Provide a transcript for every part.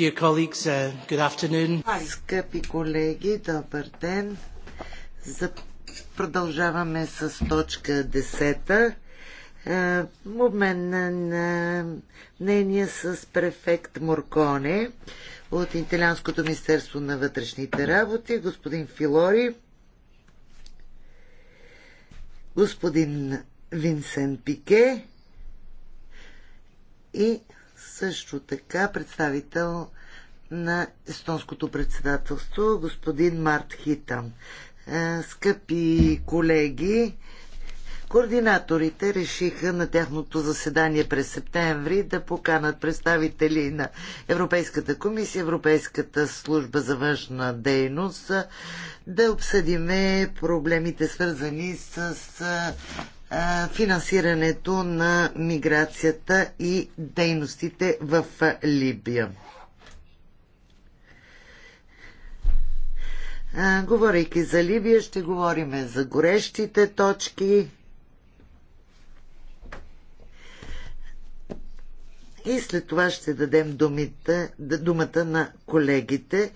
Dear colleagues, uh, good afternoon. Скъпи колеги, добър ден. За... Продължаваме с точка 10. Uh, е, обмен на, на мнение с префект Морконе от Италианското министерство на вътрешните работи, господин Филори, господин Винсен Пике и също така представител на естонското председателство, господин Март Хитан. Е, скъпи колеги, Координаторите решиха на тяхното заседание през септември да поканат представители на Европейската комисия, Европейската служба за външна дейност е, да обсъдиме проблемите свързани с е, финансирането на миграцията и дейностите в Либия. Говорейки за Либия, ще говорим за горещите точки. И след това ще дадем думите, думата на колегите.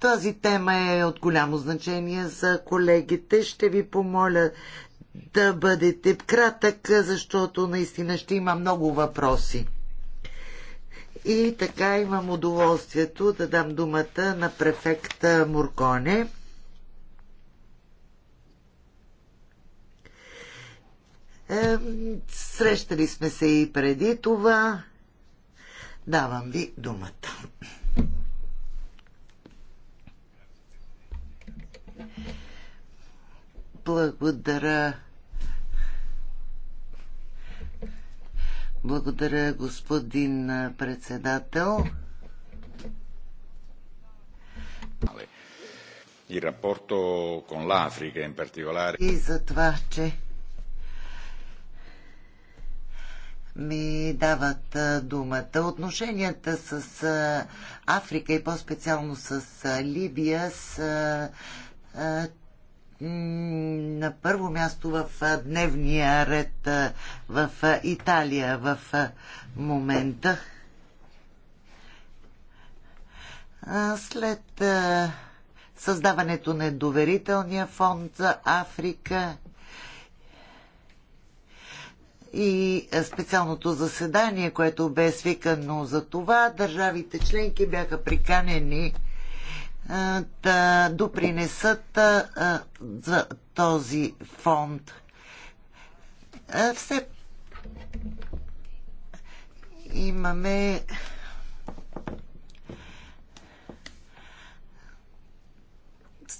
Тази тема е от голямо значение за колегите. Ще ви помоля да бъдете кратък, защото наистина ще има много въпроси. И така имам удоволствието да дам думата на префекта Мурконе. Срещали сме се и преди това. Давам ви думата. Благодаря, Благодаря, господин председател. И рапорто кон Африка, в particolare. И за това, че ми дават думата. Отношенията с Африка и по-специално с Либия са на първо място в дневния ред в Италия в момента. След създаването на доверителния фонд за Африка и специалното заседание, което бе свикано за това, държавите членки бяха приканени да допринесат за този фонд. Все имаме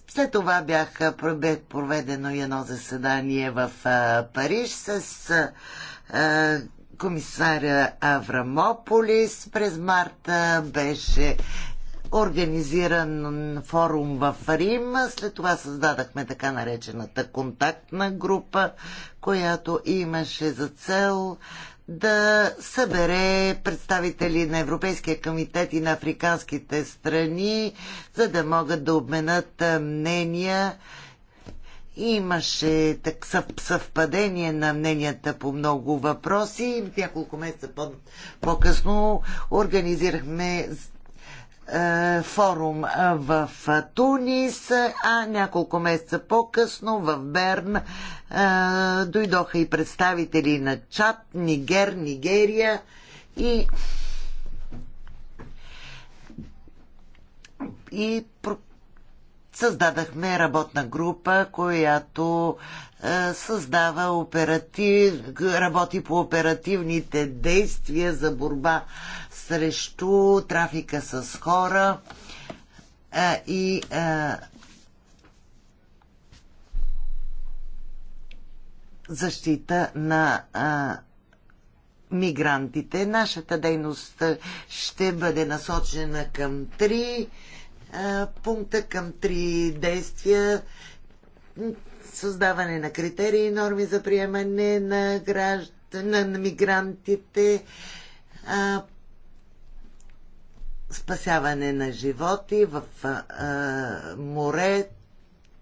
След това бяха проведено едно заседание в Париж с комисаря Аврамополис. През марта беше организиран форум в Рим. След това създадахме така наречената контактна група, която имаше за цел да събере представители на Европейския комитет и на африканските страни, за да могат да обменят мнения. Имаше так, съвпадение на мненията по много въпроси. Няколко месеца по- по-късно организирахме е, форум е, в Тунис, а няколко месеца по-късно в Берн е, дойдоха и представители на Чад, Нигер, Нигерия и и създадахме работна група, която създава оператив, работи по оперативните действия за борба срещу трафика с хора а, и а, защита на а, мигрантите. Нашата дейност ще бъде насочена към три а, пункта, към три действия създаване на критерии и норми за приемане на, граждан, на мигрантите, спасяване на животи в а, море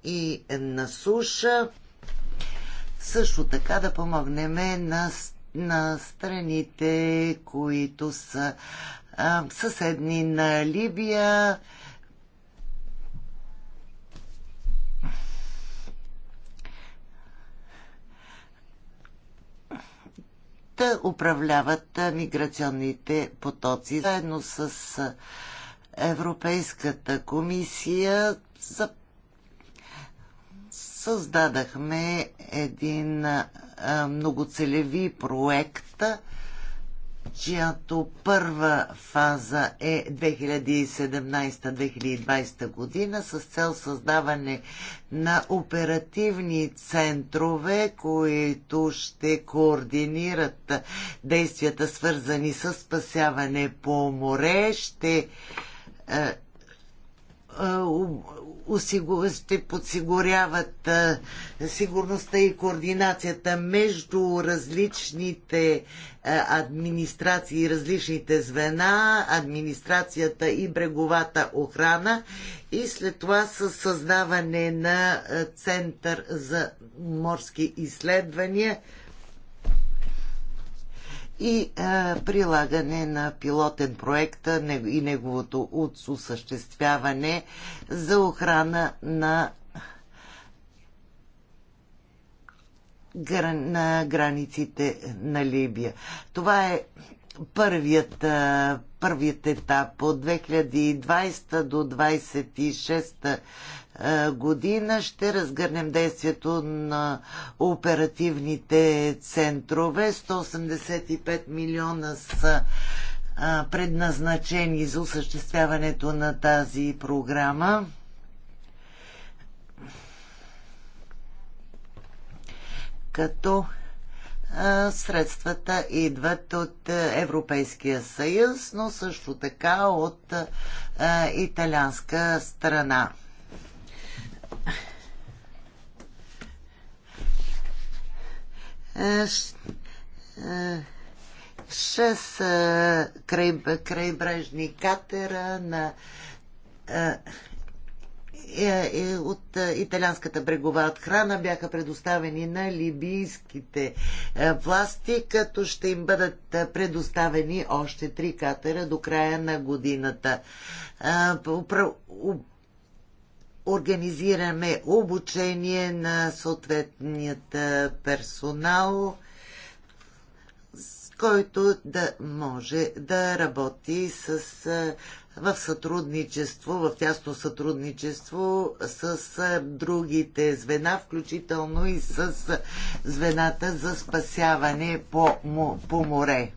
и на суша. Също така да помогнем на, на страните, които са а, съседни на Либия, да управляват миграционните потоци. Заедно с Европейската комисия за... създадахме един многоцелеви проект чиято първа фаза е 2017-2020 година с цел създаване на оперативни центрове, които ще координират действията свързани с спасяване по море, ще е, е, ще подсигуряват сигурността и координацията между различните администрации, и различните звена, администрацията и бреговата охрана и след това със създаване на Център за морски изследвания – и а, прилагане на пилотен проект и неговото осъществяване за охрана на на границите на Либия. Това е първият а, първият етап от 2020 до 2026 година ще разгърнем действието на оперативните центрове. 185 милиона са предназначени за осъществяването на тази програма. Като средствата идват от е, Европейския съюз, но също така от е, италианска страна. Е, шест крайбрежни катера на е, е, от е, италианската брегова отхрана бяха предоставени на либийските власти, като ще им бъдат предоставени още три катера до края на годината. Организираме обучение на съответният персонал който да може да работи с в сътрудничество, в тясно сътрудничество с другите звена, включително и с звената за спасяване по, по море.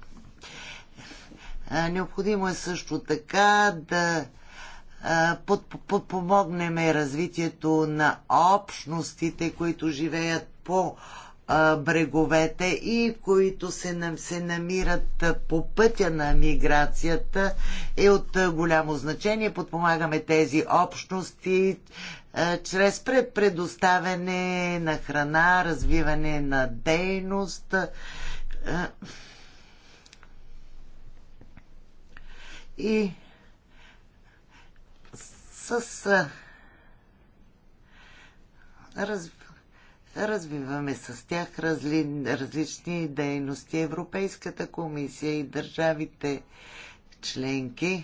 Необходимо е също така да подпомогнем развитието на общностите, които живеят по бреговете и които се, се намират по пътя на миграцията е от голямо значение. Подпомагаме тези общности чрез предоставяне на храна, развиване на дейност. И с раз, развиваме с тях разли, различни дейности. Европейската комисия и държавите членки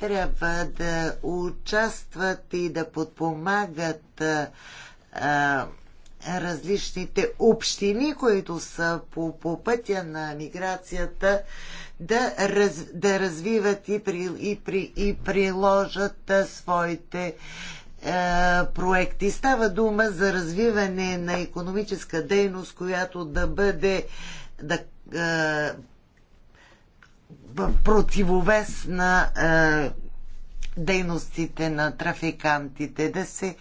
трябва да участват и да подпомагат а, различните общини, които са по, по пътя на миграцията, да, раз, да развиват и, при, и, при, и приложат а, своите е, проекти. Става дума за развиване на економическа дейност, която да бъде да, е, противовес на е, дейностите на трафикантите, да се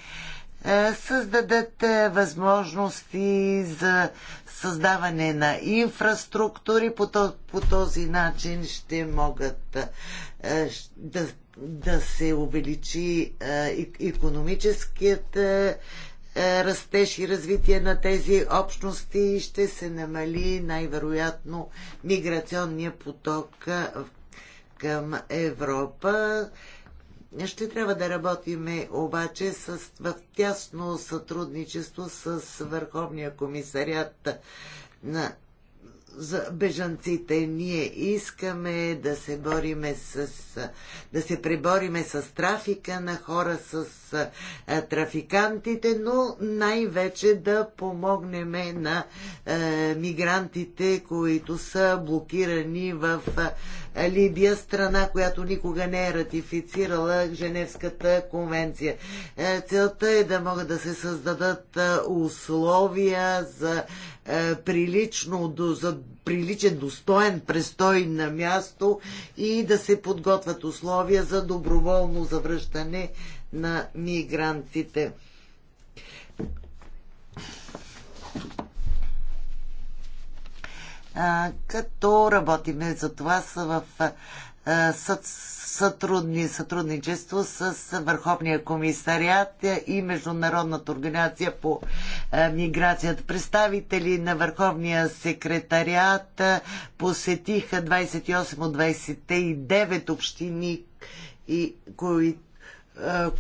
е, създадат е, възможности за създаване на инфраструктури. По, по този начин ще могат е, да да се увеличи економическият растеж и развитие на тези общности и ще се намали най-вероятно миграционния поток към Европа. Ще трябва да работиме обаче с, в тясно сътрудничество с Върховния комисарият на за бежанците. Ние искаме да се бориме с, да се пребориме с трафика на хора, с е, трафикантите, но най-вече да помогнеме на а, е, мигрантите, които са блокирани в е, Либия, страна, която никога не е ратифицирала Женевската конвенция. Целта е да могат да се създадат условия за е, прилично, за приличен, достоен престой на място и да се подготвят условия за доброволно завръщане на мигрантите. като работиме за това са в сътрудни, сътрудничество с Върховния комисариат и Международната организация по миграцията. Представители на Върховния секретариат посетиха 28 от 29 общини, и, кои,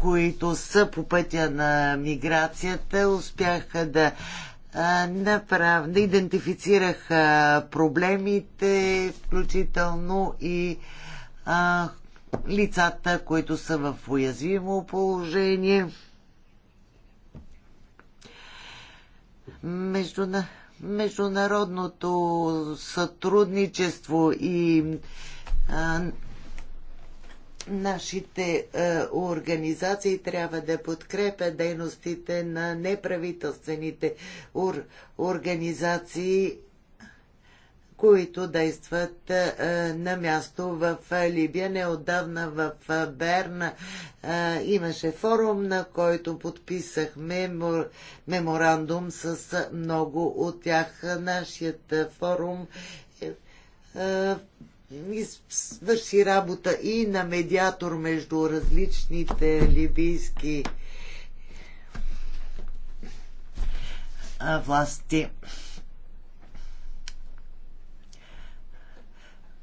които са по пътя на миграцията, успяха да направ... да идентифицираха проблемите, включително и а, лицата, които са в уязвимо положение. Междуна... Международното сътрудничество и а, нашите а, организации трябва да подкрепят дейностите на неправителствените ур, организации които действат на място в Либия. Неодавна в Берна имаше форум, на който подписахме меморандум с много от тях. Нашият форум е, свърши работа и на медиатор между различните либийски власти.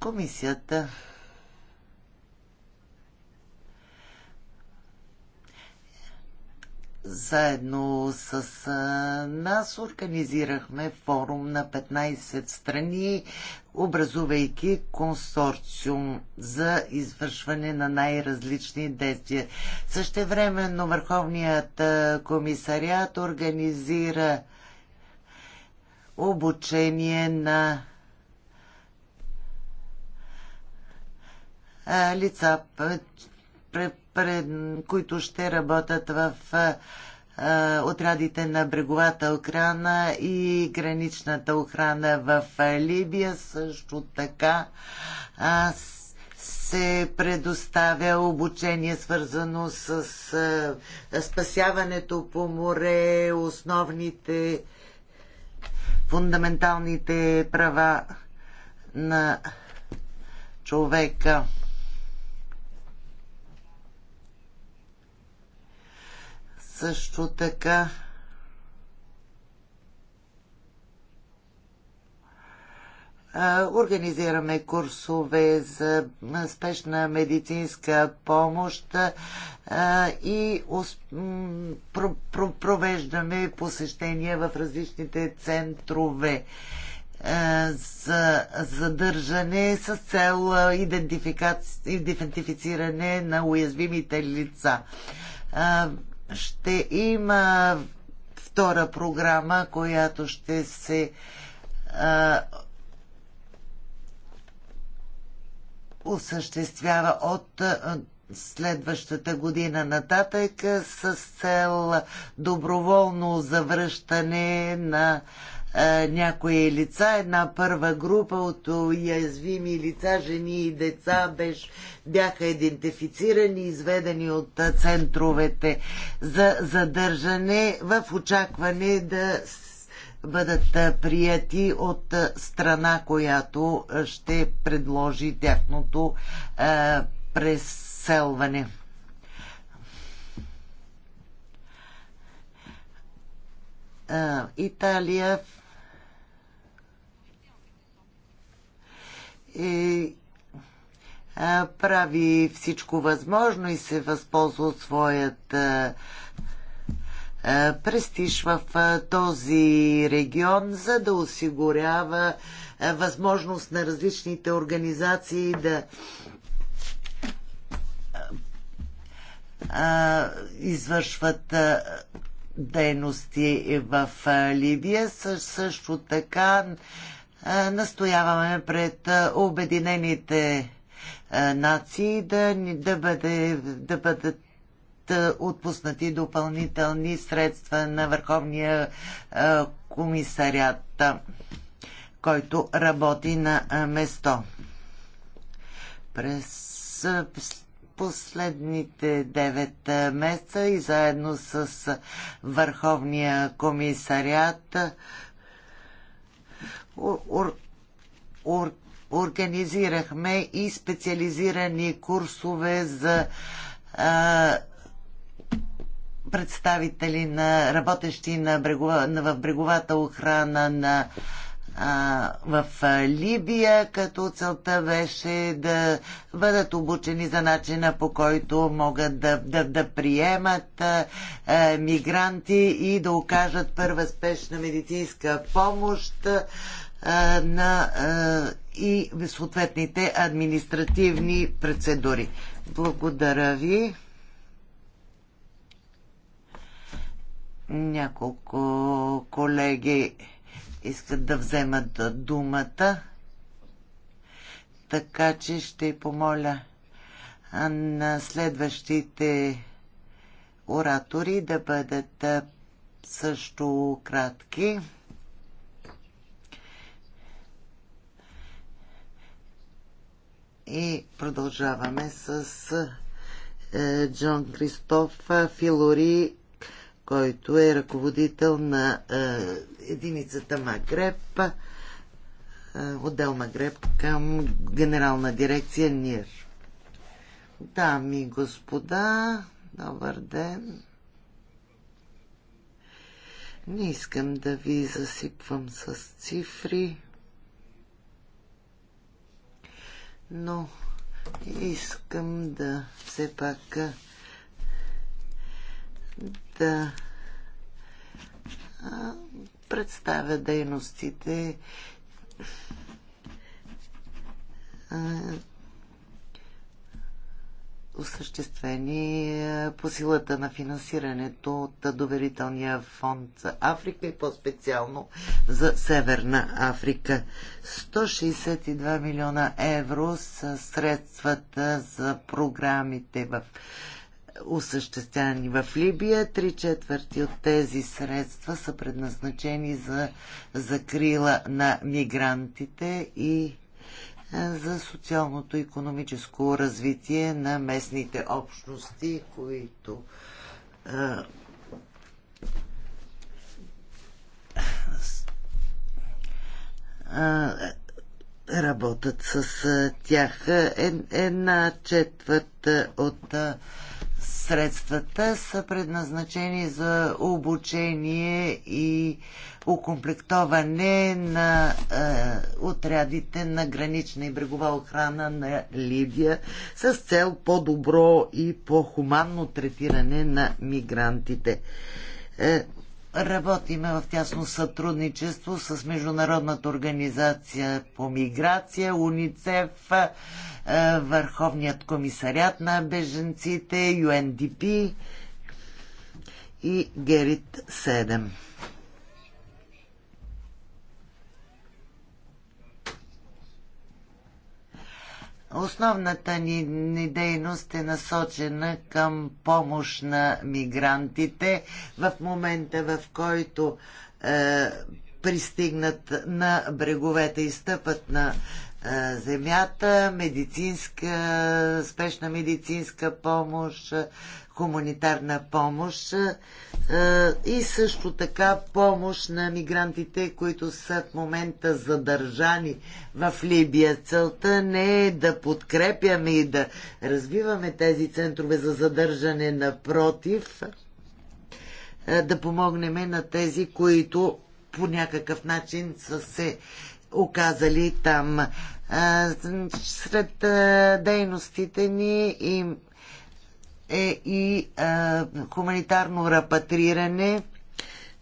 Комисията заедно с нас организирахме форум на 15 страни, образувайки консорциум за извършване на най-различни действия. Същевременно Върховният комисариат организира обучение на лица, които ще работят в отрядите на бреговата охрана и граничната охрана в Либия. Също така се предоставя обучение, свързано с спасяването по море, основните фундаменталните права на човека. Също така Организираме курсове за спешна медицинска помощ и провеждаме посещения в различните центрове за задържане с цел идентифициране на уязвимите лица ще има втора програма, която ще се а, осъществява от следващата година нататък с цел доброволно завръщане на е, някои лица. Една първа група от уязвими лица, жени и деца, беше, бяха идентифицирани, изведени от е, центровете за задържане в очакване да бъдат е, прияти от страна, която ще предложи тяхното преселване. Италия И прави всичко възможно и се възползва от своят престиж в този регион, за да осигурява възможност на различните организации да извършват дейности в Либия. Също така настояваме пред Обединените нации да, да, бъде, да бъдат отпуснати допълнителни средства на Върховния комисарят, който работи на место. През последните 9 месеца и заедно с Върховния комисарят организирахме и специализирани курсове за а, представители на работещи на брегова, на, в бреговата охрана на а, в Либия, като целта беше да бъдат обучени за начина по който могат да, да, да приемат а, мигранти и да окажат първа спешна медицинска помощ. А, на, и съответните административни процедури. Благодаря ви. Няколко колеги искат да вземат думата, така че ще помоля на следващите оратори да бъдат също кратки. И продължаваме с е, Джон Кристоф Филори, който е ръководител на е, единицата Магреб, е, отдел Магреб към генерална дирекция НИР. Дами и господа, добър ден. Не искам да ви засипвам с цифри. но искам да все пак да представя дейностите осъществени е, по силата на финансирането от доверителния фонд за Африка и по-специално за Северна Африка. 162 милиона евро са средствата за програмите в осъществявани в Либия. Три четвърти от тези средства са предназначени за закрила на мигрантите и за социалното и економическо развитие на местните общности, които работят с тях. Е, една четвърт от Средствата са предназначени за обучение и укомплектоване на е, отрядите на гранична и брегова охрана на Либия с цел по-добро и по-хуманно третиране на мигрантите. Е, Работиме в тясно сътрудничество с Международната организация по миграция, УНИЦЕФ, е, Върховният комисарят на беженците, UNDP и Герит 7. Основната ни, ни дейност е насочена към помощ на мигрантите в момента, в който е, пристигнат на бреговете и стъпат на земята, медицинска, спешна медицинска помощ, хуманитарна помощ и също така помощ на мигрантите, които са в момента задържани в Либия. Целта не е да подкрепяме и да развиваме тези центрове за задържане, напротив, да помогнем на тези, които по някакъв начин са се оказали там. Сред дейностите ни и, е и хуманитарно рапатриране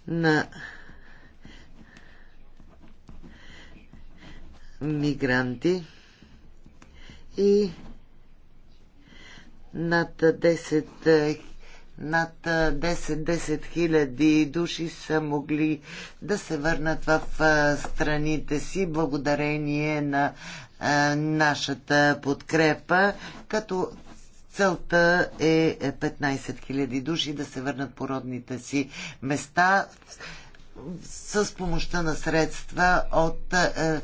на мигранти и над 10 над 10-10 хиляди души са могли да се върнат в страните си благодарение на нашата подкрепа, като целта е 15 000 души да се върнат по родните си места с помощта на средства от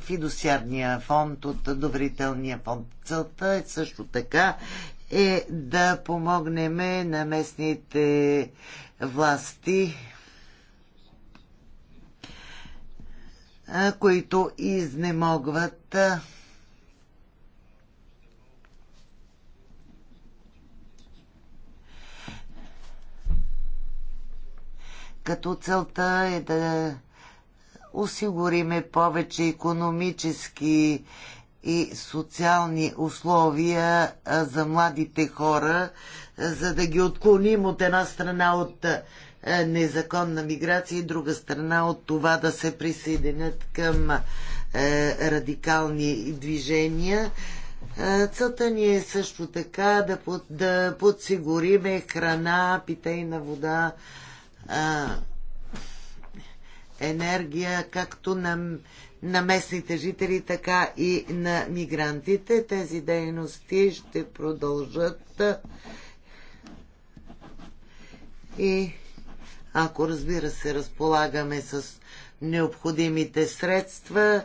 фидосярния фонд, от доверителния фонд. Целта е също така е да помогнем на местните власти, които изнемогват като целта е да осигуриме повече економически и социални условия за младите хора, за да ги отклоним от една страна от незаконна миграция и друга страна от това да се присъединят към радикални движения. Целта ни е също така да, под, да подсигуриме храна, питейна вода, енергия, както на на местните жители, така и на мигрантите. Тези дейности ще продължат и ако разбира се разполагаме с необходимите средства,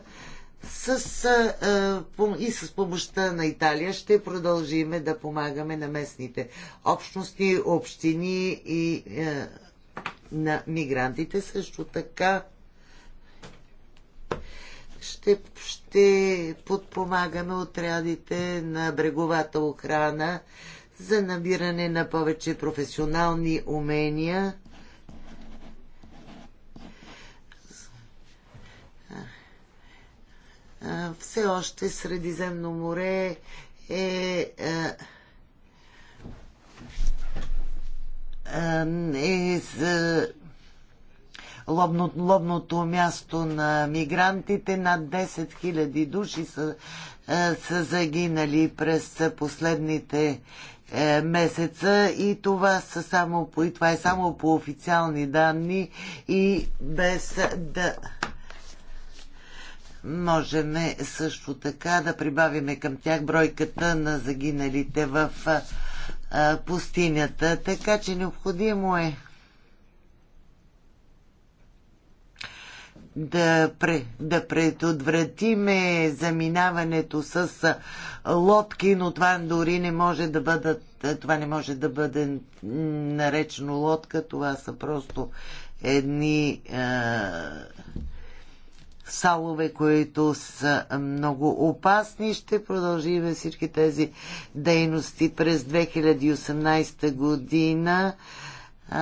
с, а, и с помощта на Италия ще продължиме да помагаме на местните общности, общини и а, на мигрантите също така ще, ще подпомагаме отрядите на бреговата охрана за набиране на повече професионални умения. Все още Средиземно море е, е, е лобно, лобното място на мигрантите. Над 10 000 души са, е, са загинали през последните е, месеца и това, са само, и това е само по официални данни и без да можеме също така да прибавиме към тях бройката на загиналите в е, пустинята. Така че необходимо е да, пре, да предотвратиме заминаването с лодки, но това дори не може да бъдат, това не може да бъде наречено лодка, това са просто едни е, салове, които са много опасни. Ще продължиме всички тези дейности през 2018 година. Е,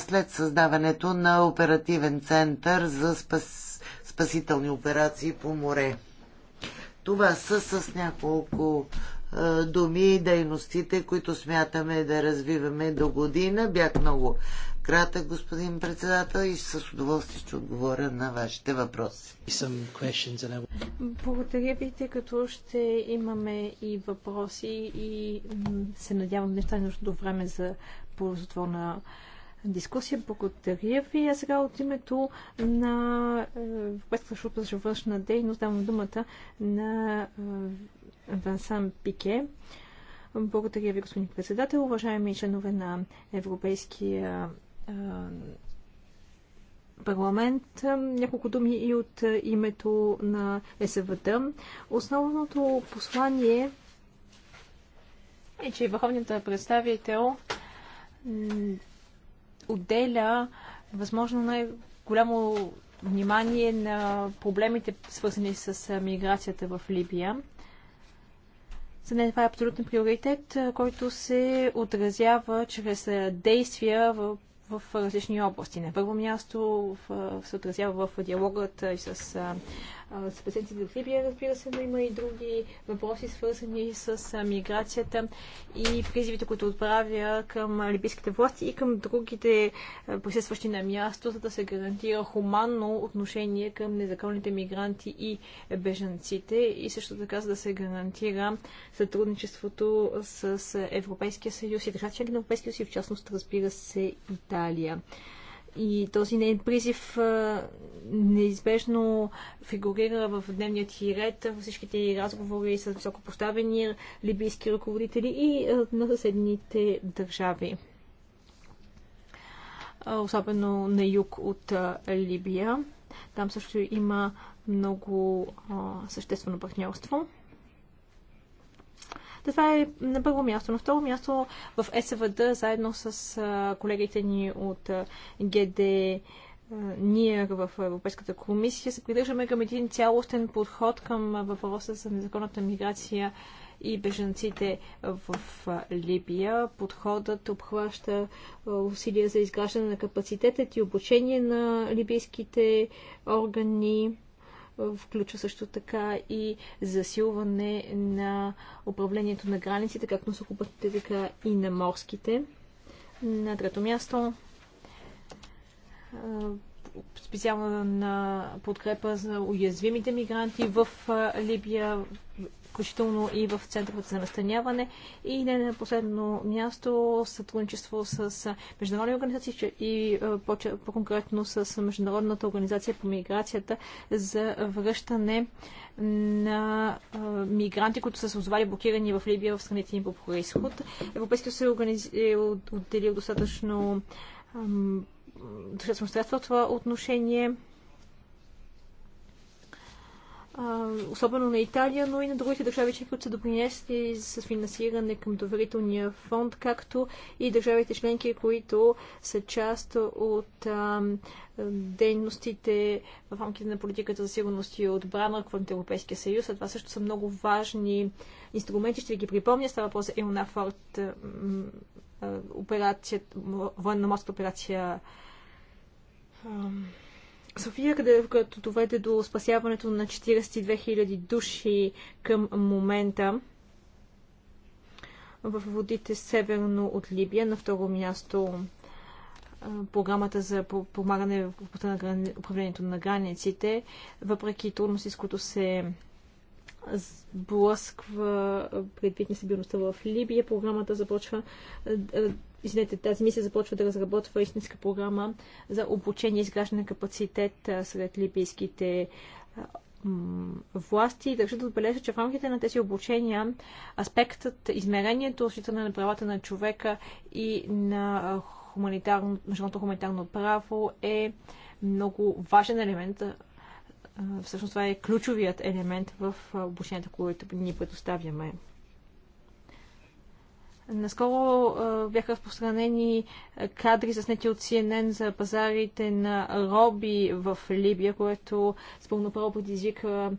след създаването на оперативен център за спас... спасителни операции по море. Това са с няколко думи и дейностите, които смятаме да развиваме до година. Бях много кратък, господин председател, и с удоволствие ще отговоря на вашите въпроси. Благодаря ви, тъй като ще имаме и въпроси и се надявам да стане време за ползотворна на дискусия. Благодаря ви. А сега от името на е, Европейската служба за външна дейност давам думата на е, Вансан Пике. Благодаря ви, господин председател. Уважаеми членове на Европейския е, парламент. Няколко думи и от името на СВД. Основното послание е, че върховният представител отделя възможно най-голямо внимание на проблемите, свързани с миграцията в Либия. За мен това е абсолютен приоритет, който се отразява чрез действия в, в различни области. На първо място в, се отразява в диалогът с събеседниците в Либия, разбира се, но има и други въпроси, свързани с миграцията и призивите, които отправя към либийските власти и към другите присъстващи на място, за да се гарантира хуманно отношение към незаконните мигранти и бежанците и също така за да се гарантира сътрудничеството с Европейския съюз и държавите на Европейския съюз и в частност, разбира се, Италия. И този нейн призив неизбежно фигурира в дневния ти ред, във всичките разговори с високопоставени либийски ръководители и на съседните държави. Особено на юг от Либия. Там също има много съществено партньорство. Това е на първо място. На второ място в СВД, заедно с колегите ни от ГД ние в Европейската комисия се придържаме към един цялостен подход към въпроса за незаконната миграция и беженците в Либия. Подходът обхваща усилия за изграждане на капацитетът и обучение на либийските органи, включва също така и засилване на управлението на границите, както на сухопътните, така и на морските. На трето място специална подкрепа за уязвимите мигранти в Либия, включително и в центровете за настаняване. И не на последно място сътрудничество с международни организации и е, по-конкретно с Международната организация по миграцията за връщане на е, мигранти, които са се озвали блокирани в Либия в страните им по происход. Европейския съюз организ... е отделил достатъчно достатъчно средства в това отношение особено на Италия, но и на другите държави, че които са допринесли с финансиране към доверителния фонд, както и държавите членки, които са част от а, дейностите в рамките на политиката за сигурност и отбрана в Европейския съюз. А това също са много важни инструменти. Ще ви ги припомня. Става въпрос за Еонафорд, военноморска операция София, къде, като доведе до спасяването на 42 000 души към момента в водите северно от Либия. На второ място програмата за помагане в на управлението на границите, въпреки трудности, с които се сблъсква предвид нестабилността в Либия. Програмата започва, извинете, тази мисия започва да разработва истинска програма за обучение и изграждане на капацитет сред либийските власти. Държа да отбележа, че в рамките на тези обучения аспектът, измерението, защитане на правата на човека и на хуманитарно, международното хуманитарно право е много важен елемент всъщност това е ключовият елемент в обучението, което ни предоставяме. Наскоро бяха разпространени кадри заснети от CNN за пазарите на роби в Либия, което с пълноправо предизвика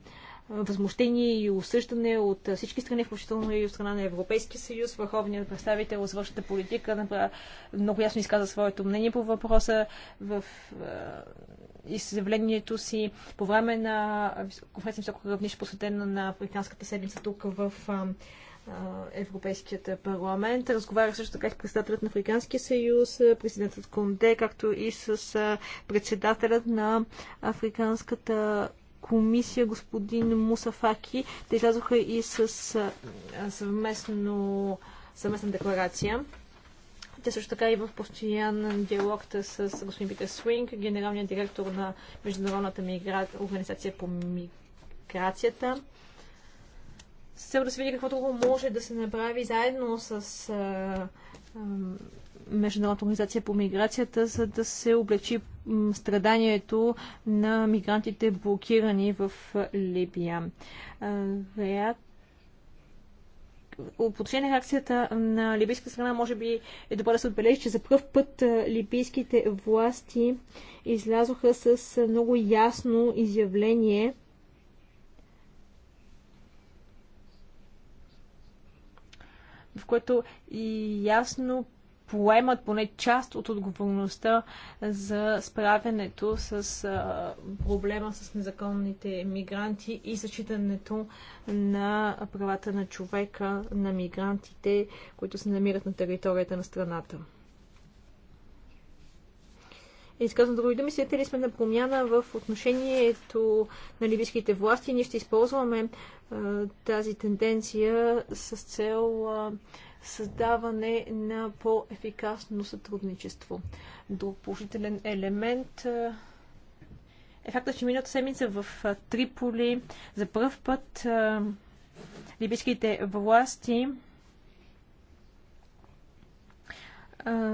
възмущение и осъждане от всички страни, включително и от страна на Европейския съюз. Върховният представител от външната политика много ясно изказа своето мнение по въпроса. В изявлението си по време на конференция високо равниш, посветена на Африканската седмица тук в Европейският парламент. Разговарях също така и с председателят на Африканския съюз, президентът Конде, както и с председателят на Африканската комисия господин Мусафаки. Те излязоха и с съвместно, съвместна декларация. Те също така и в постоянен диалог с господин Питер Свинг, генералният директор на Международната мигра... организация по миграцията. С цел да се види какво друго може да се направи заедно с а, а, Международната организация по миграцията, за да се облегчи страданието на мигрантите блокирани в Либия. Вероятно по отношение на реакцията на либийска страна, може би е добре да се отбележи, че за първ път либийските власти излязоха с много ясно изявление в което и ясно поемат поне част от отговорността за справянето с а, проблема с незаконните мигранти и зачитането на правата на човека, на мигрантите, които се намират на територията на страната. И изказвам други думи, свидетели сме на промяна в отношението на ливийските власти. Ние ще използваме а, тази тенденция с цел а, създаване на по-ефикасно сътрудничество. Друг положителен елемент е факта, че миналата седмица в Триполи за първ път либийските власти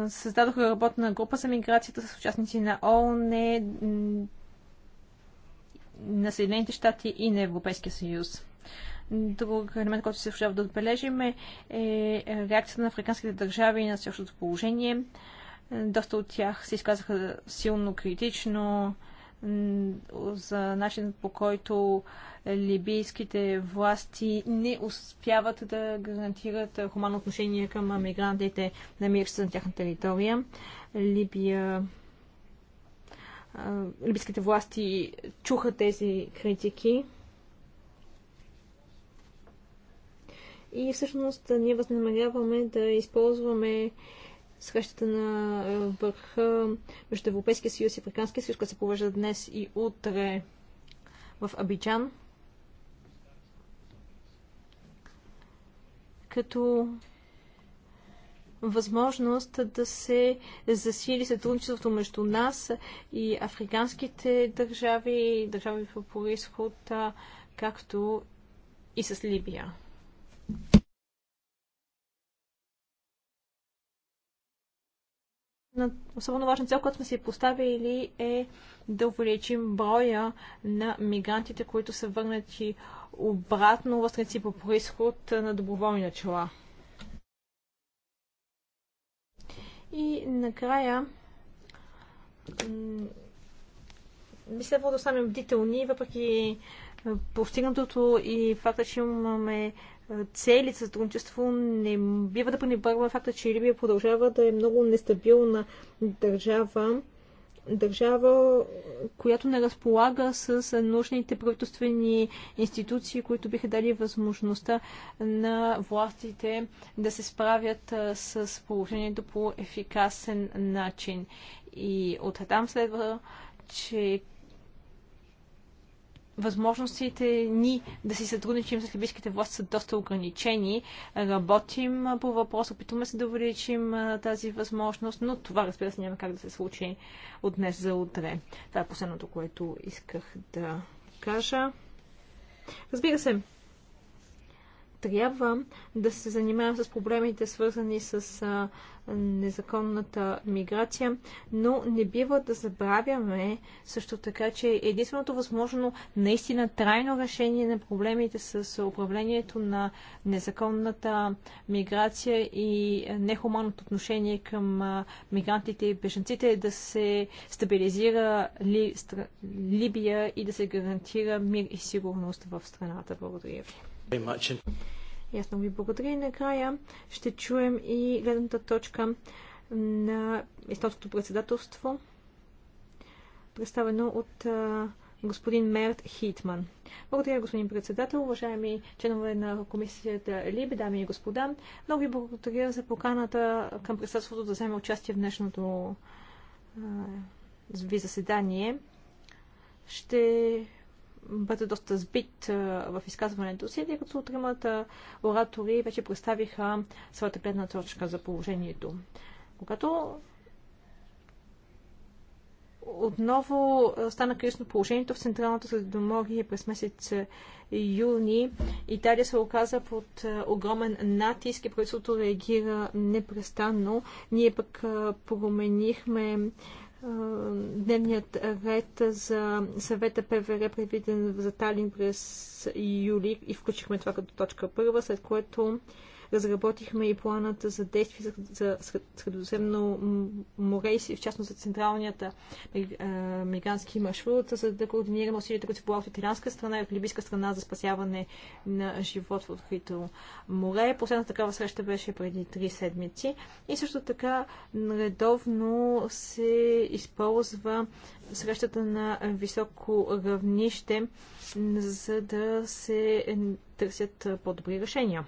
създадоха работна група за миграцията с участници на ООН, на Съединените щати и на Европейския съюз. Друг елемент, който се служава да отбележим е, е реакцията на африканските държави на същото положение. Доста от тях се изказаха силно критично за начин по който либийските власти не успяват да гарантират хуманно отношение към мигрантите, намиращи се на тяхна територия. Либия либийските власти чуха тези критики И всъщност ние възнамеряваме да използваме срещата на върха между Европейския съюз и Африканския съюз, която се провежда днес и утре в Абиджан. Като възможност да се засили сътрудничеството между нас и африканските държави, държави по происход, както и с Либия особено важна цел, която сме си поставили е да увеличим броя на мигрантите, които са върнати обратно в страници по происход на доброволни начала. И накрая би следвало да останем бдителни, въпреки постигнатото и факта, че имаме цели сътрудничество, не бива да пренебрегваме факта, че Либия продължава да е много нестабилна държава, държава, която не разполага с нужните правителствени институции, които биха дали възможността на властите да се справят с положението по ефикасен начин. И оттам следва, че възможностите ни да си сътрудничим с либийските власти са доста ограничени. Работим по въпроса, опитваме се да увеличим тази възможност, но това, разбира се, няма как да се случи от днес за утре. Това е последното, което исках да кажа. Разбира се, трябва да се занимавам с проблемите, свързани с а, незаконната миграция, но не бива да забравяме също така, че единственото възможно наистина трайно решение на проблемите с управлението на незаконната миграция и нехуманното отношение към а, мигрантите и беженците е да се стабилизира Ли, стра, Либия и да се гарантира мир и сигурност в страната. Благодаря ви. Ясно ви благодаря и накрая ще чуем и гледната точка на естонското председателство, представено от господин Мерт Хитман. Благодаря, господин председател, уважаеми членове на комисията ЛИБ, дами и господа. Много ви благодаря за поканата към председателството да вземе участие в днешното ви заседание. Ще бъде доста сбит в изказването си, тъй като тримата оратори вече представиха своята гледна точка за положението. Когато отново стана кризисно положението в Централното Средоморие през месец юни. Италия се оказа под огромен натиск и правителството реагира непрестанно. Ние пък променихме дневният ред за съвета ПВР, предвиден за Талин през юли и включихме това като точка първа, след което разработихме и планата за действие за средоземно море и в частност за централният американски маршрут, за да координираме усилията, които се полагат от италианска страна и от либийска страна за спасяване на живот в открито море. Последната такава среща беше преди три седмици. И също така редовно се използва срещата на високо равнище, за да се търсят по-добри решения.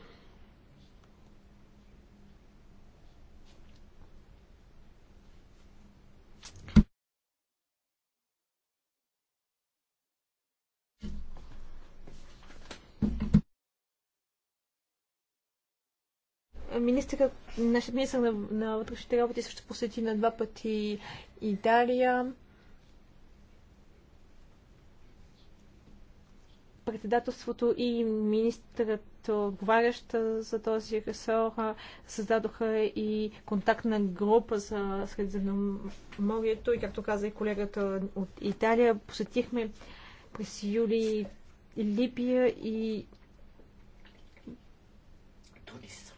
Министър, нашият министър на, на вътрешните работи също посети на два пъти Италия. Председателството и министърът, отговарящ за този ресор, създадоха и контактна група за Средиземноморието и, както каза и колегата от Италия, посетихме през юли Либия и Тунис.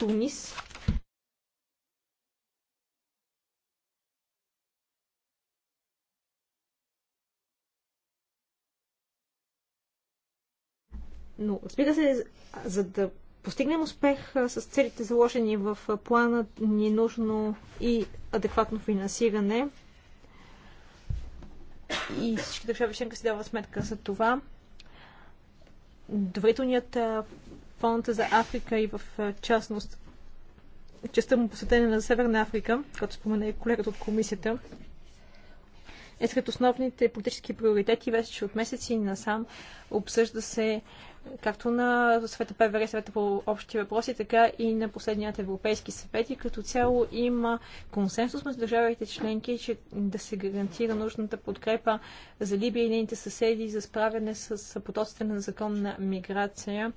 Тунис. Но, разбира се, за да постигнем успех с целите заложени в плана, ни е нужно и адекватно финансиране. И всички държави членка си дават сметка за това. Доверителният фонд за Африка и в частност частта му посветена на Северна Африка, като спомена и колегата от комисията, е сред основните политически приоритети вече от месеци насам. Обсъжда се както на света ПВР, съвета по общи въпроси, така и на последният европейски съвет. И като цяло има консенсус между държавите членки, че да се гарантира нужната подкрепа за Либия и нейните съседи за справяне с потоците на законна миграция,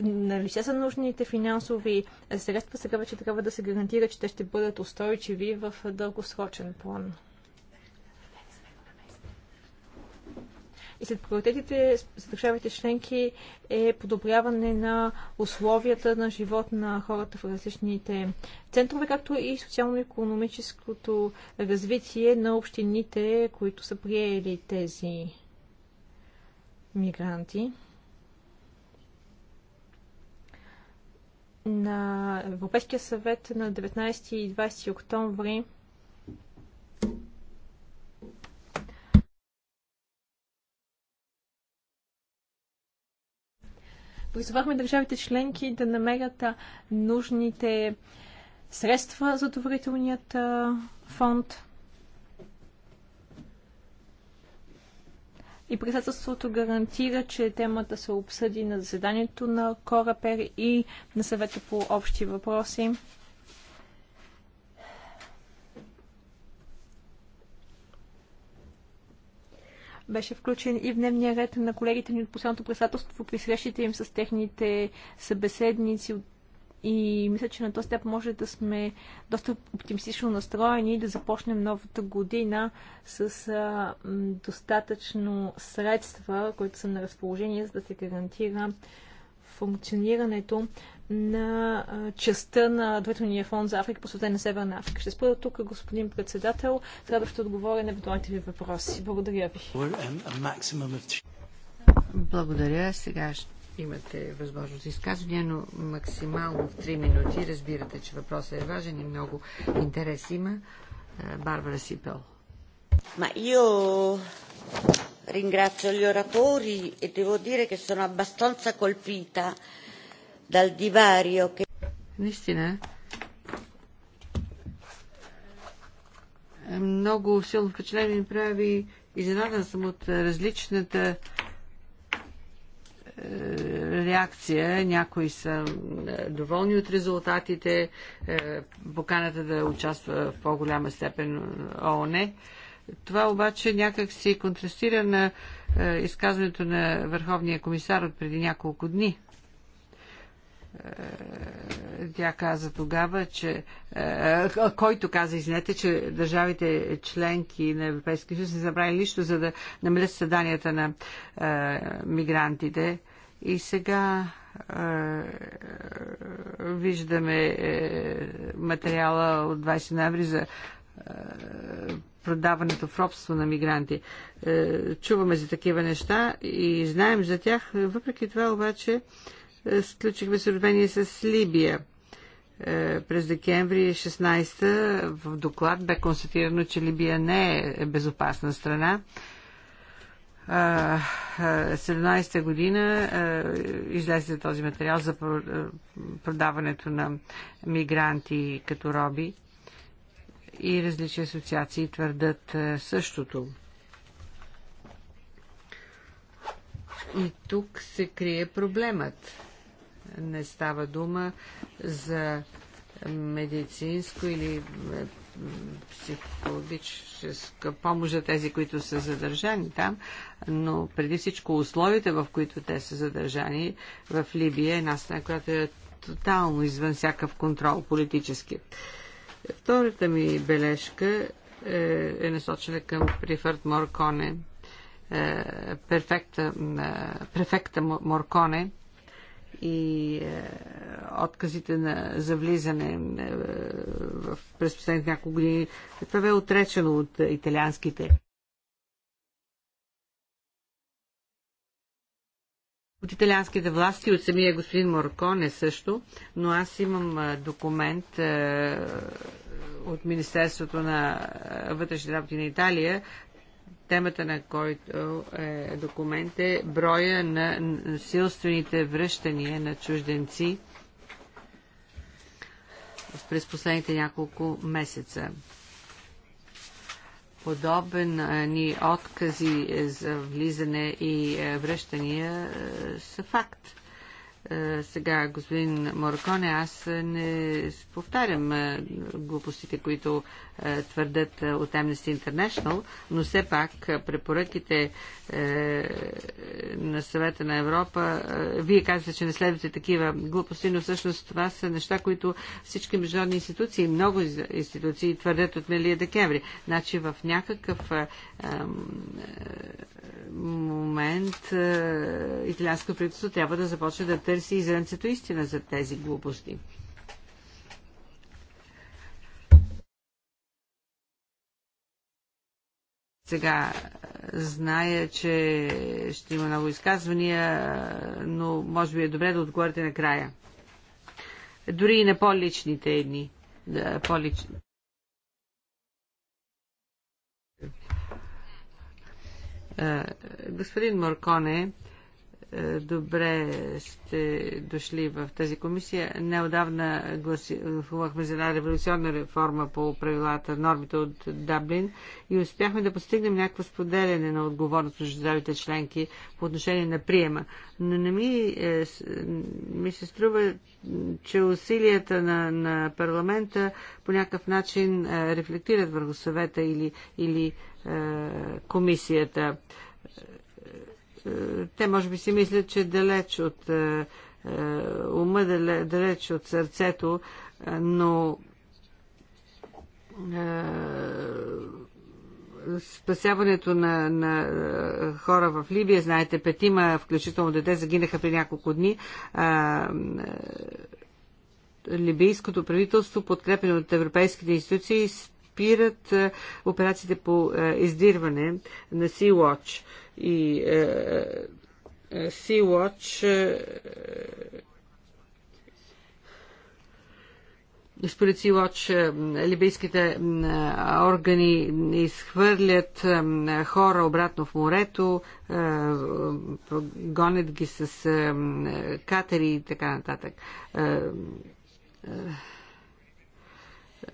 налице са нужните финансови средства, сега вече трябва да се гарантира, че те ще бъдат устойчиви в дългосрочен план. И след приоритетите за държавите членки е подобряване на условията на живот на хората в различните центрове, както и социално-економическото развитие на общините, които са приели тези мигранти. на Европейския съвет на 19 и 20 октомври призовахме държавите членки да намерят нужните средства за доверителният фонд. и председателството гарантира, че темата се обсъди на заседанието на Корапер и на съвета по общи въпроси. беше включен и в дневния ред на колегите ни от последното председателство при срещите им с техните събеседници от и мисля, че на този степ може да сме доста оптимистично настроени и да започнем новата година с а, достатъчно средства, които са на разположение, за да се гарантира функционирането на частта на Двойтвения фонд за Африка, посветен на Северна Африка. Ще спра тук, господин председател. Трябва да ще отговоря на евентуалните ви въпроси. Благодаря ви. Благодаря. Сега ще имате възможност за изказвания, но максимално в 3 минути разбирате, че въпросът е важен и много интерес има. Барбара Сипел. Ма io ringrazio gli oratori e devo dire che sono abbastanza colpita dal divario che... Наистина, много силно впечатление ми прави изненадан съм от различната е, реакция. Някои са е, доволни от резултатите, е, поканата да участва в по-голяма степен ООН. Това обаче някак си контрастира на изказването на Върховния комисар от преди няколко дни. Тя каза тогава, че който каза, извинете, че държавите членки на Европейския съюз не забравили нищо, за да намалят съданията на мигрантите. И сега виждаме е, материала от 20 ноември за продаването в робство на мигранти. Е, чуваме за такива неща и знаем за тях. Въпреки това обаче е, сключихме сървение с Либия. През декември 16 в доклад бе констатирано, че Либия не е безопасна страна 2017 година излезе този материал за продаването на мигранти като роби и различни асоциации твърдат същото. И тук се крие проблемът. Не става дума за медицинско или психологическа помощ за тези, които са задържани там, но преди всичко условията, в които те са задържани в Либия, е една страна, която е тотално извън всякакъв контрол политически. Втората ми бележка е, е насочена към Прифърт Морконе, е, перфекта, е, префекта Морконе, и е, отказите на, за влизане е, в, през последните няколко години. Това бе отречено от италианските. От италианските власти, от самия господин Морконе също, но аз имам е, документ. от Министерството на вътрешните работи на Италия темата на който е документ е броя на насилствените връщания на чужденци през последните няколко месеца. Подобен ни откази за влизане и е, връщания е, са факт е, сега господин Морконе, аз не повтарям глупостите, които е, твърдят е, от Amnesty International, но все пак е, препоръките на съвета на Европа, вие казвате, че не следвате такива глупости, но всъщност това са неща, които всички международни институции, много институции твърдят от милия декември. Значи в някакъв момент италианското правителство трябва да започне да търси изренцето истина за тези глупости. Сега е, зная, че ще има много изказвания, но може би е добре да отговорите накрая. Дори и на по-личните едни. Да, по е, Господин Морконе, е, добре сте дошли в тази комисия. Неодавна гласувахме за една революционна реформа по правилата, нормите от Даблин и успяхме да постигнем някакво споделяне на отговорност между здравите членки по отношение на приема. Но не ми, е, ми се струва, че усилията на, на парламента по някакъв начин е, рефлектират върху съвета или, или е, комисията те може би си мислят, че далеч от е, е, ума, далеч от сърцето, е, но спасяването на, на хора в Либия, знаете, петима, включително дете, загинаха при няколко дни. либийското правителство, подкрепено от европейските институции, спират е, операциите по е, издирване на Sea-Watch. И е, Sea-Watch според Sea-Watch либийските органи изхвърлят хора обратно в морето, гонят ги с катери и така нататък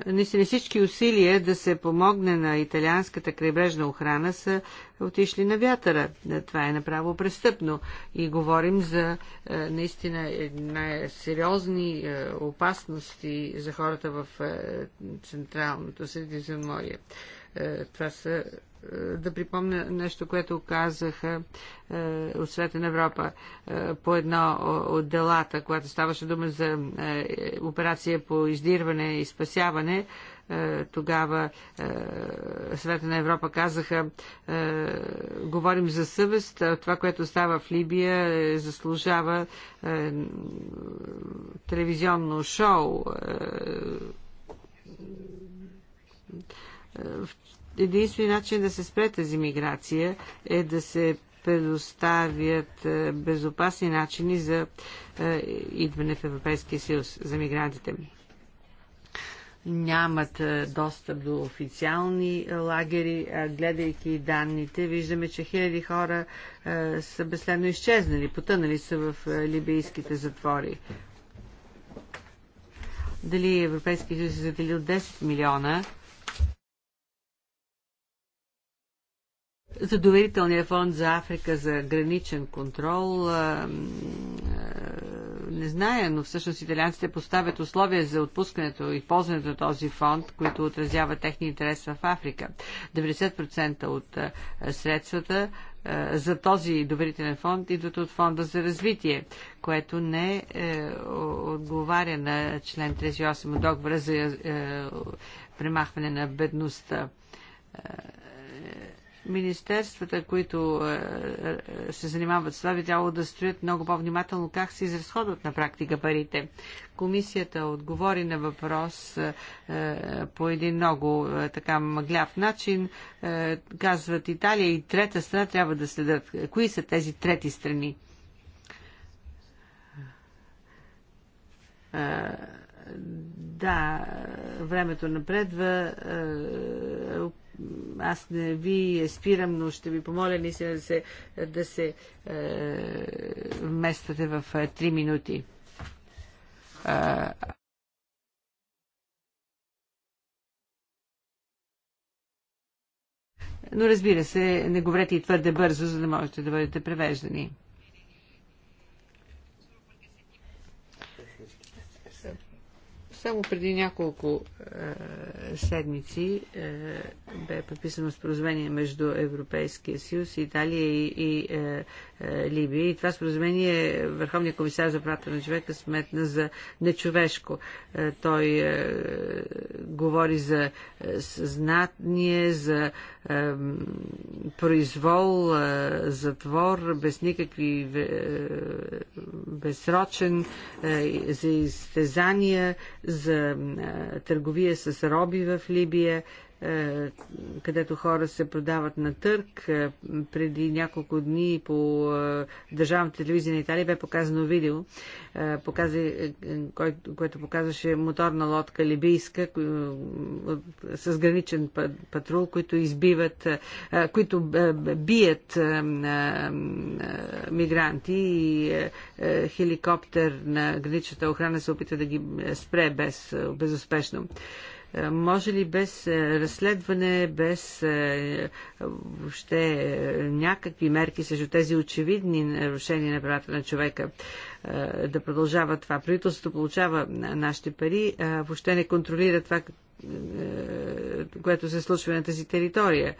наистина всички усилия да се помогне на италианската крайбрежна охрана са отишли на вятъра. Това е направо престъпно. И говорим за е, наистина сериозни е, опасности за хората в е, Централното Средиземноморие. Това са да припомня нещо, което казаха е, от Света на Европа е, по едно от делата, когато ставаше дума за е, операция по издирване и спасяване. Тогава Света на Европа казаха, говорим за съвест, това, което става в Либия, заслужава телевизионно шоу единствен начин да се спре тази миграция е да се предоставят е, безопасни начини за е, идване в Европейския съюз за мигрантите. Нямат е, достъп до официални лагери. Гледайки данните, виждаме, че хиляди хора са безследно изчезнали, потънали са в либийските затвори. Дали Европейския съюз е заделил 10 милиона за доверителния фонд за Африка за граничен контрол. Не зная, но всъщност италианците поставят условия за отпускането и ползването на този фонд, които отразява техния интерес в Африка. 90% от средствата за този доверителен фонд идват от фонда за развитие, което не е, отговаря на член 38 от договора за е, примахване на бедността е, Министерствата, които е, е, се занимават с това, би трябвало да строят много по-внимателно как се изразходват на практика парите. Комисията отговори на въпрос е, по един много така мъгляв начин. Казват Италия и трета страна трябва да следят. Кои са тези трети страни? Да, времето напредва аз не ви спирам, но ще ви помоля наистина да се, да се е, вмествате в е, минути. Е, но разбира се, не говорете и твърде бързо, за да можете да бъдете превеждани. Само преди няколко е, седмици е, бе подписано споразумение между Европейския съюз, Италия и, и е, Либия. И това споразумение е Върховния комисар за правата на човека сметна за нечовешко. Е, той е, говори за съзнание, за произвол, затвор, без никакви безсрочен, за изтезания, за търговия с роби в Либия. Е, където хора се продават на търк. Е, преди няколко дни по е, държавната телевизия на Италия бе показано видео, което показваше моторна лодка либийска с граничен патрул, които избиват, които бият мигранти и хеликоптер на граничната охрана се опита да ги спре без, безуспешно. Може ли без е, разследване, без е, въобще е, някакви мерки срещу тези очевидни нарушения на правата на човека да продължава това? Правителството получава нашите пари, въобще не контролира това, което се случва на тази територия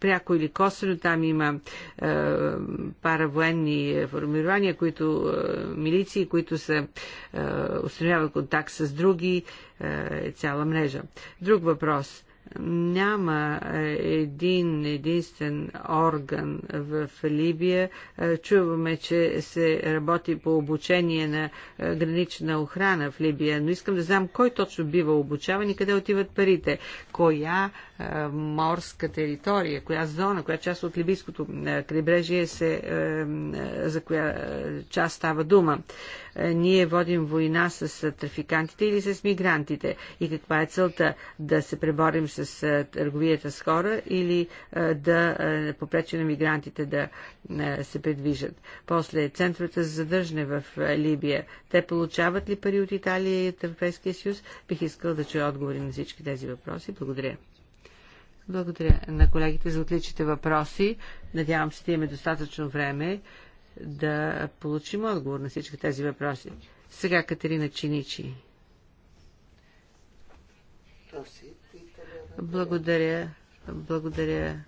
пряко или косвено. Там има е, паравоенни формирования, които е, милиции, които се е, установяват контакт с други, е, е цяла мрежа. Друг въпрос няма е, един единствен орган в Либия. Е, чуваме, че се работи по обучение на е, гранична охрана в Либия, но искам да знам кой точно бива обучаван и къде отиват парите. Коя морска територия, коя зона, коя част от либийското крайбрежие се, за коя част става дума. Е, ние водим война с е, трафикантите или с мигрантите? И каква е целта? Да се преборим с е, търговията с хора или да попречи на мигрантите да се предвижат? После центровете за задържане в Либия. Те получават ли пари от Италия и от Европейския съюз? Бих искал да чуя отговори на всички тези въпроси. Благодаря. Благодаря на колегите за отличните въпроси. Надявам се че имаме достатъчно време да получим отговор на всички тези въпроси. Сега Катерина Чиничи. Благодаря. Благодаря.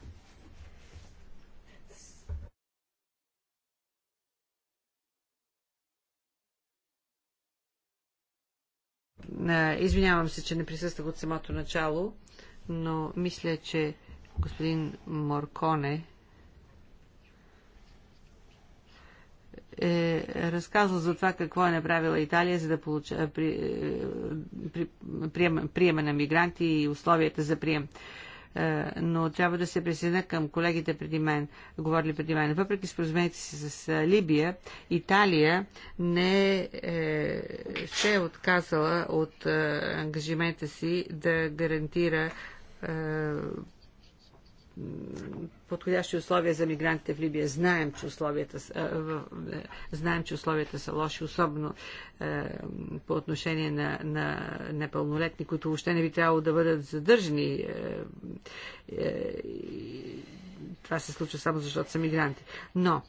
Извинявам се, че не присъствах от самото начало, но мисля, че господин Морконе е разказал за това какво е направила Италия, за да получа, е, при, е, при, приема, приема на мигранти и условията за прием. Е, но трябва да се присъединя към колегите преди мен, говорили преди мен. Въпреки споразумението си с Либия, Италия не е, се е отказала от е, ангажимента си да гарантира подходящи условия за мигрантите в Либия. Знаем, че условията, знаем, че условията са лоши, особено е, по отношение на, на непълнолетни, които въобще не би трябвало да бъдат задържани. Е, е, това се случва само защото са мигранти. Но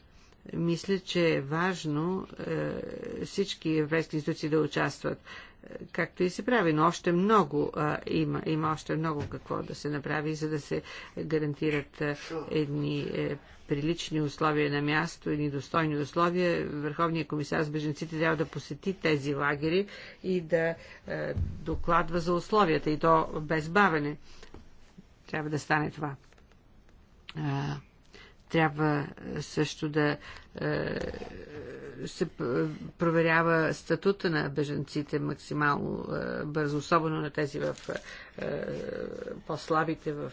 мисля, че е важно е, всички европейски институции да участват, е, както и се прави, но още много е, има, има още много какво да се направи, за да се гарантират едни прилични условия на място едни достойни условия. Върховният комисар с беженците трябва да посети тези лагери и да е, докладва за условията и то без бавене. Трябва да стане това. Трябва е, също да е, се проверява статута на беженците максимално е, бързо, особено на тези в по-слабите, в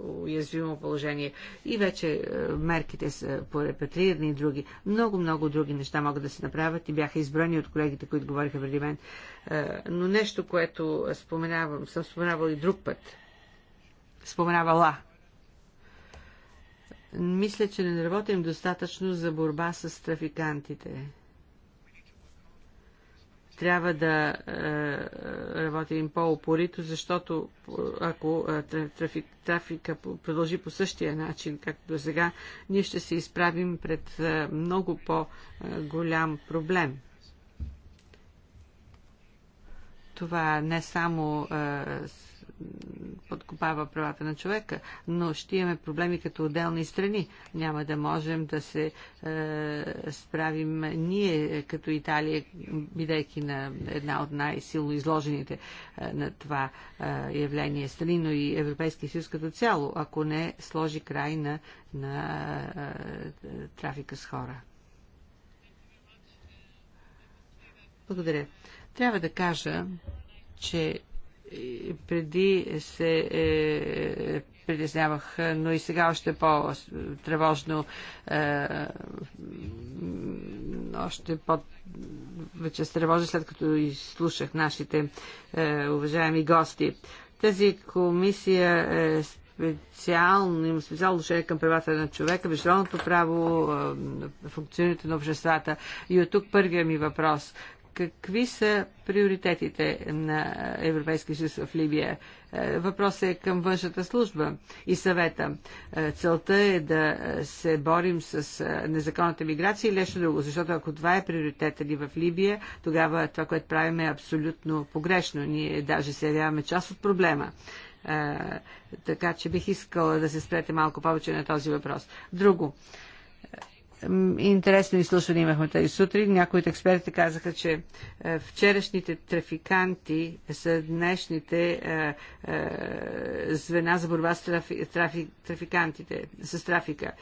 уязвимо положение. И вече мерките са по репатрирани и други. Много, много други неща могат да се направят и бяха избрани от колегите, които говориха преди мен. Но нещо, което споменавам, съм споменавал и друг път. Споменавала мисля, че не работим достатъчно за борба с трафикантите. Трябва да е, е работим по-опорито, защото е, ако е, трафик, трафика продължи по същия начин, както до сега, ние ще се изправим пред много по-голям проблем това не само е, подкопава правата на човека, но ще имаме проблеми като отделни страни. Няма да можем да се е, справим ние като Италия, бидейки на една от най-силно изложените е, на това е, явление страни, но и Европейския съюз като цяло, ако не сложи край на, на е, трафика с хора. Благодаря. Трябва да кажа, че преди се е, притеснявах, но и сега още по-тревожно, е, още по- вече се тревожа, след като изслушах нашите е, уважаеми гости. Тази комисия е специално, има специално отношение към правата на човека, международното право, е, функционирането на обществата. И от тук първия ми въпрос. Какви са приоритетите на Европейския съюз в Ливия? Е, въпросът е към външната служба и съвета. Е, целта е да се борим с е, незаконната миграция и нещо друго, защото ако това е приоритета ни в Либия, тогава това, което правим е абсолютно погрешно. Ние даже се явяваме част от проблема така че бих искала да се спрете малко повече на този въпрос. Друго. Интересно изслушване имахме тази сутрин. Някои от експертите казаха, че е, вчерашните трафиканти са днешните е, е, звена за борба с трафи, трафи, трафикантите, с трафика.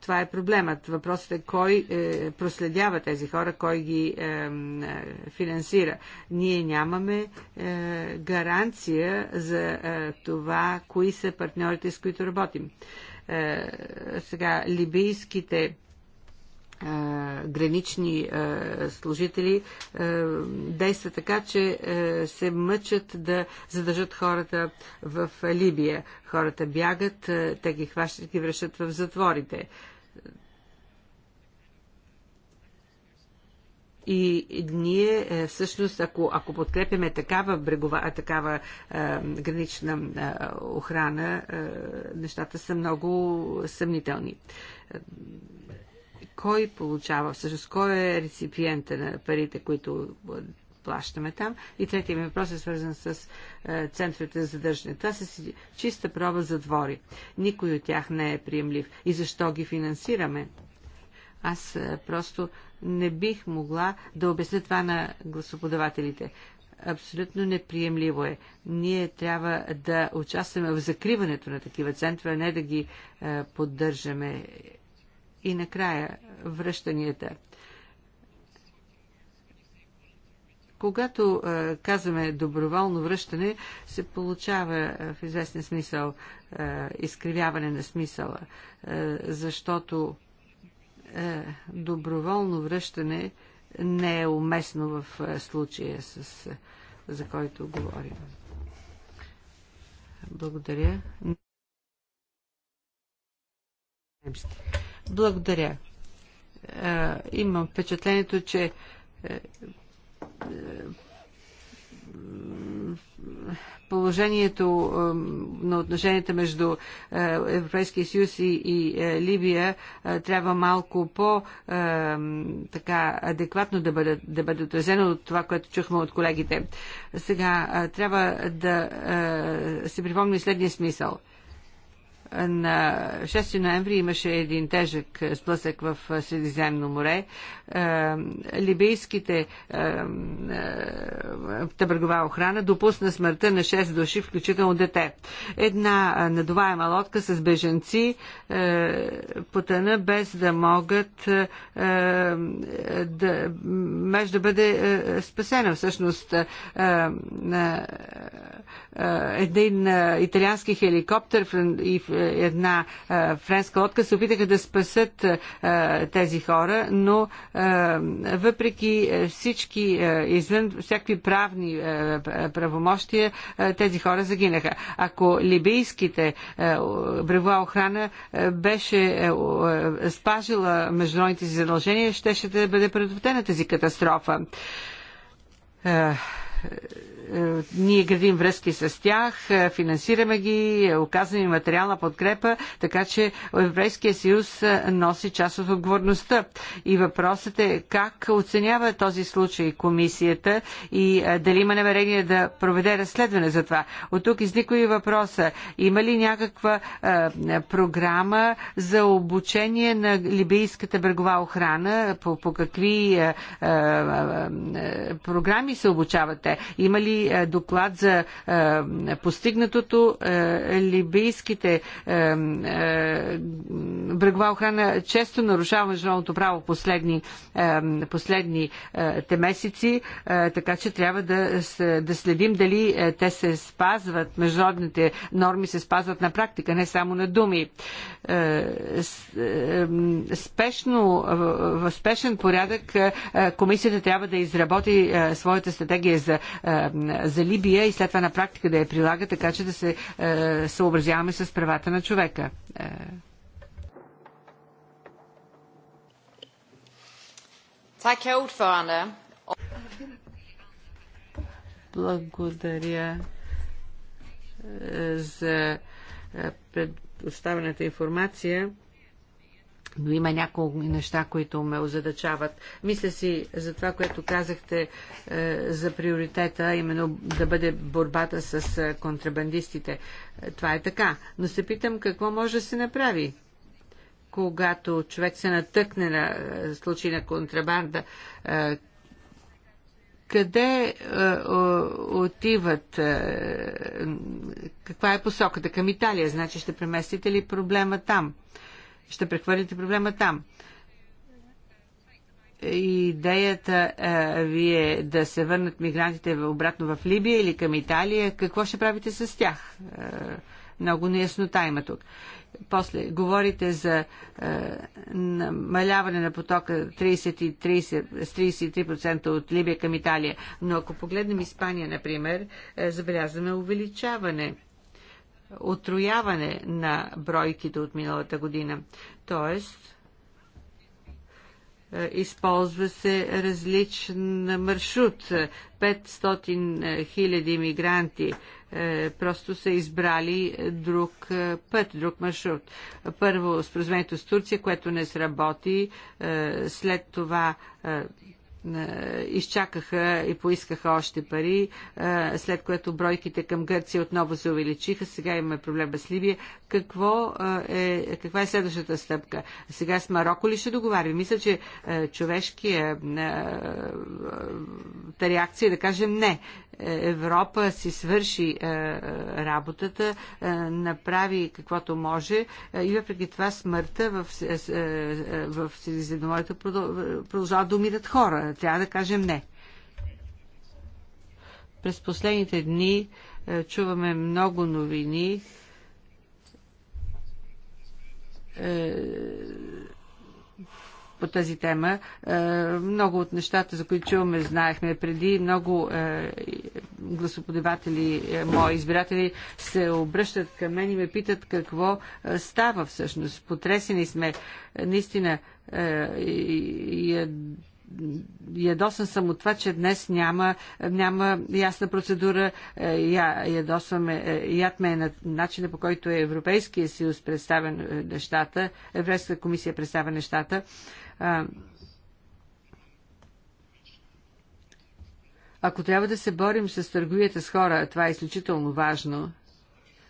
Това е проблемът. Въпросът е кой проследява тези хора, кой ги финансира. Ние нямаме гаранция за това, кои са партньорите, с които работим. Е, сега либийските е, гранични е, служители действа така, че се мъчат да задържат хората в Либия. Хората бягат, те ги хващат и връщат в затворите. И ние е, всъщност, ако, ако подкрепяме такава брегова, такава е, гранична е, охрана, е, нещата са много съмнителни. Е, кой получава, всъщност, кой е реципиента на парите, които е, плащаме там. И третия ми въпрос е свързан с е, центровете за задържане. Това са си чиста проба за двори. Никой от тях не е приемлив. И защо ги финансираме? Аз е, просто не бих могла да обясня това на гласоподавателите. Абсолютно неприемливо е. Ние трябва да участваме в закриването на такива центрове, не да ги е, поддържаме. И накрая, връщанията. Когато е, казваме доброволно връщане, се получава е, в известен смисъл е, изкривяване на смисъла, е, защото е, доброволно връщане не е уместно в е, случая, с, е, за който говорим. Благодаря. Благодаря. Имам впечатлението, че положението на отношенията между е, Европейския съюз и, и е, Либия е, трябва малко по така адекватно да бъде, да бъде отразено от това, което чухме от колегите. Сега трябва да се припомни следния смисъл – на 6 ноември имаше един тежък сблъсък в Средиземно море. Е, либийските е, е, търгова охрана допусна смъртта на 6 души, включително дете. Една надуваема лодка с беженци потъна без да могат да, да бъде спасена. Всъщност е, един е, италиански хеликоптер и е, една френска лодка се опитаха да спасат тези хора, но въпреки всички извън всякакви правни правомощия, тези хора загинаха. Ако либийските бревоа охрана беше спажила международните си задължения, щеше да бъде предотвратена тази катастрофа е, ние градим връзки с тях, е, финансираме ги, е, оказваме материална подкрепа, така че Европейския съюз носи част от отговорността. И въпросът е как оценява този случай комисията и дали има намерение да проведе разследване за това. От тук изниква и въпроса, има ли някаква програма за обучение на либийската брегова охрана, по, по какви програми се обучавате? Има ли е, доклад за е, постигнатото. Е, либийските брегова охрана често нарушава международното право последни, последните месеци, така че трябва да, да следим дали те се спазват, международните норми се спазват на практика, не само на думи. Спешно, в спешен порядък комисията трябва да изработи своята стратегия за за Либия и след това на практика да я прилага, така че да се е, съобразяваме с правата на човека. Е. Благодаря е, за е, предоставената информация но има няколко неща, които ме озадачават. Мисля си за това, което казахте е, за приоритета, именно да бъде борбата с е, контрабандистите. Е, това е така. Но се питам какво може да се направи, когато човек се натъкне на е, случай на контрабанда. Е, къде е, отиват? Е, каква е посоката? Към Италия, значи ще преместите ли проблема там? ще прехвърлите проблема там. Идеята ви е, да се върнат мигрантите обратно в Либия или към Италия, какво ще правите с тях? много неяснота има тук. После говорите за е, намаляване на потока 30, 30, с 33% от Либия към Италия. Но ако погледнем Испания, например, е, забелязваме увеличаване отрояване на бройките от миналата година. Тоест, е, използва се различен маршрут. 500 е, хиляди мигранти е, просто са избрали друг път, друг маршрут. Първо споразумението с Турция, което не сработи, след това е, изчакаха и поискаха още пари, е, след което бройките към Гърция отново се увеличиха. Сега имаме проблема с Ливия. Какво е, каква е следващата стъпка? Сега с Марокко ли ще договаряме? Мисля, че е, човешкия реакция е да кажем не. Европа си свърши е, е, работата, е, направи каквото може и въпреки това смъртта в, в Средиземноморието продължава да умират хора. Трябва да кажем не. През последните дни чуваме много новини по тази тема. Е, много от нещата, за които чуваме, знаехме преди. Много е, гласоподаватели, е, мои избиратели, се обръщат към мен и ме питат какво става всъщност. Потресени сме. Наистина, ядосан съм от това, че днес няма, няма ясна процедура. Я, ядосваме, яд ме е на начина по който е Европейския съюз представя нещата, Европейската комисия представя нещата. Ако трябва да се борим с търговията с хора, това е изключително важно,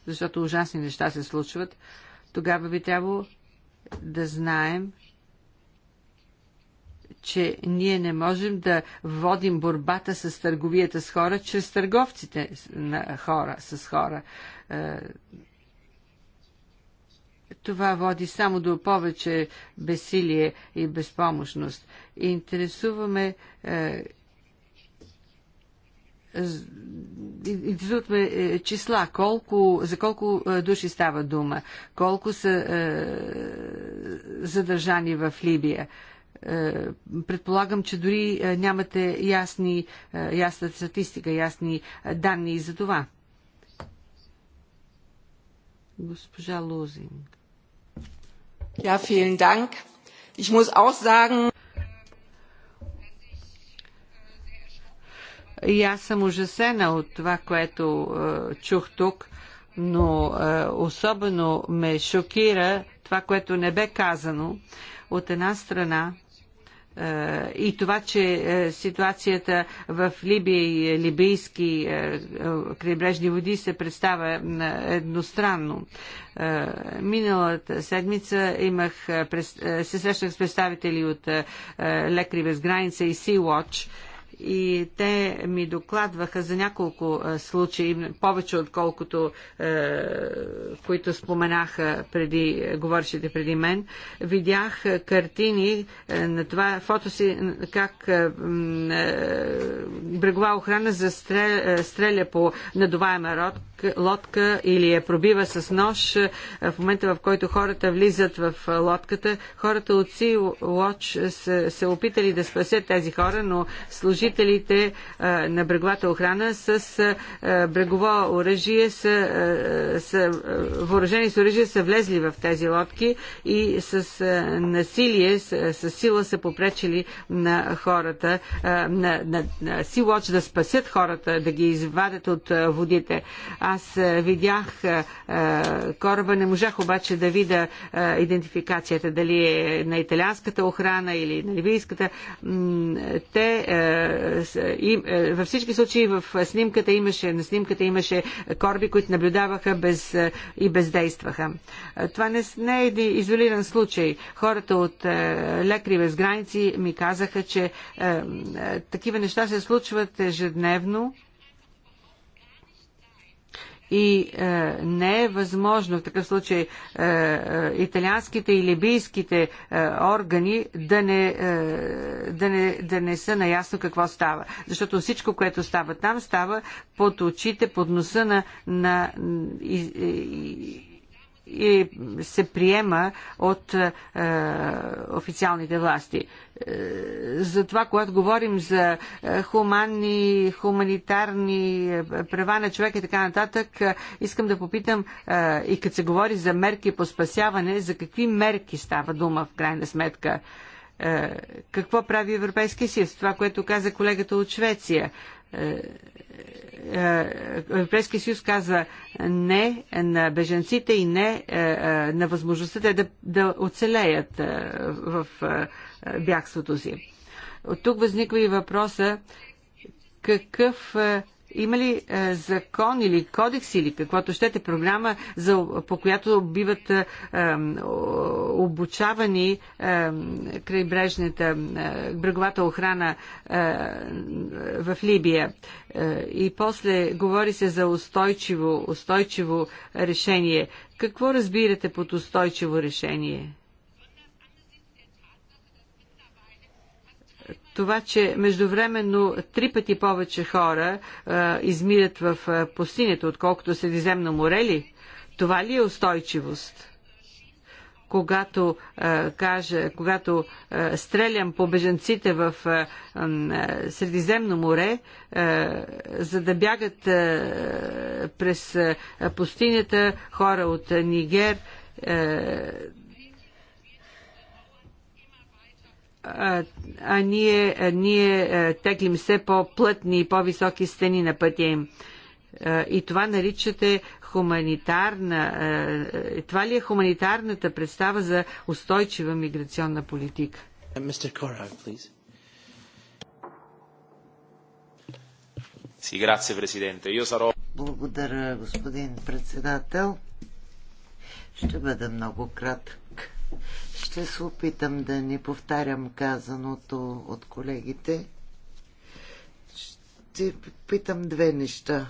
защото ужасни неща се случват, тогава би трябвало да знаем, че ние не можем да водим борбата с търговията с хора чрез търговците на хора, с хора. Е, това води само до повече бесилие и безпомощност. Интересуваме е, интересуваме е, числа, колко, за колко е, души става дума, колко са е, задържани в Либия. Е, предполагам, че дори нямате ясни, е, ясна статистика, ясни данни за това. Госпожа Лозинг. Ja, vielen Dank. Ich muss auch sagen, И аз съм ужасена от това, което е, чух тук, но е, особено ме шокира това, което не бе казано. От една страна, е, и това, че е, ситуацията в Либия и либийски е, крайбрежни води се представя едностранно. Миналата седмица имах, се срещнах с представители от Лекари без граница и Sea-Watch, и те ми докладваха за няколко е, случаи, повече отколкото е, които споменаха преди, говорещите преди мен. Видях е, картини на това фото си, как брегова охрана застреля, стреля по надуваема род, лодка или я пробива с нож, в момента в който хората влизат в лодката, хората от Sea Watch са, са опитали да спасят тези хора, но служителите на бреговата охрана с брегово оръжие са, са въоръжени с оръжие са влезли в тези лодки и с насилие, с, с сила са попречили на хората, на, на, на Sea Watch да спасят хората, да ги извадят от водите. А аз е, видях е, е, кораба, не можах обаче да видя идентификацията, дали е на италианската охрана или на ливийската. Те, във всички случаи в снимката имаше, на снимката имаше кораби, които наблюдаваха без, и бездействаха. Това не, не е един изолиран случай. Хората от Лекари без граници ми казаха, че такива неща се случват ежедневно и е, не е възможно в такъв случай е, е, италианските и либийските е, органи да не, е, да, не, да не са наясно какво става. Защото всичко, което става там, става под очите, под носа на, на и, и, и се приема от е, официалните власти. Е, за това, когато говорим за е, хуманни, хуманитарни е, права на човека и така нататък, искам да попитам е, и като се говори за мерки по спасяване, за какви мерки става дума в крайна сметка? Е, какво прави Европейския съюз? Това, което каза колегата от Швеция. Е, е, Европейския съюз каза не на беженците и не е, е, на възможността да, да оцелеят в бягството си. От тук възниква и въпроса какъв е, има ли е, закон или кодекс или каквото щете програма, за, по която биват е, обучавани е, крайбрежната е, бреговата охрана е, в Либия? Е, и после говори се за устойчиво, устойчиво решение. Какво разбирате под устойчиво решение? това, че междувременно три пъти повече хора а, измират в пустинята, отколкото Средиземно море ли? Това ли е устойчивост? когато, а, кажа, когато а, стрелям по беженците в а, а, Средиземно море, а, за да бягат а, през а, пустинята хора от а, Нигер, а, а, а ние, а ние теглим все по-плътни и по-високи стени на пътя им. И това наричате хуманитарна. Това ли е хуманитарната представа за устойчива миграционна политика? Благодаря, господин председател. Ще бъда много кратък. Ще се опитам да не повтарям казаното от колегите. Ще питам две неща.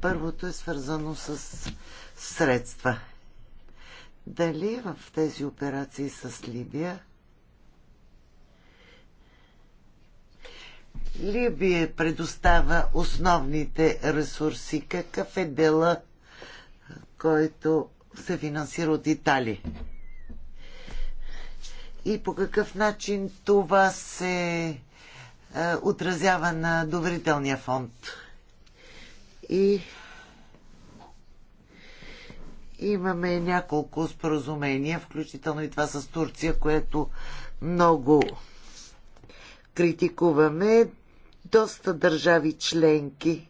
Първото е свързано с средства. Дали в тези операции с Либия Либия предостава основните ресурси? Какъв е дела, който се финансира от Италия? и по какъв начин това се е, отразява на доверителния фонд. И имаме няколко споразумения, включително и това с Турция, което много критикуваме. Доста държави членки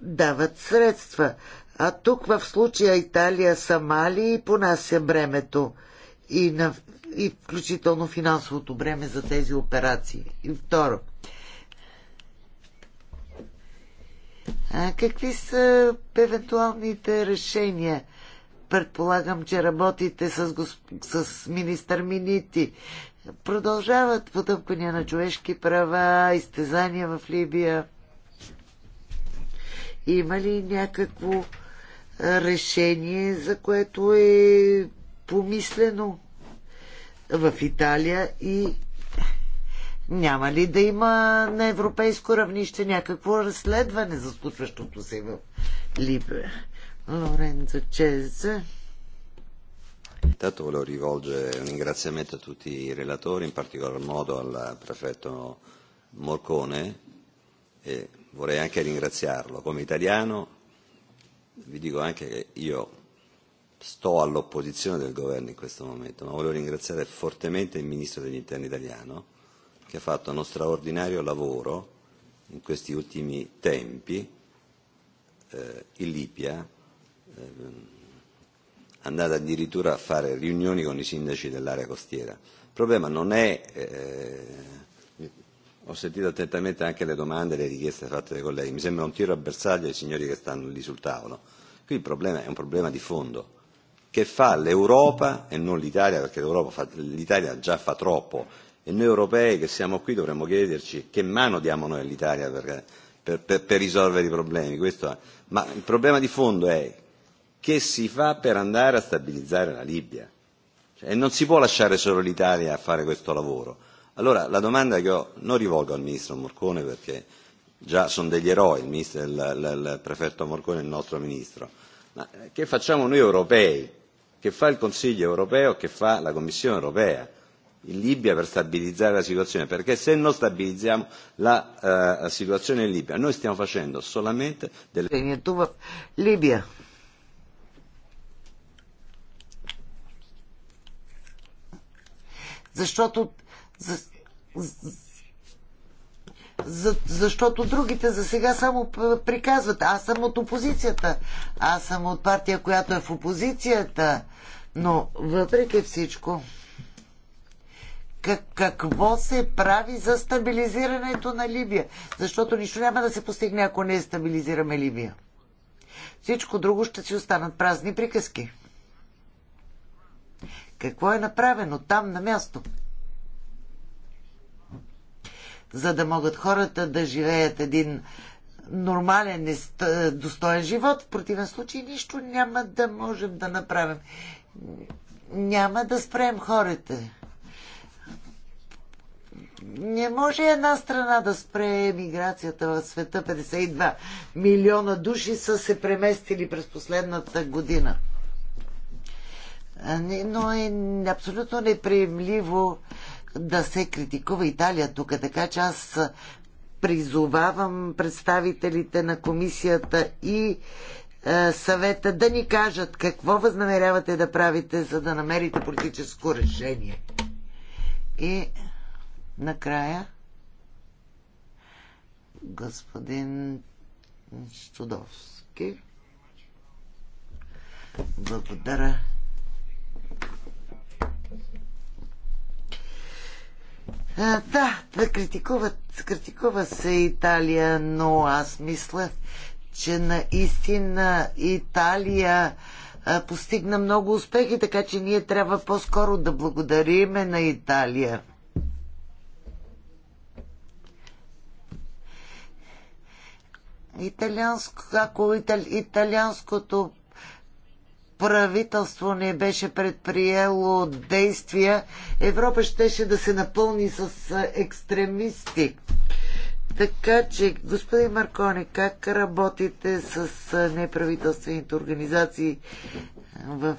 дават средства. А тук в случая Италия сама и понася бремето и на и включително финансовото бреме за тези операции. И второ, а какви са евентуалните решения? Предполагам, че работите с, госп... с министър Минити. Продължават потъпкания на човешки права, изтезания в Либия. Има ли някакво решение, за което е помислено? в Италия и няма ли да има на европейско равнище някакво разследване за случващото се в Либе? Лорензо Чезе. Intanto volevo rivolgere un ringraziamento a tutti i relatori, in particolar modo al prefetto Morcone e vorrei anche ringraziarlo come italiano. Vi dico anche che io sto all'opposizione del governo in questo momento, ma voglio ringraziare fortemente il Ministro degli Interni italiano che ha fatto uno straordinario lavoro in questi ultimi tempi eh, in Libia, eh, andata addirittura a fare riunioni con i sindaci dell'area costiera. Il problema non è, eh, ho sentito attentamente anche le domande e le richieste fatte dai colleghi, mi sembra un tiro a bersaglio ai signori che stanno lì sul tavolo. Qui il problema è un problema di fondo che fa l'Europa e non l'Italia, perché l'Italia già fa troppo, e noi europei che siamo qui dovremmo chiederci che mano diamo noi all'Italia per, per, per, per risolvere i problemi. Questo, ma il problema di fondo è che si fa per andare a stabilizzare la Libia. Cioè, e non si può lasciare solo l'Italia a fare questo lavoro. Allora la domanda che ho, non rivolgo al ministro Morcone perché già sono degli eroi, il, ministro, il, il, il prefetto Morcone è il nostro ministro, ma che facciamo noi europei che fa il Consiglio europeo, e che fa la Commissione europea in Libia per stabilizzare la situazione, perché se non stabilizziamo la situazione in Libia, noi stiamo facendo solamente delle... Libia. Защото за, за, защото другите за сега само приказват. Аз съм от опозицията. Аз съм от партия, която е в опозицията. Но въпреки всичко, как, какво се прави за стабилизирането на Либия? Защото нищо няма да се постигне, ако не стабилизираме Либия. Всичко друго ще си останат празни приказки. Какво е направено там на място? за да могат хората да живеят един нормален, достоен живот. В противен случай нищо няма да можем да направим. Няма да спрем хората. Не може една страна да спре миграцията в света. 52 милиона души са се преместили през последната година. Е, но е абсолютно неприемливо да се критикува Италия тук. Така че аз призовавам представителите на комисията и е, съвета да ни кажат какво възнамерявате да правите, за да намерите политическо решение. И накрая господин Студовски. Благодаря. А, да, да критикуват, критикува се Италия, но аз мисля, че наистина Италия а, постигна много успехи, така че ние трябва по-скоро да благодариме на Италия. Италианско, ако итали, италианското правителство не беше предприело действия, Европа щеше да се напълни с екстремисти. Така че, господин Марконе, как работите с неправителствените организации в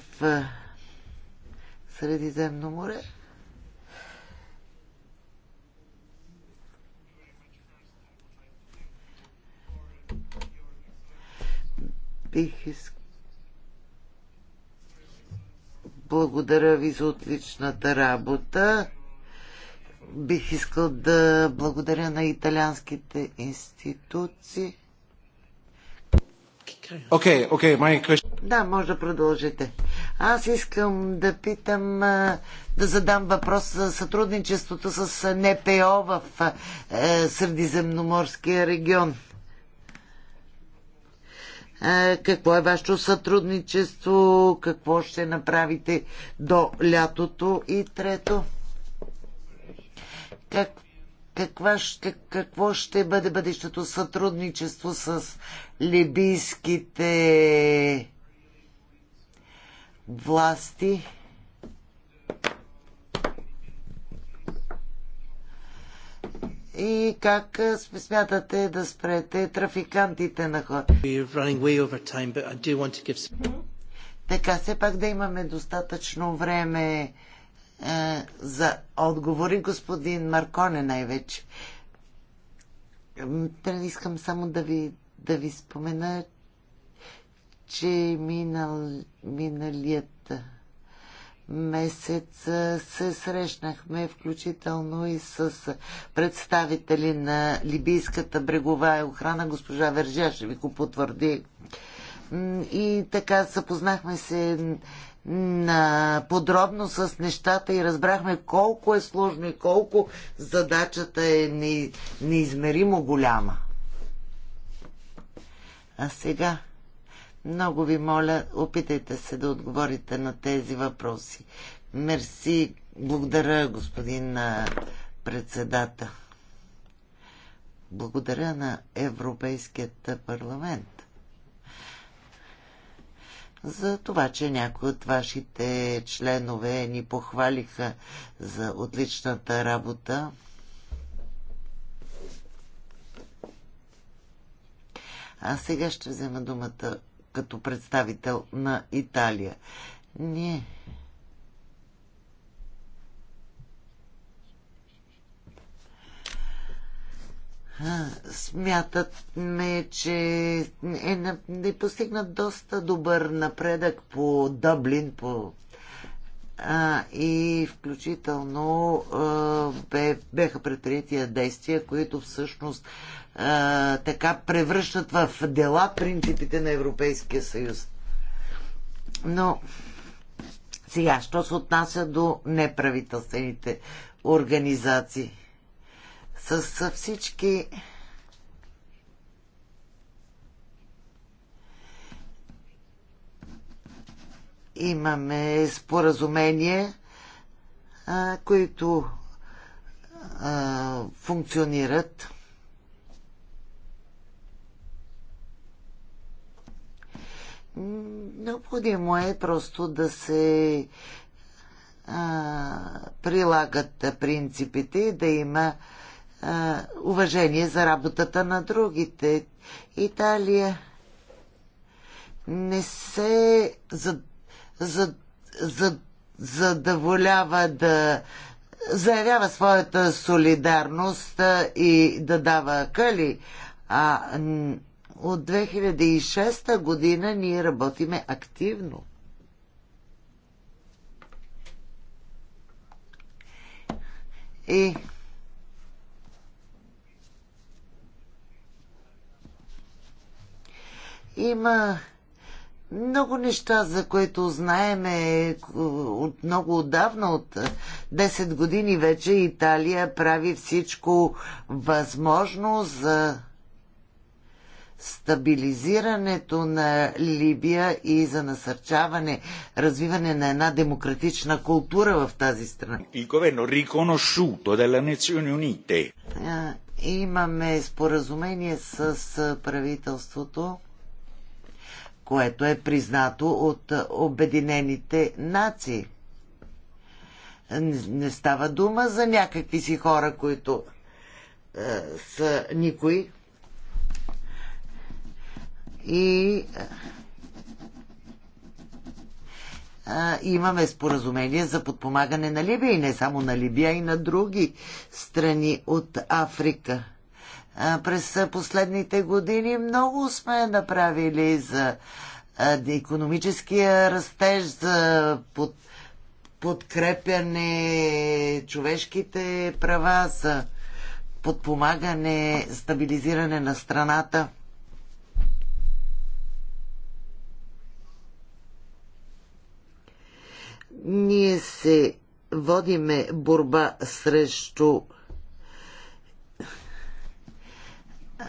Средиземно море? Бих искал Благодаря ви за отличната работа. Бих искал да благодаря на италианските институции. Окей, okay, окей, okay, my question. Да, може да продължите. Аз искам да питам, да задам въпрос за сътрудничеството с НПО в Средиземноморския регион какво е вашето сътрудничество, какво ще направите до лятото и трето. Как, каква ще, какво ще бъде бъдещето сътрудничество с либийските власти? и как смятате да спрете трафикантите на хора. Give... Така, все пак да имаме достатъчно време е, за отговори, господин Марконе най-вече. Искам само да ви, да ви спомена, че минал, миналият месец се срещнахме включително и с представители на Либийската брегова охрана. Госпожа Вержа ще ви го потвърди. И така запознахме се на подробно с нещата и разбрахме колко е сложно и колко задачата е не, неизмеримо голяма. А сега много ви моля, опитайте се да отговорите на тези въпроси. Мерси, благодаря, господин председател. Благодаря на Европейският парламент за това, че някои от вашите членове ни похвалиха за отличната работа. А сега ще взема думата като представител на Италия. Ние. Смятат ме, че е, е постигнат доста добър напредък по Дъблин, по а, и включително а, бе, беха предприятия действия, които всъщност а, така превръщат в дела принципите на Европейския съюз. Но сега, що се отнася до неправителствените организации? С всички имаме споразумения, а, които а, функционират. Необходимо е просто да се а, прилагат принципите и да има а, уважение за работата на другите. Италия не се зад за, за, задоволява да заявява своята солидарност и да дава къли. А от 2006 година ние работиме активно. И има много неща, за които знаеме е, от много отдавна, от 10 е, години вече Италия прави всичко възможно за стабилизирането на Либия и за насърчаване, развиване на една демократична култура в тази страна. Il governo riconosciuto dalle Nazioni Unite. Имаме споразумение с е, правителството което е признато от Обединените нации. Не става дума за някакви си хора, които е, са никои. И имаме споразумение за подпомагане на Либия и не само на Либия, и на други страни от Африка. През последните години много сме направили за економическия растеж, за под, подкрепяне човешките права, за подпомагане, стабилизиране на страната. Ние се водиме борба срещу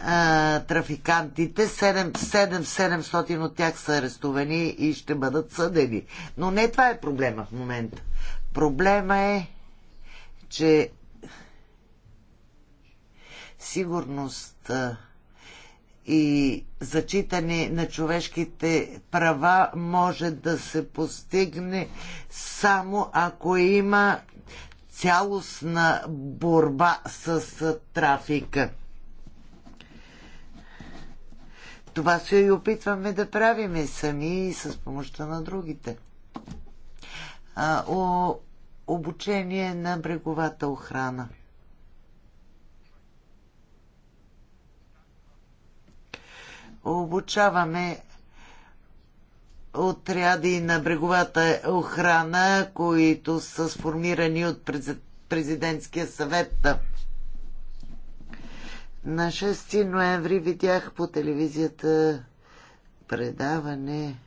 а, трафикантите. 7-700 от тях са арестувани и ще бъдат съдени. Но не това е проблема в момента. Проблема е, че сигурност и зачитане на човешките права може да се постигне само ако има цялостна борба с трафика. Това се и опитваме да правиме сами и с помощта на другите. А, о, обучение на бреговата охрана. Обучаваме отряди на бреговата охрана, които са сформирани от президентския съвет на 6 ноември видях по телевизията предаване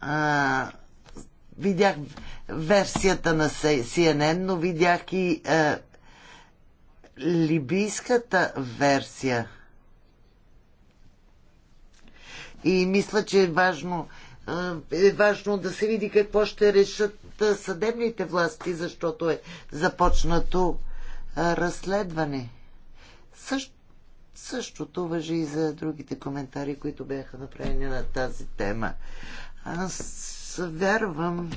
а, видях версията на CNN, но видях и а, либийската версия. И мисля, че е важно, е важно да се види какво ще решат съдебните власти, защото е започнато разследване. Също, същото въжи и за другите коментари, които бяха направени на тази тема. Аз вярвам,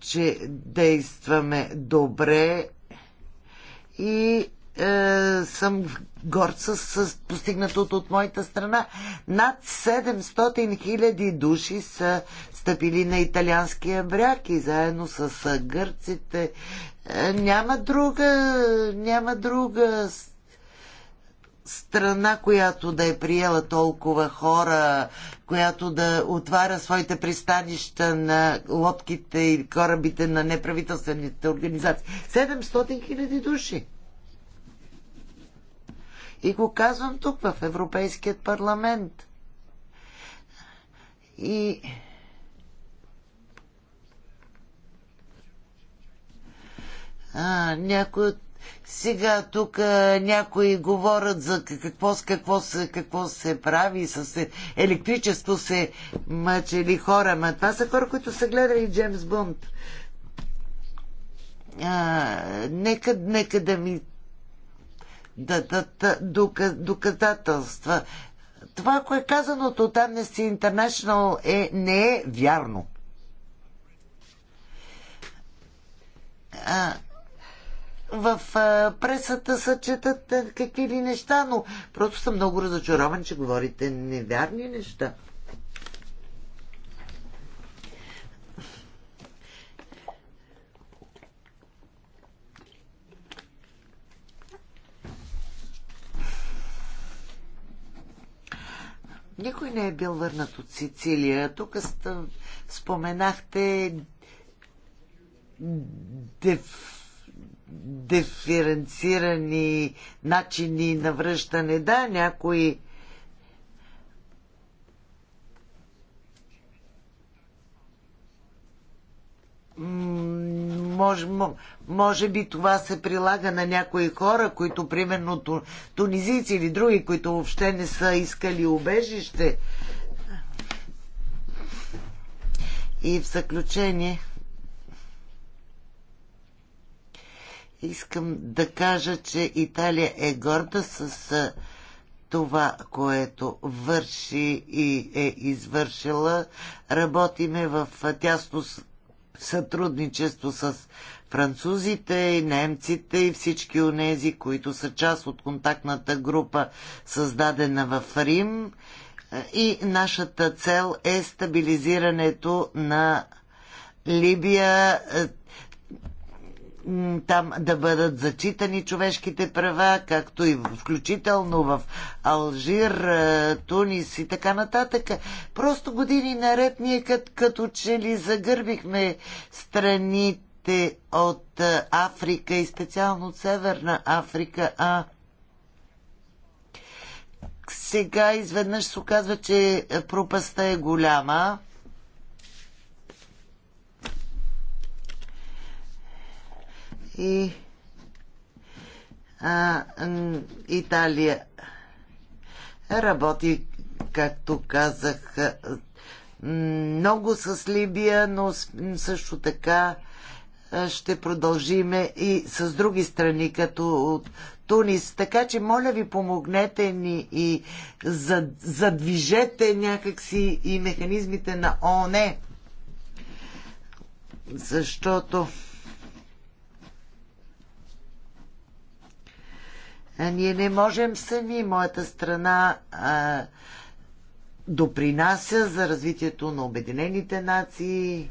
че действаме добре и е, съм горд с, с постигнатото от моята страна. Над 700 хиляди души са стъпили на италианския бряг и заедно с гърците. Е, няма друга, няма друга страна, която да е приела толкова хора, която да отваря своите пристанища на лодките и корабите на неправителствените организации. 700 хиляди души. И го казвам тук в Европейският парламент. И а, някой от сега тук някои говорят за какво, какво, се, какво се прави, с електричество се мъчели хора. Ма това са хора, които са гледали Джеймс Бонд. А, нека, нека да ми дадат доказателства. Това, кое е казано от Amnesty International е, не е вярно. А, в а, пресата се четат какви ли неща, но просто съм много разочарован, че говорите невярни неща. Никой не е бил върнат от Сицилия. Тук споменахте деф, диференцирани начини на връщане. Да, някои може, може би това се прилага на някои хора, които примерно тунизийци или други, които въобще не са искали убежище. И в заключение искам да кажа, че Италия е горда с това, което върши и е извършила. Работиме в тясно сътрудничество с французите и немците и всички онези, които са част от контактната група, създадена в Рим. И нашата цел е стабилизирането на Либия там да бъдат зачитани човешките права, както и включително в Алжир, Тунис и така нататък. Просто години наред ние като, като че ли загърбихме страните от Африка и специално от Северна Африка, а сега изведнъж се оказва, че пропаста е голяма и а, Италия работи, както казах, много с Либия, но също така ще продължиме и с други страни, като Тунис. Така че, моля ви, помогнете ни и задвижете някакси и механизмите на ОНЕ. Защото Ние не можем сами. Моята страна а, допринася за развитието на Обединените нации.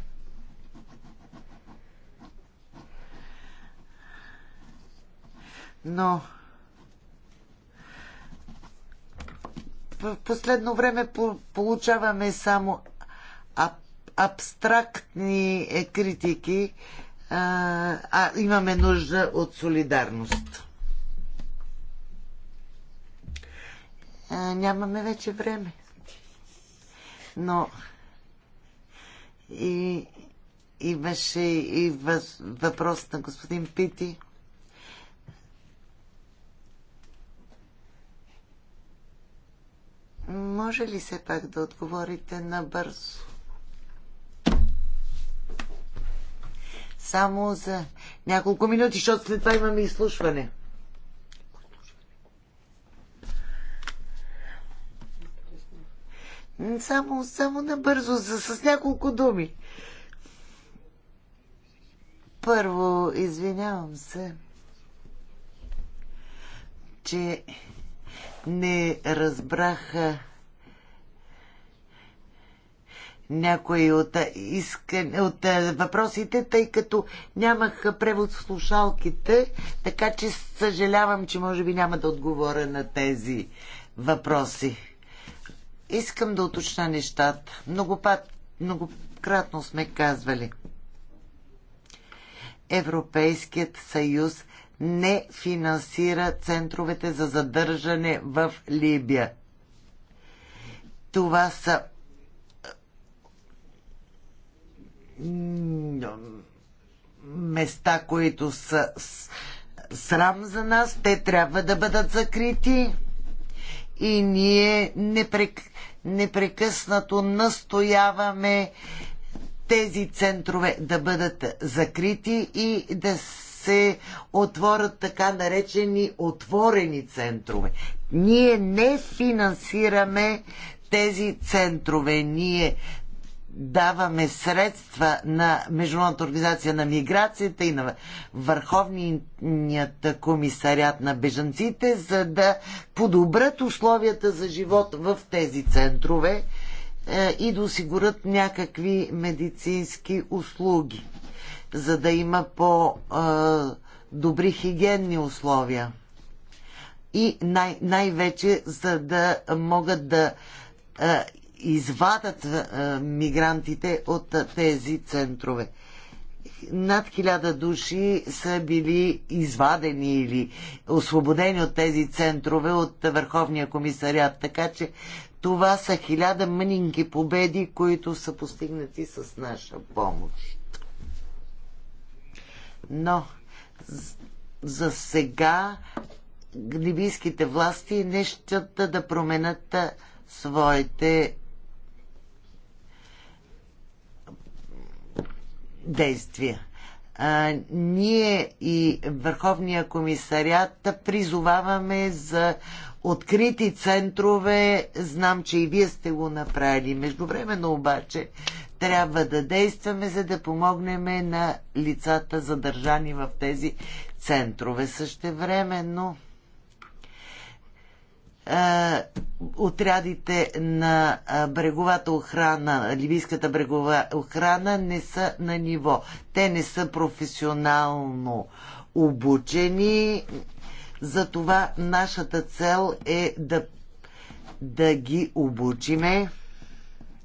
Но в последно време получаваме само аб- абстрактни е, критики, а, а имаме нужда от солидарност. а, нямаме вече време. Но и имаше и въз, въпрос на господин Пити. Може ли все пак да отговорите набързо? Само за няколко минути, защото след това имаме изслушване. Само, само набързо, за, с няколко думи. Първо, извинявам се, че не разбраха някои от, искан, от е, въпросите, тъй като нямах превод в слушалките, така че съжалявам, че може би няма да отговоря на тези въпроси. Искам да уточна нещата. Многопад, многократно сме казвали. Европейският съюз не финансира центровете за задържане в Либия. Това са места, които са срам за нас. Те трябва да бъдат закрити и ние непрек... непрекъснато настояваме тези центрове да бъдат закрити и да се отворят така наречени отворени центрове. Ние не финансираме тези центрове. Ние даваме средства на Международната организация на миграцията и на Върховният комисарят на бежанците, за да подобрят условията за живот в тези центрове е, и да осигурят някакви медицински услуги, за да има по-добри е, хигиенни условия. И най- най-вече, за да могат да е, извадат а, мигрантите от а, тези центрове. Над хиляда души са били извадени или освободени от тези центрове от Върховния комисариат. Така че това са хиляда мънинки победи, които са постигнати с наша помощ. Но за сега либийските власти не щат да променят своите действия. А, ние и Върховния комисарят призоваваме за открити центрове. Знам, че и вие сте го направили. Междувременно обаче трябва да действаме, за да помогнем на лицата задържани в тези центрове. Същевременно отрядите на бреговата охрана, ливийската брегова охрана не са на ниво. Те не са професионално обучени. Затова нашата цел е да, да ги обучиме.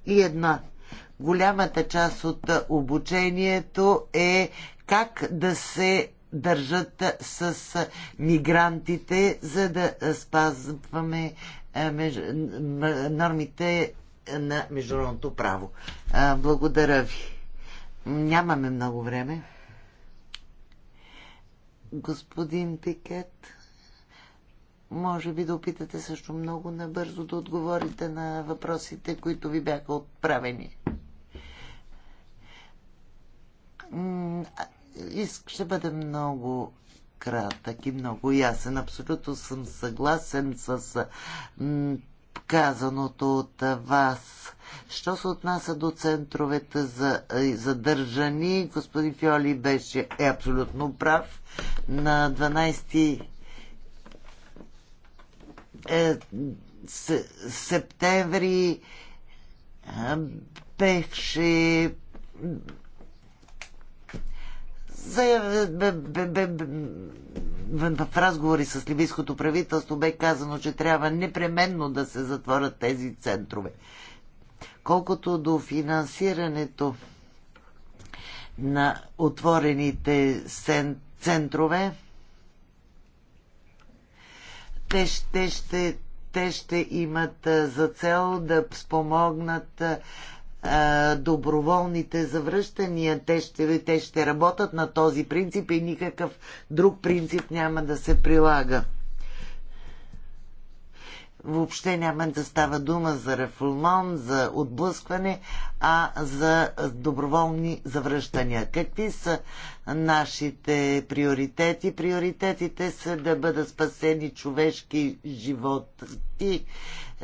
И една голямата част от обучението е как да се държат с мигрантите, за да спазваме нормите на международното право. Благодаря ви. Нямаме много време. Господин Пикет, може би да опитате също много набързо да отговорите на въпросите, които ви бяха отправени ще бъде много кратък и много ясен. Абсолютно съм съгласен с казаното от вас. Що се отнася до центровете за е, задържани, господин Фиоли беше е абсолютно прав. На 12 е, септември е, беше в разговори с ливийското правителство бе казано, че трябва непременно да се затворят тези центрове. Колкото до финансирането на отворените центрове, те ще, ще, те ще имат за цел да спомогнат доброволните завръщания, те ще, те ще работят на този принцип и никакъв друг принцип няма да се прилага. Въобще няма да става дума за рефулмон, за отблъскване, а за доброволни завръщания. Какви са нашите приоритети? Приоритетите са да бъдат спасени човешки животи,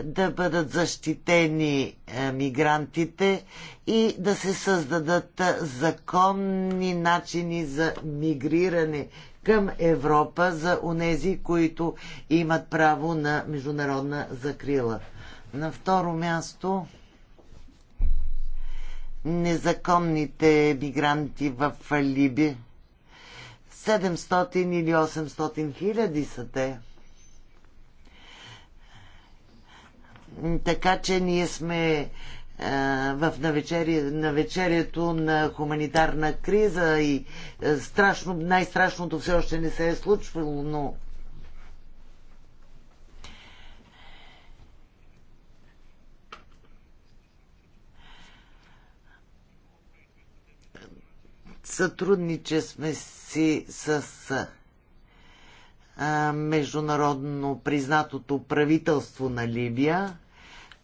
да бъдат защитени е, мигрантите и да се създадат е, законни начини за мигриране към Европа за онези, които имат право на международна закрила. На второ място незаконните мигранти в Либи. 700 или 800 хиляди са те. така че ние сме е, в навечерие, навечерието на хуманитарна криза и е, страшно, най-страшното все още не се е случвало, но сътрудниче сме си с а, е, международно признатото правителство на Либия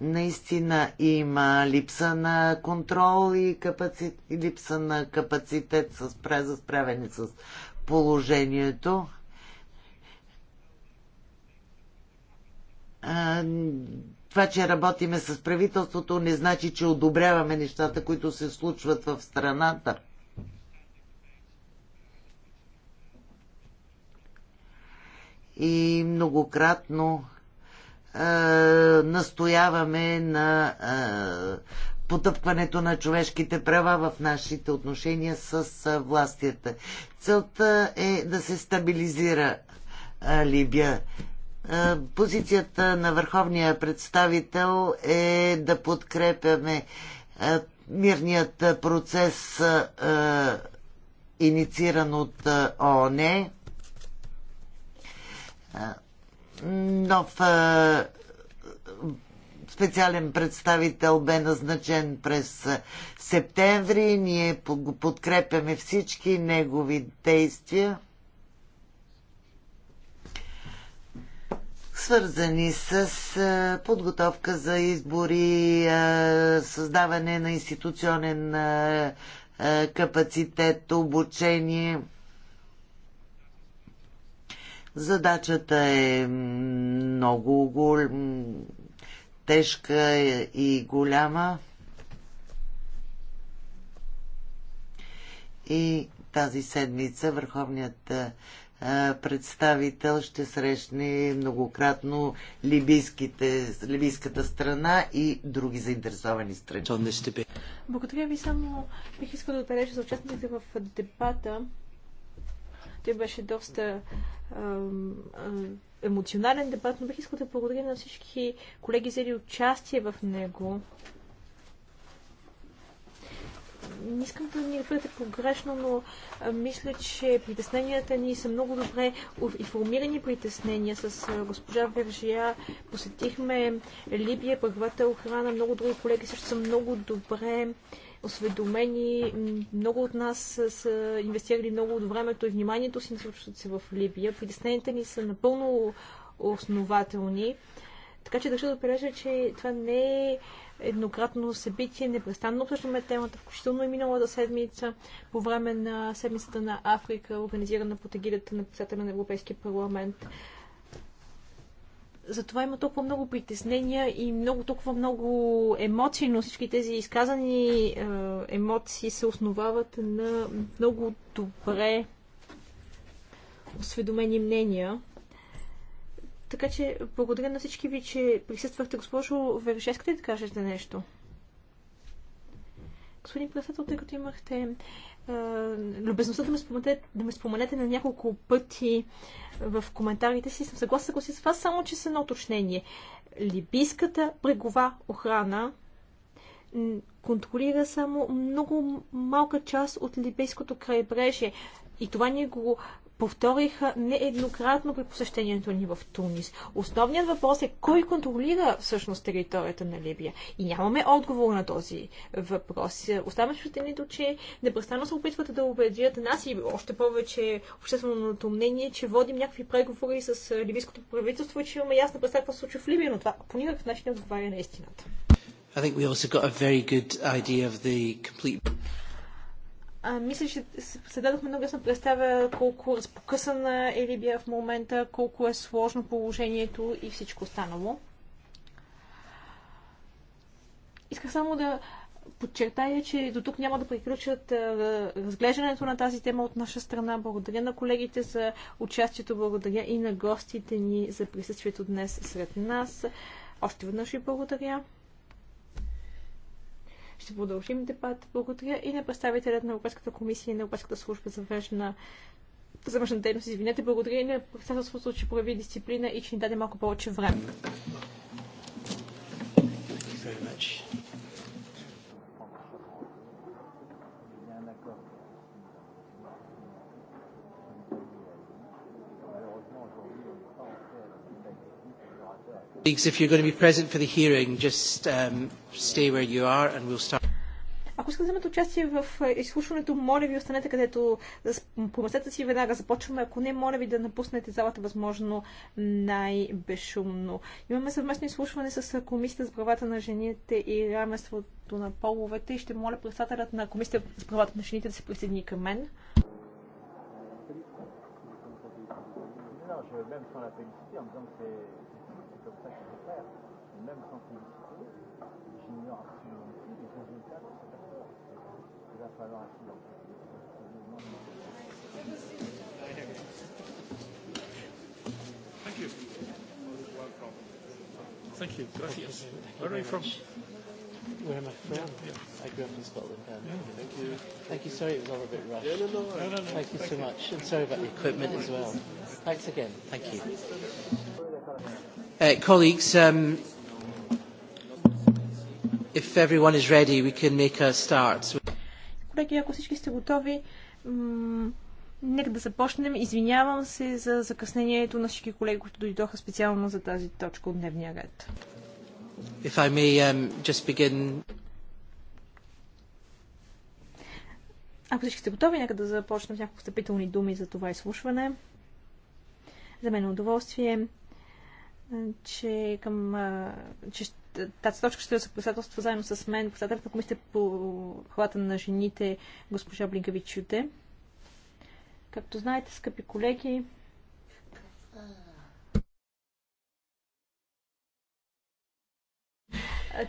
наистина има липса на контрол и капаци... липса на капацитет с... за справяне с положението. А, това, че работиме с правителството, не значи, че одобряваме нещата, които се случват в страната. И многократно настояваме на потъпкването на човешките права в нашите отношения с властията. Целта е да се стабилизира Либия. Позицията на върховния представител е да подкрепяме мирният процес, иницииран от ООН нов специален представител бе назначен през септември. Ние го подкрепяме всички негови действия, свързани с подготовка за избори, създаване на институционен капацитет, обучение – Задачата е много гол... тежка и голяма. И тази седмица Върховният представител ще срещне многократно либийската страна и други заинтересовани страни. Благодаря ви. Само бих искал да отбележа за участниците в дебата, той беше доста емоционален дебат, но бих искал да благодаря на всички колеги, взели участие в него. Не искам да ни бъдете погрешно, но мисля, че притесненията ни са много добре информирани притеснения. С госпожа Вержия посетихме Либия, първата охрана, много други колеги също са много добре осведомени. Много от нас са инвестирали много от времето и вниманието си на случващото се в Либия. Притесненията ни са напълно основателни. Така че държа да отбележа, че това не е еднократно събитие. Непрестанно обсъждаме темата, включително и миналата седмица, по време на седмицата на Африка, организирана под егидата на председателя на Европейския парламент. Затова има толкова много притеснения и много, толкова много емоции, но всички тези изказани е, емоции се основават на много добре осведомени мнения. Така че благодаря на всички ви, че присъствахте. Госпожо Вереше, искате да кажете нещо? Господин председател, тъй като имахте любезността да ме, споменете, да ме споменете на няколко пъти в коментарите си. Съм съгласна с вас, само че са едно уточнение. Либийската брегова охрана контролира само много малка част от либийското крайбрежие. И това ние го повториха нееднократно при посещението ни в Тунис. Основният въпрос е кой контролира всъщност територията на Либия. И нямаме отговор на този въпрос. Оставаме впечатлението, че непрестанно се опитвате да убедят нас и още повече общественото мнение, че водим някакви преговори с ливийското правителство и че имаме ясна представа какво се случва в Либия, но това по никакъв начин не отговаря на истината. I think we also got a very good idea of the complete... А, мисля, че се дадохме много ясна представя колко разпокъсана е Либия в момента, колко е сложно положението и всичко останало. Исках само да подчертая, че до тук няма да приключат разглеждането на тази тема от наша страна. Благодаря на колегите за участието, благодаря и на гостите ни за присъствието днес сред нас. Още веднъж ви благодаря. Ще продължим дебат. Благодаря и на представителят на Европейската комисия и на Европейската служба за външна за външна дейност. Извинете, благодаря и на председателството, че прояви дисциплина и че ни даде малко повече време. Um, ако искате да вземете участие в е, изслушването, моля ви останете където, поместете си веднага, започваме. Ако не, моля ви да напуснете залата възможно най-безшумно. Имаме съвместно изслушване с е, Комисията за правата на жените и равенството на половете и ще моля председателят на Комисията за правата на жените да се присъедини към мен. je faire, même quand il est j'ignore absolument plus les résultats de cette affaire. Il va falloir assurer. Thank you. Thank you. Where are you from? Where am I from? Yeah, yeah. I grew up in Scotland. yeah. Thank you. Thank you. Sorry, it was all a bit rushed. Yeah, no, no, no, no, no. Thank you so much, and sorry about the equipment as well. Thanks again. Thank you. Uh, colleagues, um, if everyone is ready, we can make a start. Колеги, ако всички сте готови, нека да започнем. Извинявам се за закъснението на всички колеги, които дойдоха специално за тази точка от дневния ред. If I may, um, just begin Ако всички сте готови, нека да започнем с няколко встъпителни думи за това изслушване. За мен е удоволствие че към че тази точка ще се председателства заедно с мен, председателят на комисията по хората на жените, госпожа Блинкавичуте. Както знаете, скъпи колеги,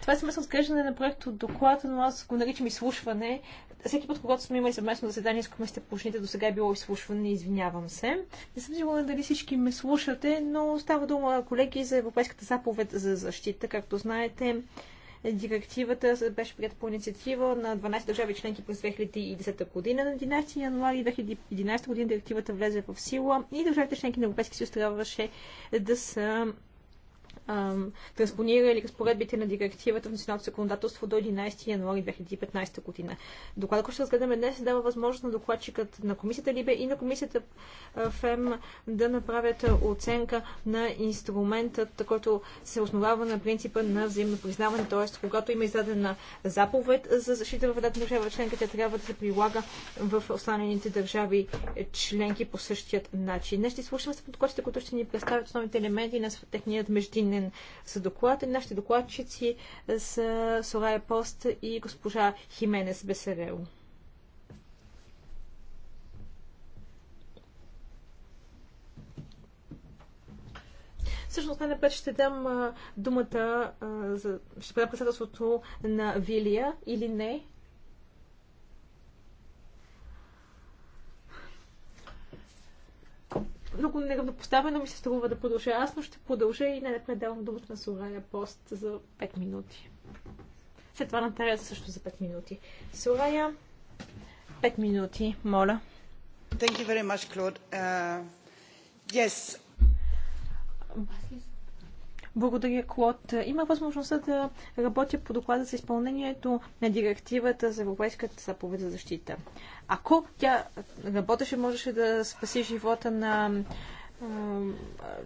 Това е съвместно разглеждане на проект от доклада, но аз го наричам изслушване. Всеки път, когато сме имали съвместно заседание с комисията по общините, до сега е било изслушване, извинявам се. Не съм сигурна дали всички ме слушате, но става дума, колеги, за Европейската заповед за защита. Както знаете, Директивата беше прията по инициатива на 12 държави членки през 2010 година. На 11 януари 2011 година директивата влезе в сила и държавите членки на Европейския съюз трябваше да са транспонирали разпоредбите на директивата в националното законодателство до 11 януари 2015 година. Доклад, който ще разгледаме днес, дава възможност на докладчикът на комисията Либе и на комисията ФЕМ да направят оценка на инструментът, който се основава на принципа на взаимно признаване, т.е. когато има издадена заповед за защита в едната държава членка, тя трябва да се прилага в останалите държави е, членки по същият начин. Днес ще слушаме с докладчите, които ще ни представят основните елементи на техният междинен ранен с доклад. Нашите докладчици е, са Сорая Пост и госпожа Хименес Бесерел. Всъщност най-напред ще дам думата, за, ще предам председателството на Вилия или не. много неравнопоставено ми се струва да продължа аз, но ще продължа и най-напред давам думата на Сурая Пост за 5 минути. След това на Тереза също за 5 минути. Сурая, 5 минути, моля. Thank you very much, Claude. Uh, yes. Благодаря, Клод. Има възможността да работя по доклада за изпълнението на директивата за Европейската заповед за защита. Ако тя работеше, можеше да спаси живота на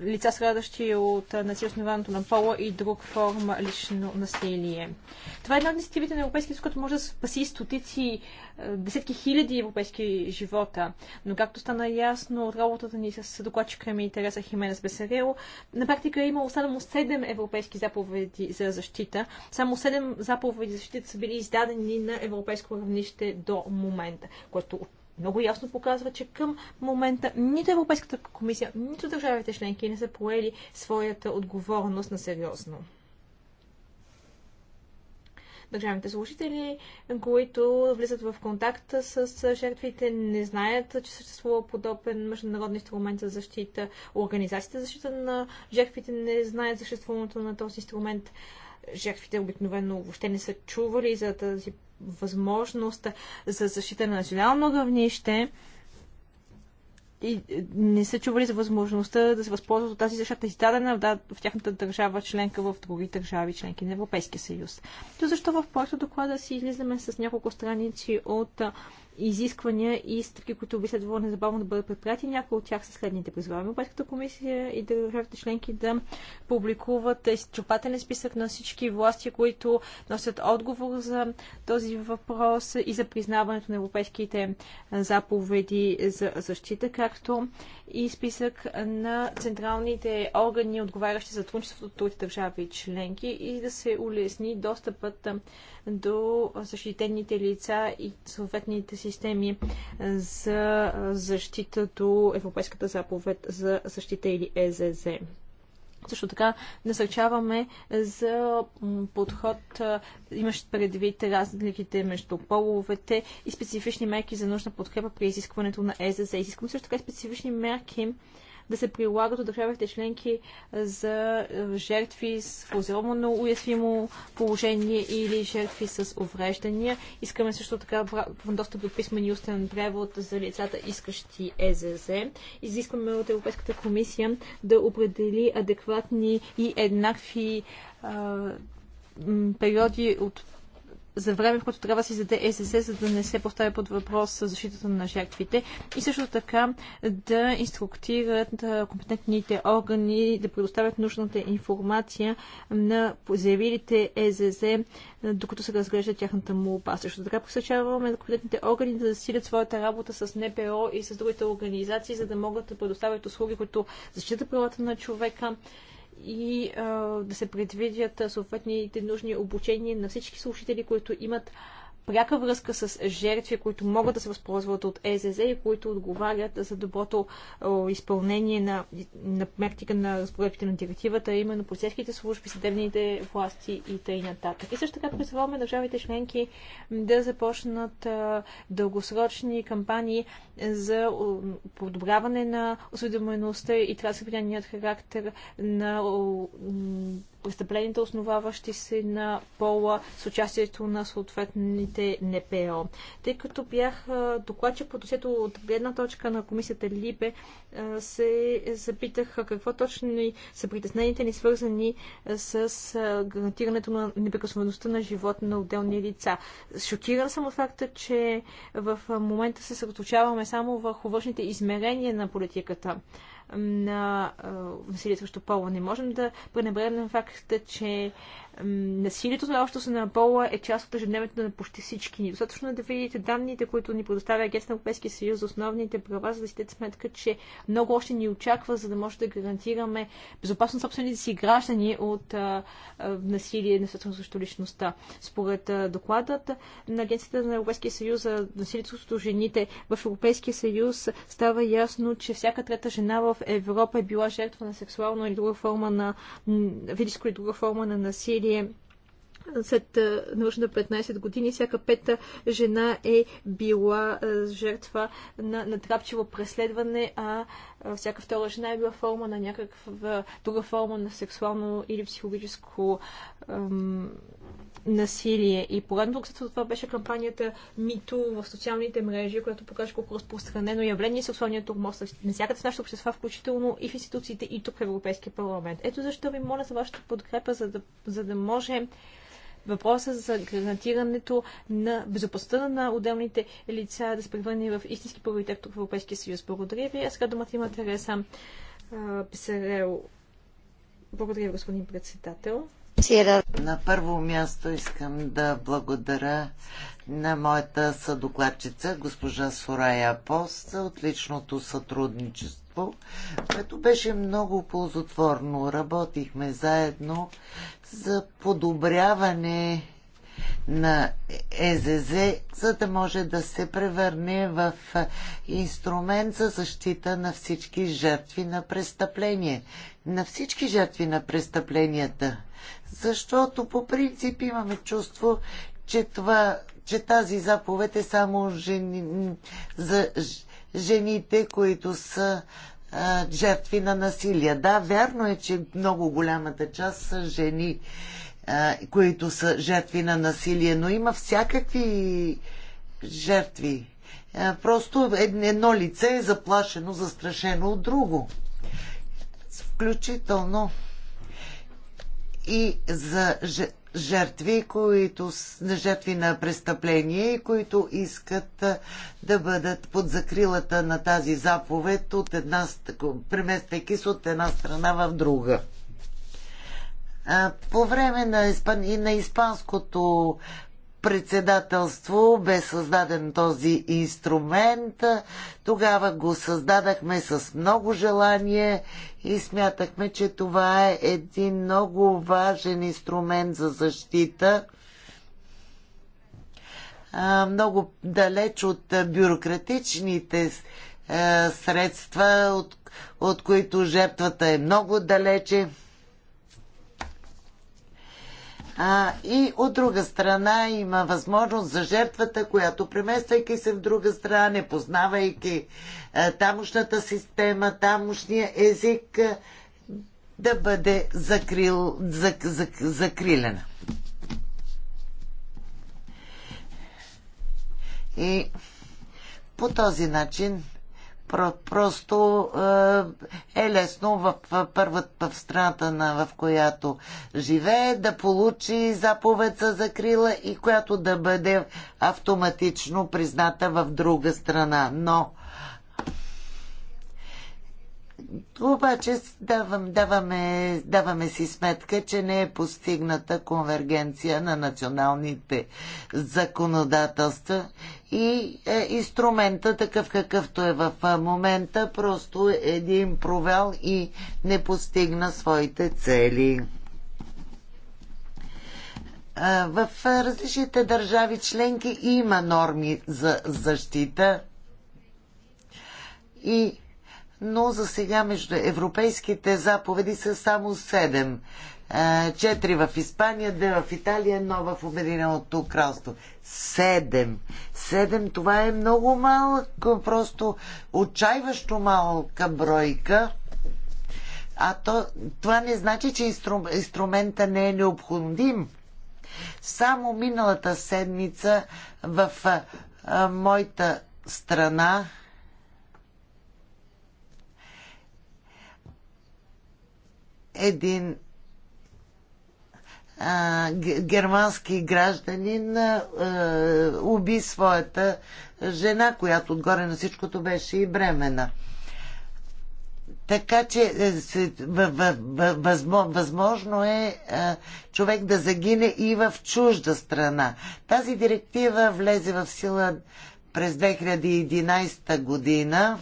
лица, страдащи от насилие основаното на пола и друг форма лично насилие. Това е една от инициативите на Европейския съюз, която може да спаси стотици, десетки хиляди европейски живота. Но както стана ясно от работата ни с докладчика ми Тереса Хименес Бесерел, на практика е имало само 7 европейски заповеди за защита. Само 7 заповеди за защита са били издадени на европейско равнище до момента, което много ясно показва, че към момента нито Европейската комисия, нито държавите членки не са поели своята отговорност на сериозно. Държавните служители, които влизат в контакт с жертвите, не знаят, че съществува подобен международен инструмент за защита. Организацията за защита на жертвите не знаят съществуването на този инструмент жертвите обикновено въобще не са чували за тази възможност за защита на национално равнище и не са чували за възможността да се възползват от тази защита, издадена в, тяхната държава членка в други държави, членки на Европейския съюз. То защо в проекта доклада си излизаме с няколко страници от изисквания и стъпки, които би следвало незабавно да бъдат предприяти. Някои от тях са следните. Призваваме Европейската комисия и държавите членки да публикуват изчерпателен списък на всички власти, които носят отговор за този въпрос и за признаването на европейските заповеди за защита, както и списък на централните органи, отговарящи за сътрудничеството от другите държави и членки и да се улесни достъпът до защитените лица и съответните системи за защита до Европейската заповед за защита или ЕЗЗ. Също така насърчаваме за подход, имащ предвид разликите между половете и специфични мерки за нужна подкрепа при изискването на ЕЗС. Изискваме също така специфични мерки да се прилагат от държавите членки за е, жертви с фузионно уязвимо положение или жертви с увреждания. Искаме също така достъп до писмен и устен превод за лицата, искащи ЕЗЗ. Изискваме от Европейската комисия да определи адекватни и еднакви периоди от за време, в което трябва да се издаде ССС, за да не се поставя под въпрос защитата на жертвите и също така да инструктират компетентните органи да предоставят нужната информация на заявилите ЕЗЗ, докато се разглежда тяхната му опаса. Също така посъчаваме компетентните органи да засилят своята работа с НПО и с другите организации, за да могат да предоставят услуги, които защитат правата на човека, и а, да се предвидят съответните нужни обучения на всички слушатели, които имат пряка връзка с жертви, които могат да се възползват от ЕЗЗ и които отговарят за доброто изпълнение на, на мертика на разпоредбите на директивата, именно полицейските служби, съдебните власти и т.н. И също така призваме държавите членки да започнат дългосрочни кампании за подобряване на осведомеността и трансграничният характер на престъпленията, основаващи се на пола с участието на съответните НПО. Тъй като бях докладчик по досието от гледна точка на комисията Либе, се запитах какво точно са притесненията ни свързани с гарантирането на неприкосновеността на живот на отделни лица. Шокиран съм от факта, че в момента се съсредоточаваме само върху външните измерения на политиката на насилие срещу пола. Не можем да пренебрегнем факта, че насилието на общото на пола е част от ежедневието на почти всички ни. Достатъчно е да видите данните, които ни предоставя Агент на Европейския съюз за основните права, за да си дадете сметка, че много още ни очаква, за да може да гарантираме безопасно собствените си граждани от а, а, насилие, насилствено срещу личността. Според а, докладът на Агенцията на Европейския съюз за насилието срещу жените в Европейския съюз става ясно, че всяка трета жена в Европа е била жертва на сексуална или друга форма на физическо или друга форма на насилие насилие след нужда на 15 години, всяка пета жена е била жертва на натрапчиво преследване, а всяка втора жена е била форма на някаква друга форма на сексуално или психологическо насилие. И поредно от това беше кампанията Мито в социалните мрежи, която покаже колко разпространено явление сексуалният турмоз навсякъде в нашето общество, включително и в институциите, и тук в Европейския парламент. Ето защо ви моля за вашата подкрепа, за да, за да може въпроса за гарантирането на безопасността на отделните лица да се превърне в истински приоритет тук в Европейския съюз. Благодаря ви. А сега думата има Тереса Писарел. Благодаря, господин председател. На първо място искам да благодаря на моята съдокладчица, госпожа Сорая Пост, за отличното сътрудничество, което беше много ползотворно. Работихме заедно за подобряване на ЕЗЗ, за да може да се превърне в инструмент за защита на всички жертви на престъпление. На всички жертви на престъпленията. Защото по принцип имаме чувство, че, това, че тази заповед е само жени, за жените, които са жертви на насилие. Да, вярно е, че много голямата част са жени които са жертви на насилие, но има всякакви жертви. Просто едно лице е заплашено, застрашено от друго. Включително и за жертви, които на жертви на престъпление и които искат да бъдат под закрилата на тази заповед от една, премествайки се от една страна в друга. По време на, испан... на испанското председателство бе създаден този инструмент. Тогава го създадахме с много желание и смятахме, че това е един много важен инструмент за защита. Много далеч от бюрократичните е, средства, от, от които жертвата е много далече. А, и от друга страна има възможност за жертвата, която премествайки се в друга страна, не познавайки а, тамошната система, тамошния език, а, да бъде закрил, зак, зак, закрилена. И по този начин просто е, е лесно в, първата в страната, на, в която живее, да получи заповед за закрила и която да бъде автоматично призната в друга страна. Но обаче давам, даваме, даваме си сметка, че не е постигната конвергенция на националните законодателства и е, инструмента, такъв какъвто е в момента, просто е един провел и не постигна своите цели. В различните държави членки има норми за защита и но за сега между европейските заповеди са само 7. Е, четири в Испания, две в Италия, но в Обединеното кралство. Седем. Седем, това е много малко, просто отчаиващо малка бройка. А то, това не значи, че инстру, инструмента не е необходим. Само миналата седмица в а, е, а, е, моята страна един а, германски гражданин а, уби своята жена, която отгоре на всичкото беше и бремена. Така че е, възможно е човек да загине и в чужда страна. Тази директива влезе в сила през 2011 година,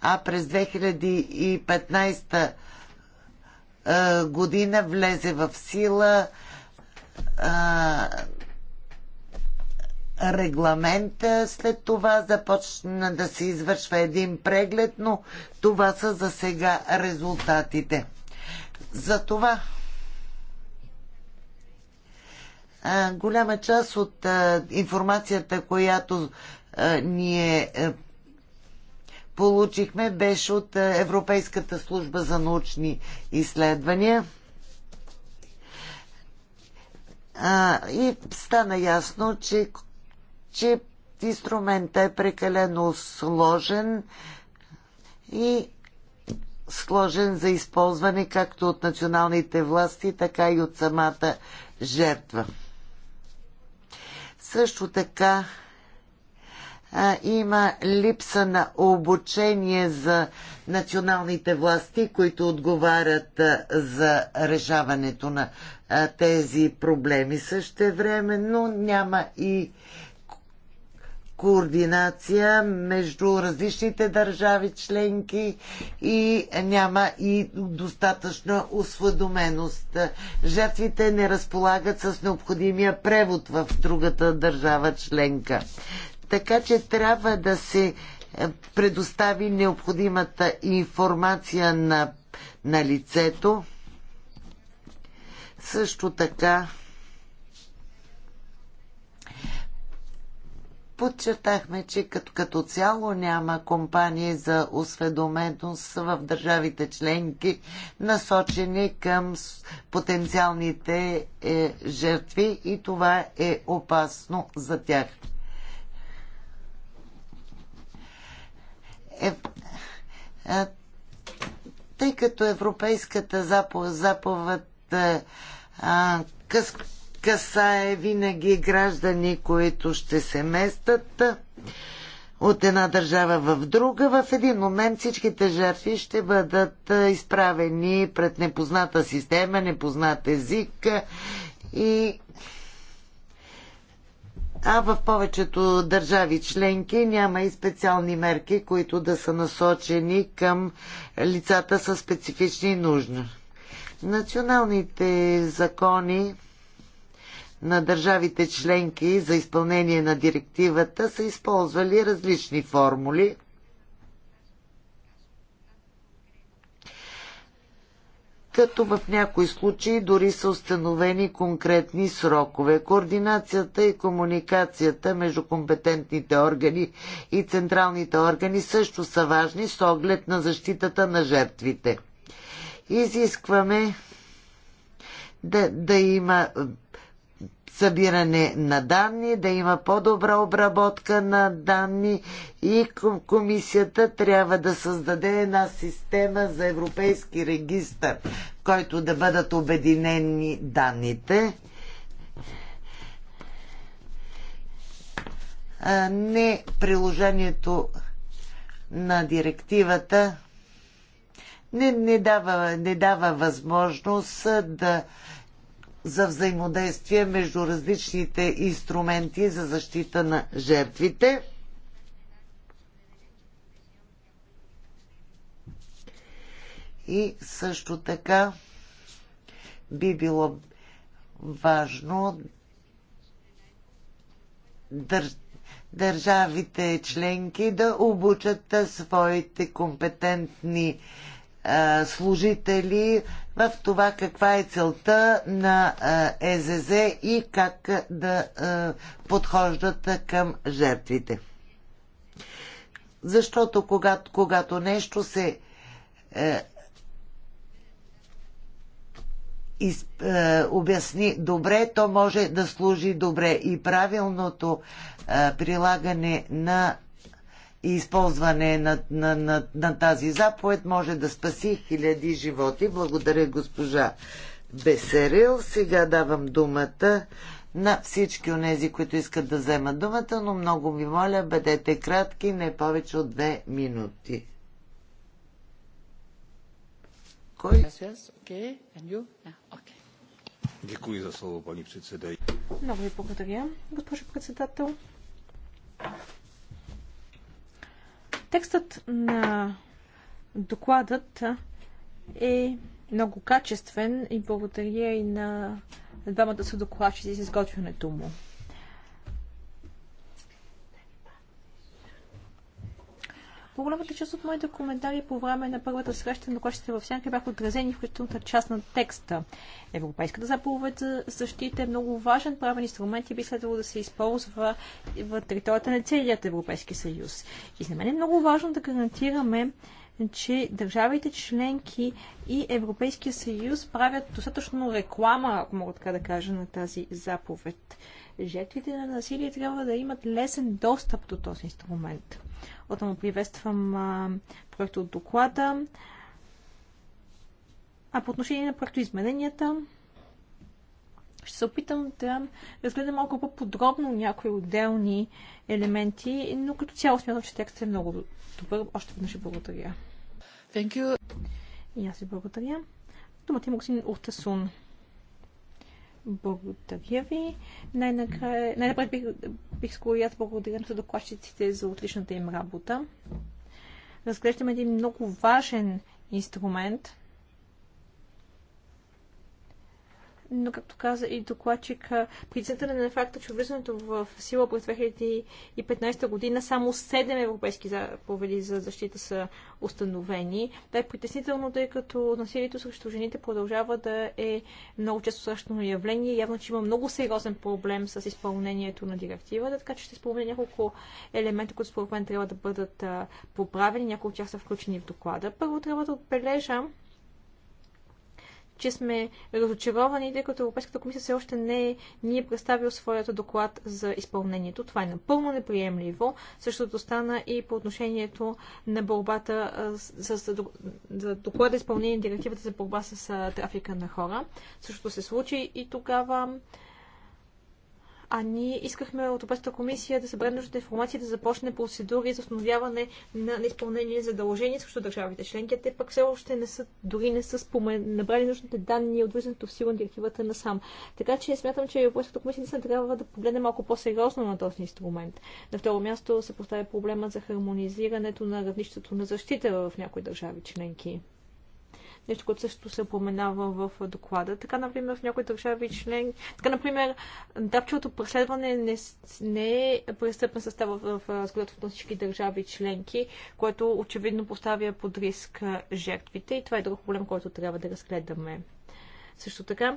а през 2015 година година влезе в сила регламента. След това започна да се извършва един преглед, но това са за сега резултатите. За това голяма част от информацията, която ние получихме, беше от е, Европейската служба за научни изследвания. А, и стана ясно, че, че инструментът е прекалено сложен и сложен за използване както от националните власти, така и от самата жертва. Също така има липса на обучение за националните власти, които отговарят за решаването на тези проблеми. Също време, но няма и координация между различните държави членки и няма и достатъчна осведоменост. Жертвите не разполагат с необходимия превод в другата държава членка. Така че трябва да се е, предостави необходимата информация на, на лицето. Също така Подчертахме, че като, като цяло няма компании за осведоменост в държавите членки, насочени към потенциалните е, жертви и това е опасно за тях. е, а, е, тъй като Европейската заповед, заповед а, къс, касае винаги граждани, които ще се местат е, от една държава в друга, в един момент всичките жертви ще бъдат е, изправени пред непозната система, непознат език и а в повечето държави членки няма и специални мерки, които да са насочени към лицата с специфични нужди. Националните закони на държавите членки за изпълнение на директивата са използвали различни формули – като в някои случаи дори са установени конкретни срокове. Координацията и комуникацията между компетентните органи и централните органи също са важни с оглед на защитата на жертвите. Изискваме да, да има събиране на данни, да има по-добра обработка на данни и комисията трябва да създаде една система за европейски регистр, в който да бъдат обединени данните. не приложението на директивата не, не, дава, не дава възможност да за взаимодействие между различните инструменти за защита на жертвите. И също така би било важно държавите държавите членки да обучат своите компетентни служители в това каква е целта на ЕЗЗ и как да подхождат към жертвите. Защото когато, когато нещо се из, е, обясни добре, то може да служи добре и правилното е, прилагане на и използване на, на, на, на тази заповед може да спаси хиляди животи. Благодаря госпожа Бесерил. Сега давам думата на всички тези, които искат да вземат думата, но много ви моля, бъдете кратки, не повече от две минути. Кой? Děkuji за слово, пани председател. Много ви благодаря, госпожо председател. Текстът на докладът е много качествен и благодаря и на двамата са докладчици с изготвянето му. По-голямата част от моите коментари по време на първата среща на кощите в сянка бяха отразени в ключната част на текста. Европейската заповед за защита е много важен правен инструмент и би следвало да се използва в територията на целият Европейски съюз. И за мен е много важно да гарантираме че държавите членки и Европейския съюз правят достатъчно реклама, ако мога така да кажа, на тази заповед жертвите на насилие трябва да имат лесен достъп до този инструмент. Отново приветствам проекта от доклада. А по отношение на проектоизмененията, ще се опитам да разгледам малко по-подробно някои отделни елементи, но като цяло смятам, че текстът е много добър. Още веднъж ще благодаря. Thank you. И аз ви благодаря. Думата има господин Уртасун. Благодаря ви. Най-накрая, най-напред бих, бих с аз благодаря на докладчиците за отличната им работа. Разглеждаме един много важен инструмент – но както каза и докладчик, притеснителен на факта, че влизането в сила през 2015 година само 7 европейски заповеди за защита са установени. Това е притеснително, тъй като насилието срещу жените продължава да е много често срещано явление. Явно, че има много сериозен проблем с изпълнението на директивата, така че ще спомня няколко елемента, които според мен трябва да бъдат поправени. Някои от тях са включени в доклада. Първо трябва да отбележа, че сме разочаровани, тъй като Европейската комисия все още не ни е представил своята доклад за изпълнението. Това е напълно неприемливо. Същото стана и по отношението на борбата с, с, за доклада изпълнение на директивата за борба с трафика на хора. Същото се случи и тогава а ние искахме от Обещата комисия да събере нужната информация да започне процедури за установяване на неизпълнение задължения срещу държавите членки. Те пък все още не са, дори не са спомен, набрали нужните данни от влизането в сила на директивата на сам. Така че смятам, че Европейската комисия наистина трябва да погледне малко по-сериозно на този инструмент. На второ място се поставя проблема за хармонизирането на равнището на защита в някои държави членки нещо, което също се упоменава в доклада. Така, например, в някои държави член... Така, например, дапчевото преследване не, не е престъпен състав в, в на всички държави членки, което очевидно поставя под риск жертвите и това е друг проблем, който трябва да разгледаме. Също така,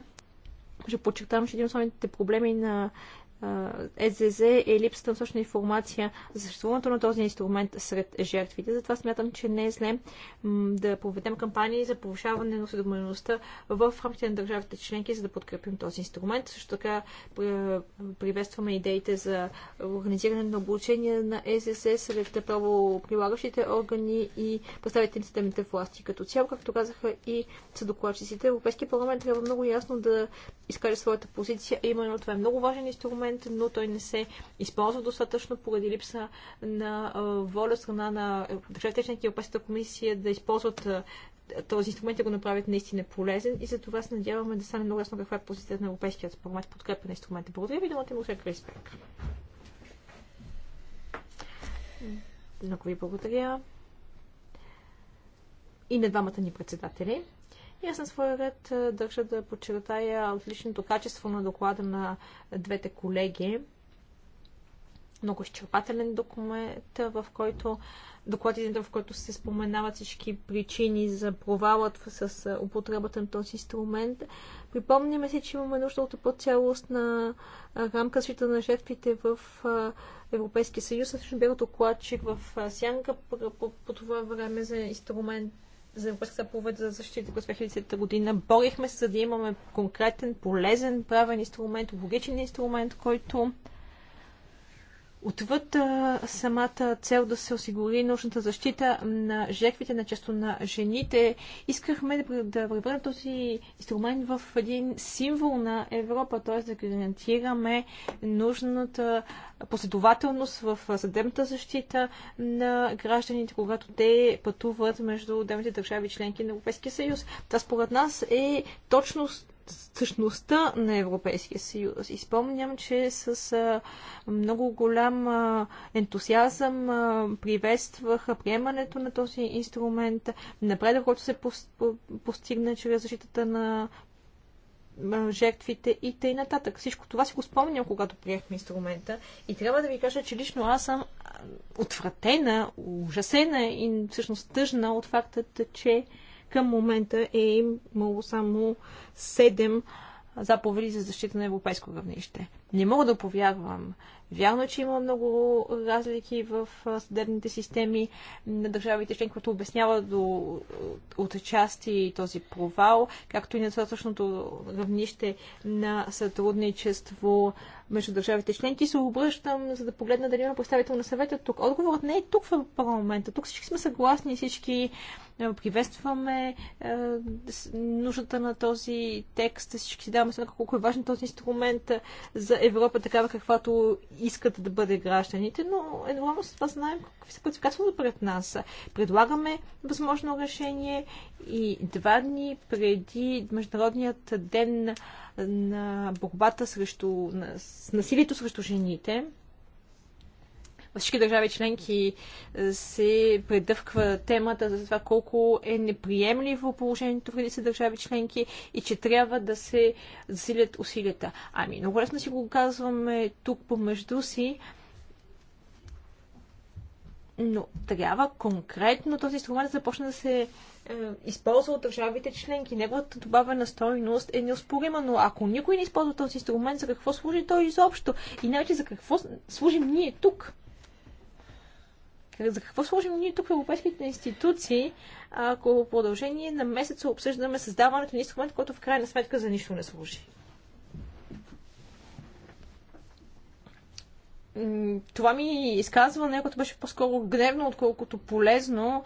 ще подчертавам, че един от основните проблеми на ЕЗЗ е липсата на точна информация за съществуването на този инструмент сред жертвите. Затова смятам, че не е зле да проведем кампании за повишаване на осведомеността в рамките на държавите членки, за да подкрепим този инструмент. Също така приветстваме идеите за организиране на обучение на ЕЗС сред прилагащите органи и представителите на власти. Като цяло, както казаха и съдокладчиците, Европейския парламент трябва много ясно да изкаже своята позиция, именно това е много важен инструмент момент, но той не се използва достатъчно поради липса на воля страна на е, държавите и Европейската комисия да използват този инструмент да го направят наистина полезен и за това се надяваме да стане много ясно каква е позицията на Европейския парламент подкрепа на инструмента. Благодаря ви, думата му Крисбек. Много ви благодаря. И на двамата ни председатели. И аз на своя ред държа да подчертая отличното качество на доклада на двете колеги. Много изчерпателен документ, в който докладите, в който се споменават всички причини за провалът с употребата на този инструмент. Припомняме си, че имаме нужда от по-цялостна рамка свита на жертвите в Европейския съюз. също бях докладчик в Сянка по, по, по това време за инструмент за Европейската заповед за защита през 2010 година. Борихме се, за да имаме конкретен, полезен правен инструмент, логичен инструмент, който отвъд а, самата цел да се осигури нужната защита на жертвите, на често на жените, искахме да, да превърнем този инструмент в един символ на Европа, т.е. да гарантираме нужната последователност в съдебната защита на гражданите, когато те пътуват между отделните държави членки на Европейския съюз. Та според нас е точност същността на Европейския съюз. И спомням, че с а, много голям а, ентусиазъм а, приемането на този инструмент, напредък, който се по по постигна чрез защитата на жертвите и тъй нататък. Всичко това си го спомням, когато приехме инструмента и трябва да ви кажа, че лично аз съм отвратена, ужасена и всъщност тъжна от фактът, че към момента е имало само 7 заповеди за защита на европейско равнище не мога да повярвам. Вярно, е, че има много разлики в съдебните системи на държавите член, което обяснява до, от части този провал, както и недостатъчното равнище на сътрудничество между държавите членки. Се обръщам, за да погледна дали има представител на съвета тук. Отговорът не е тук в парламента. Тук всички сме съгласни, всички приветстваме е, нуждата на този текст, всички си даваме сметка колко е важен този инструмент за Европа такава, каквато искат да бъде гражданите, но едновременно с това знаем какви са предизвикателствата пред нас. Предлагаме възможно решение и два дни преди Международният ден на борбата срещу, на, с насилието срещу жените, всички държави членки е, се предъвква темата за това колко е неприемливо положението в редица държави членки и че трябва да се засилят усилията. Ами, много лесно си го казваме тук помежду си, но трябва конкретно този инструмент да започне да се е, използва от държавите членки. Неговата добавена стойност е неоспорима, но ако никой не използва този инструмент, за какво служи той изобщо? И най-вече за какво служим ние тук? За какво служим ние тук в европейските институции, ако в продължение на месеца обсъждаме създаването на инструмент, който в крайна сметка за нищо не служи? Това ми изказване, което беше по-скоро гневно, отколкото полезно,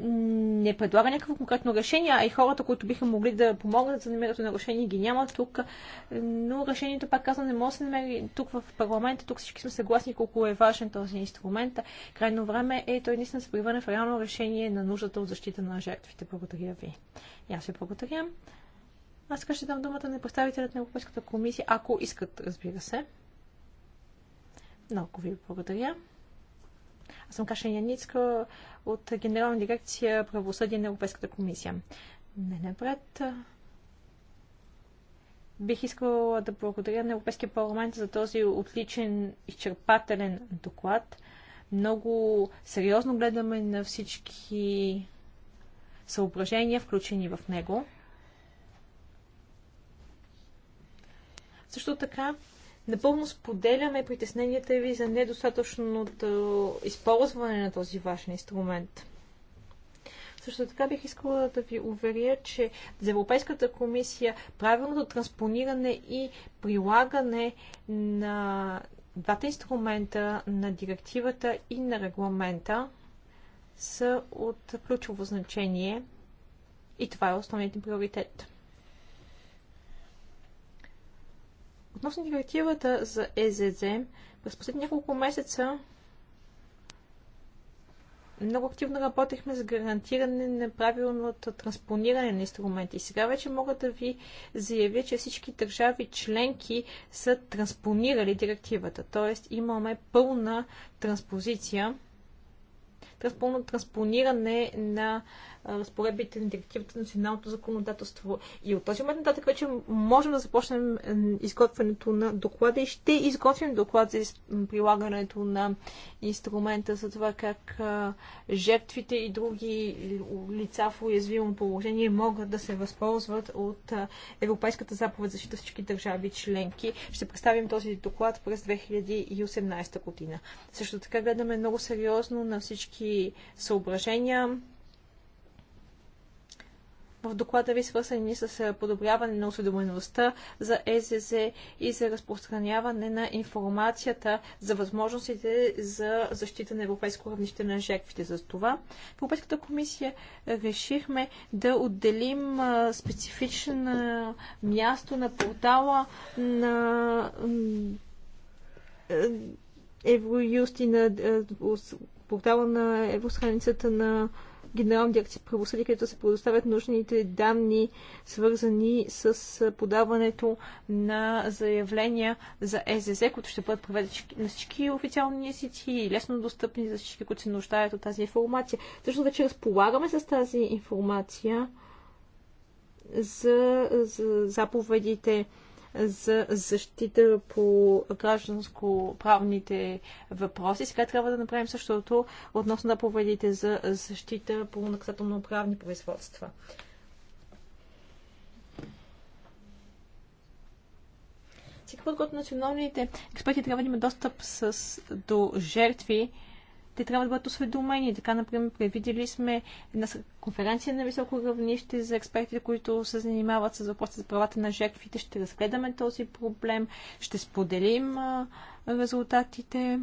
не предлага някакво конкретно решение, а и хората, които биха могли да помогнат за намирането на решение, ги няма тук. Но решението, пак казвам, не може да се намери тук в парламента. Тук всички сме съгласни колко е важен този инструмент. Крайно време е той наистина се превърне в реално решение на нуждата от защита на жертвите. Благодаря ви. И аз ви благодаря. Аз сега ще дам думата на представителят на Европейската комисия, ако искат, разбира се. Много ви благодаря. Аз съм Каша Яницка от Генерална дирекция правосъдие на Европейската комисия. Не напред. Бих искала да благодаря на Европейския парламент за този отличен, изчерпателен доклад. Много сериозно гледаме на всички съображения, включени в него. Също така Напълно споделяме притесненията ви за недостатъчното използване на този важен инструмент. Също така бих искала да ви уверя, че за Европейската комисия правилното транспониране и прилагане на двата инструмента на директивата и на регламента са от ключово значение и това е основният приоритет. Относно директивата за ЕЗЗ, през последните няколко месеца много активно работехме за гарантиране на правилното транспониране на инструменти. Сега вече мога да ви заявя, че всички държави членки са транспонирали директивата. Тоест имаме пълна транспозиция пълно транспониране на разпоредбите на директивата на националното законодателство. И от този момент нататък вече можем да започнем изготвянето на доклада и ще изготвим доклад за прилагането на инструмента за това как жертвите и други лица в уязвимо положение могат да се възползват от Европейската заповед за защита всички държави членки. Ще представим този доклад през 2018 година. Също така гледаме много сериозно на всички политически съображения. В доклада ви свързани с подобряване на осведомеността за ЕЗЗ и за разпространяване на информацията за възможностите за защита на европейско равнище на жертвите. За това в Европейската комисия решихме да отделим специфично място на портала на е, Евроюст и на портала на евространицата на Генерална дирекция правосъдие, където се предоставят нужните данни, свързани с подаването на заявления за ЕЗЗ, които ще бъдат проведени на всички официални езици и лесно достъпни за всички, които се нуждаят от тази информация. Също вече разполагаме с тази информация за, за заповедите за защита по гражданско-правните въпроси. Сега трябва да направим същото относно заповедите за защита по наказателно-правни производства. Всеки път, когато националните експерти трябва да имат достъп с, до жертви, те трябва да бъдат осведомени. Така, например, предвидели сме една конференция на високо равнище за експертите, които се занимават с въпроса за правата на жертвите. Ще разгледаме този проблем, ще споделим резултатите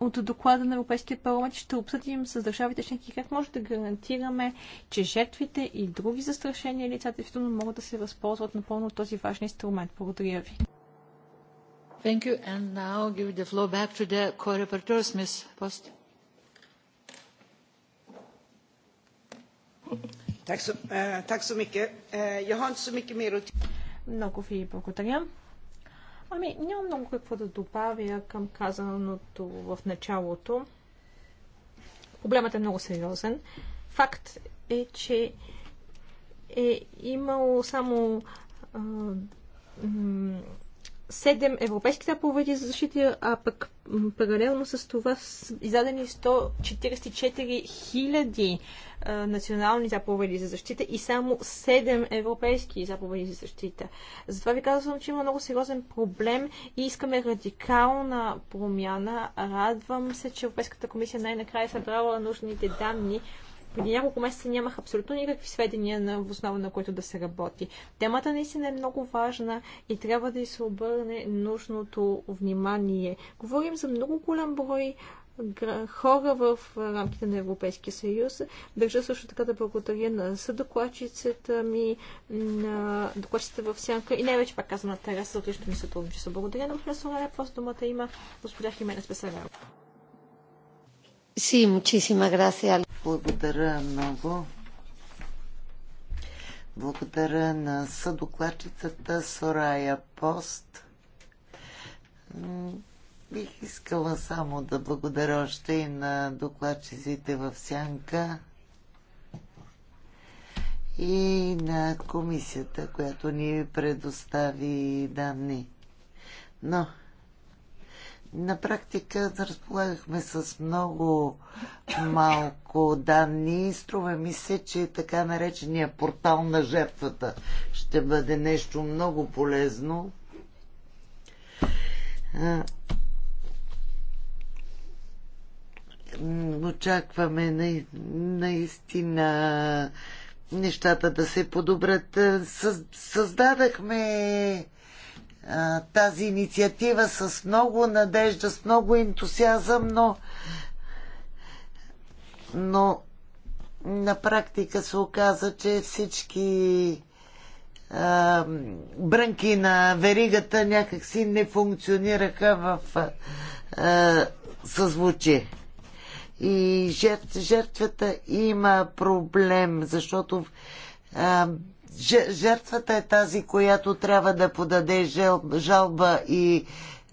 от доклада на Европейския парламент ще обсъдим с държавите членки как може да гарантираме, че жертвите и други застрашени лица действително могат да се възползват напълно от този важен инструмент. Благодаря ви. Thank you. And now give the floor back to the co-rapporteurs, Ms. Post. Eh, eh, много ви благодаря. Ами, нямам много какво да добавя към казаното в началото. Проблемът е много сериозен. Факт е, че е имало само Седем европейски заповеди за защита, а пък паралелно с това са издадени 144 хиляди национални заповеди за защита и само 7 европейски заповеди за защита. Затова ви казвам, че има много сериозен проблем и искаме радикална промяна. Радвам се, че Европейската комисия най-накрая е събрала нужните данни преди няколко месеца нямах абсолютно никакви сведения на основа на което да се работи. Темата наистина е много важна и трябва да й се обърне нужното внимание. Говорим за много голям брой хора в рамките на Европейския съюз. Държа също така да благодаря на съдокладчицата ми, на докладчицата в Сянка и най-вече пак казвам на Тереса се трудно, ми сътрудничество. Благодаря на професора просто Думата има госпожа Химена Спесарева. Sí, muchísimas gracias. Благодаря много. Благодаря на съдокладчицата Сорая Пост. Бих искала само да благодаря още и на докладчиците в Сянка и на комисията, която ни предостави данни. Но на практика разполагахме с много малко данни. Струва ми се, че така наречения портал на жертвата ще бъде нещо много полезно. Очакваме наистина нещата да се подобрят. Създадахме тази инициатива с много надежда, с много ентусиазъм, но, но на практика се оказа, че всички а, брънки на веригата някакси не функционираха в а, съзвучие. И жертв, жертвата има проблем, защото а, жертвата е тази, която трябва да подаде жалба и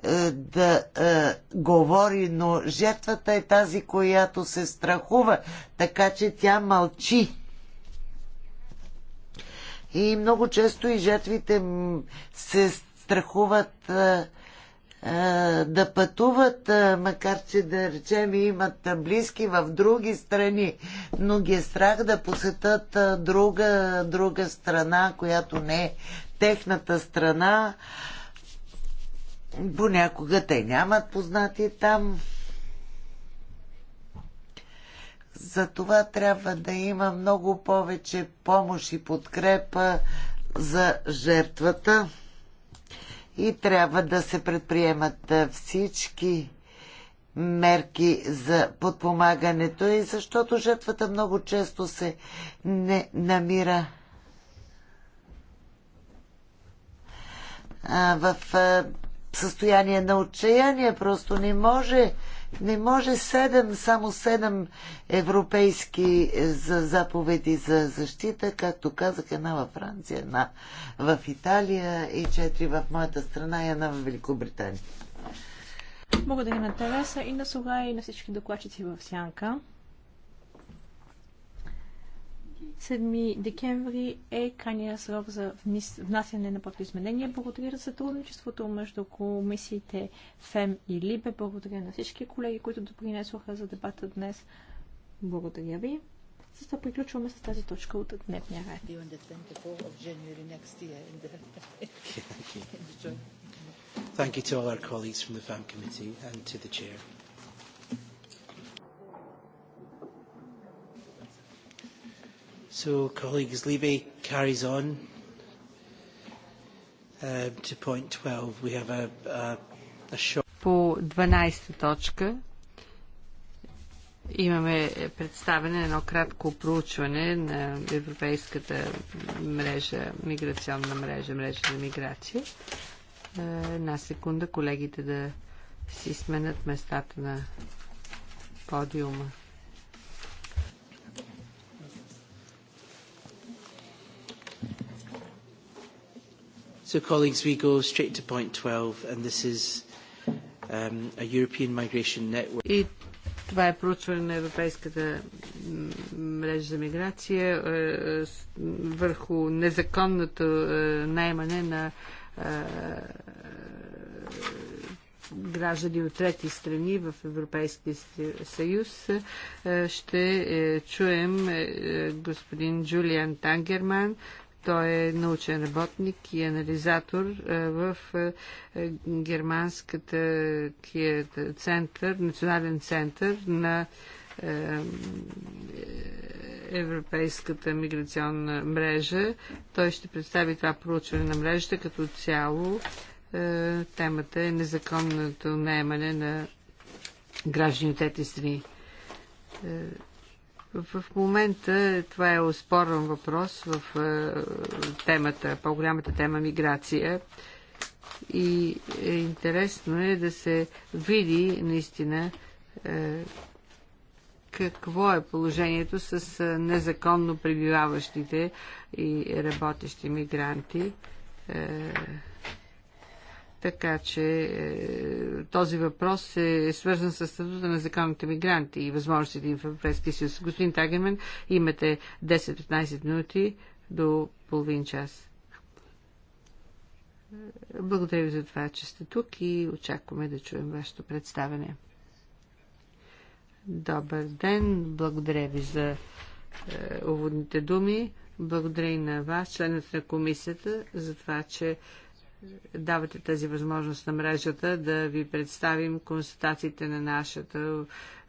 е, да е, говори, но жертвата е тази, която се страхува, така че тя мълчи. И много често и жертвите се страхуват е, да пътуват, макар че да речем имат близки в други страни, но ги е страх да посетат друга, друга страна, която не е техната страна. Понякога те нямат познати там. За това трябва да има много повече помощ и подкрепа за жертвата и трябва да се предприемат всички мерки за подпомагането и защото жертвата много често се не намира в състояние на отчаяние. Просто не може не може седем, само седем европейски е, за заповеди за защита, както казах, една във Франция, една в Италия и четири в моята страна и една в Великобритания. Благодаря на Тереса и на Сора и на всички докладчици в Сянка. 7 декември е крайния срок за внасяне на изменения. Благодаря за сътрудничеството между комисиите ФЕМ и ЛИБЕ. Благодаря на всички колеги, които допринесоха за дебата днес. Благодаря ви. С това приключваме с тази точка от дневния ред. Thank you to all our colleagues from the FAM committee and to the chair. So, colleagues, Levy carries on uh, to point 12. We have a, a, a short... По 12 точка имаме представене на едно кратко проучване на Европейската мрежа, миграционна мрежа, мрежа за миграция. Е, една секунда колегите да си сменят местата на подиума. So, colleagues, we go straight to point 12, and this is um, a European migration network. И това е проучване на Европейската мрежа за миграция е, е върху незаконното е, наймане на е, граждани от трети страни в Европейския съюз. Е, Ще е, чуем е, е господин Джулиан Тангерман, той е научен работник и анализатор е, в е, е, германската център, национален център на Европейската миграционна мрежа. Той ще представи това проучване на мрежата като цяло. Темата е незаконното наемане на граждани от тези страни. В момента това е оспорен въпрос в е, темата, по-голямата тема миграция. И е интересно е да се види наистина е, какво е положението с е, незаконно пребиваващите и работещи мигранти така че е, този въпрос е, е свързан с статута на законните мигранти и възможностите им в Европейския съюз. Господин Тагерман, имате 10-15 минути до половин час. Благодаря ви за това, че сте тук и очакваме да чуем вашето представене. Добър ден, благодаря ви за е, уводните думи. Благодаря и на вас, членът на комисията, за това, че давате тази възможност на мрежата да ви представим констатациите на нашата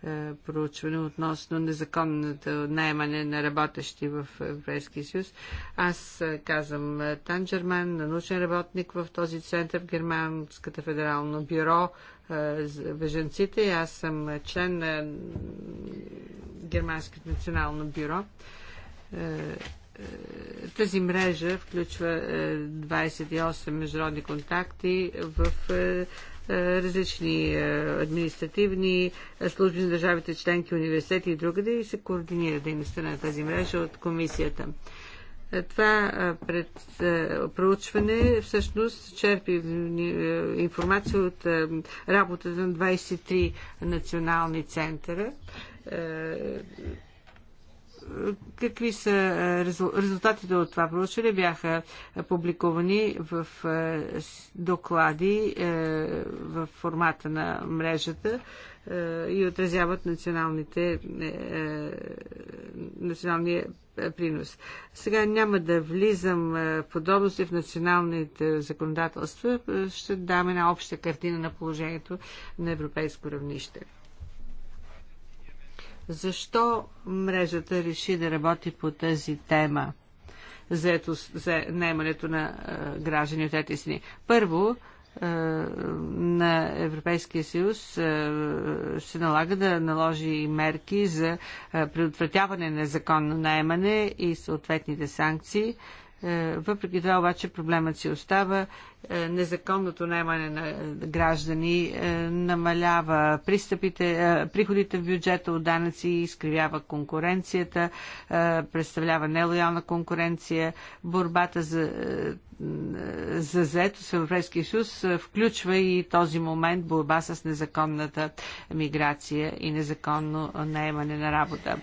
е, проучване относно незаконното найемане на работещи в Европейския съюз. Аз е, казвам е, Танджерман, научен работник в този център в Германската федерално бюро за беженците. Аз съм член на Германското национално бюро. Е, тази мрежа включва 28 е, международни контакти в е, различни административни служби на държавите членки, университети и другаде и се координира дейността на тази мрежа от комисията. Това пред проучване всъщност черпи информация от работата на 23 национални центъра какви са резултатите от това проучване? Бяха публикувани в доклади в формата на мрежата и отразяват националните, националния принос. Сега няма да влизам подробности в националните законодателства. Ще дам една обща картина на положението на европейско равнище. Защо мрежата реши да работи по тази тема ето, за наемането на граждани от трети страни? Първо, на Европейския съюз се налага да наложи мерки за предотвратяване на законно наемане и съответните санкции е, въпреки това обаче проблемът си остава. Е, незаконното наймане на граждани е, намалява пристъпите, приходите в бюджета от данъци, изкривява конкуренцията, представлява нелоялна конкуренция. Борбата за, за заето с Европейския съюз включва и този момент борба с незаконната миграция и незаконно наемане на работа.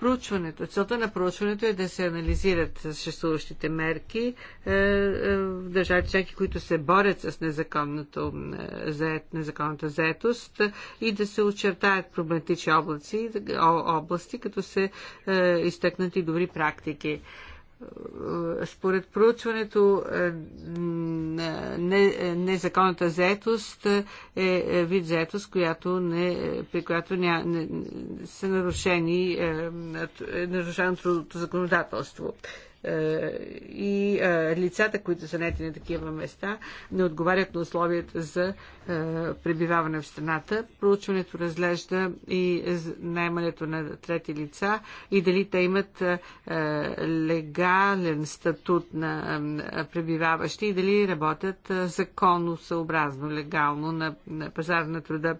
Проучването, целта на проучването е да се анализират съществуващите мерки е, е, в държави членки, които се борят с незаконното, е, незаконната заетост и да се очертаят проблематични области, области като се изтъкнат и добри практики. Според проучването е, незаконната не заетост е вид заетост, която не, при която ня, не, са нарушени, е, е нарушено трудното законодателство. Е, и е, лицата, които са нети на такива места, не отговарят на условията за е, пребиваване в страната. Проучването разглежда и наймането на трети лица и дали те имат легален статут на пребиваващи и дали работят законно съобразно, легално на пазар на труда.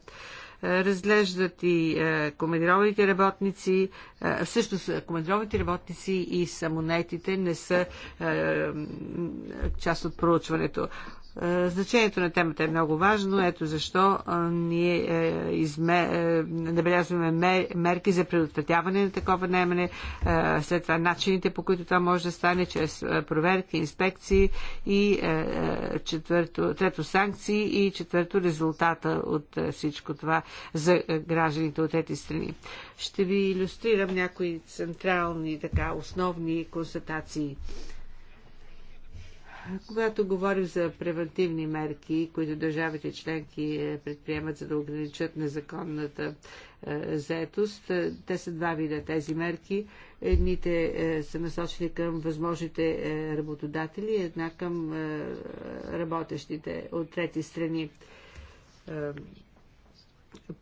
Е, разглеждат и е, командировните работници. Е, всъщност, командировните работници и самонетите не са част от проучването. Е, значението на темата е много важно. Ето защо ние е, е, набелязваме мерки за предотвратяване на такова наемане, след това начините по които това може да стане, чрез проверки, инспекции и четвърто, трето санкции и четвърто резултата от всичко това за гражданите от тези страни. Ще ви иллюстрирам някои централни, така, основни констатации. Когато говорим за превентивни мерки, които държавите членки е, предприемат за да ограничат незаконната е, заетост, е, те са два вида тези мерки. Едните са насочени към възможните работодатели, една към работещите от трети страни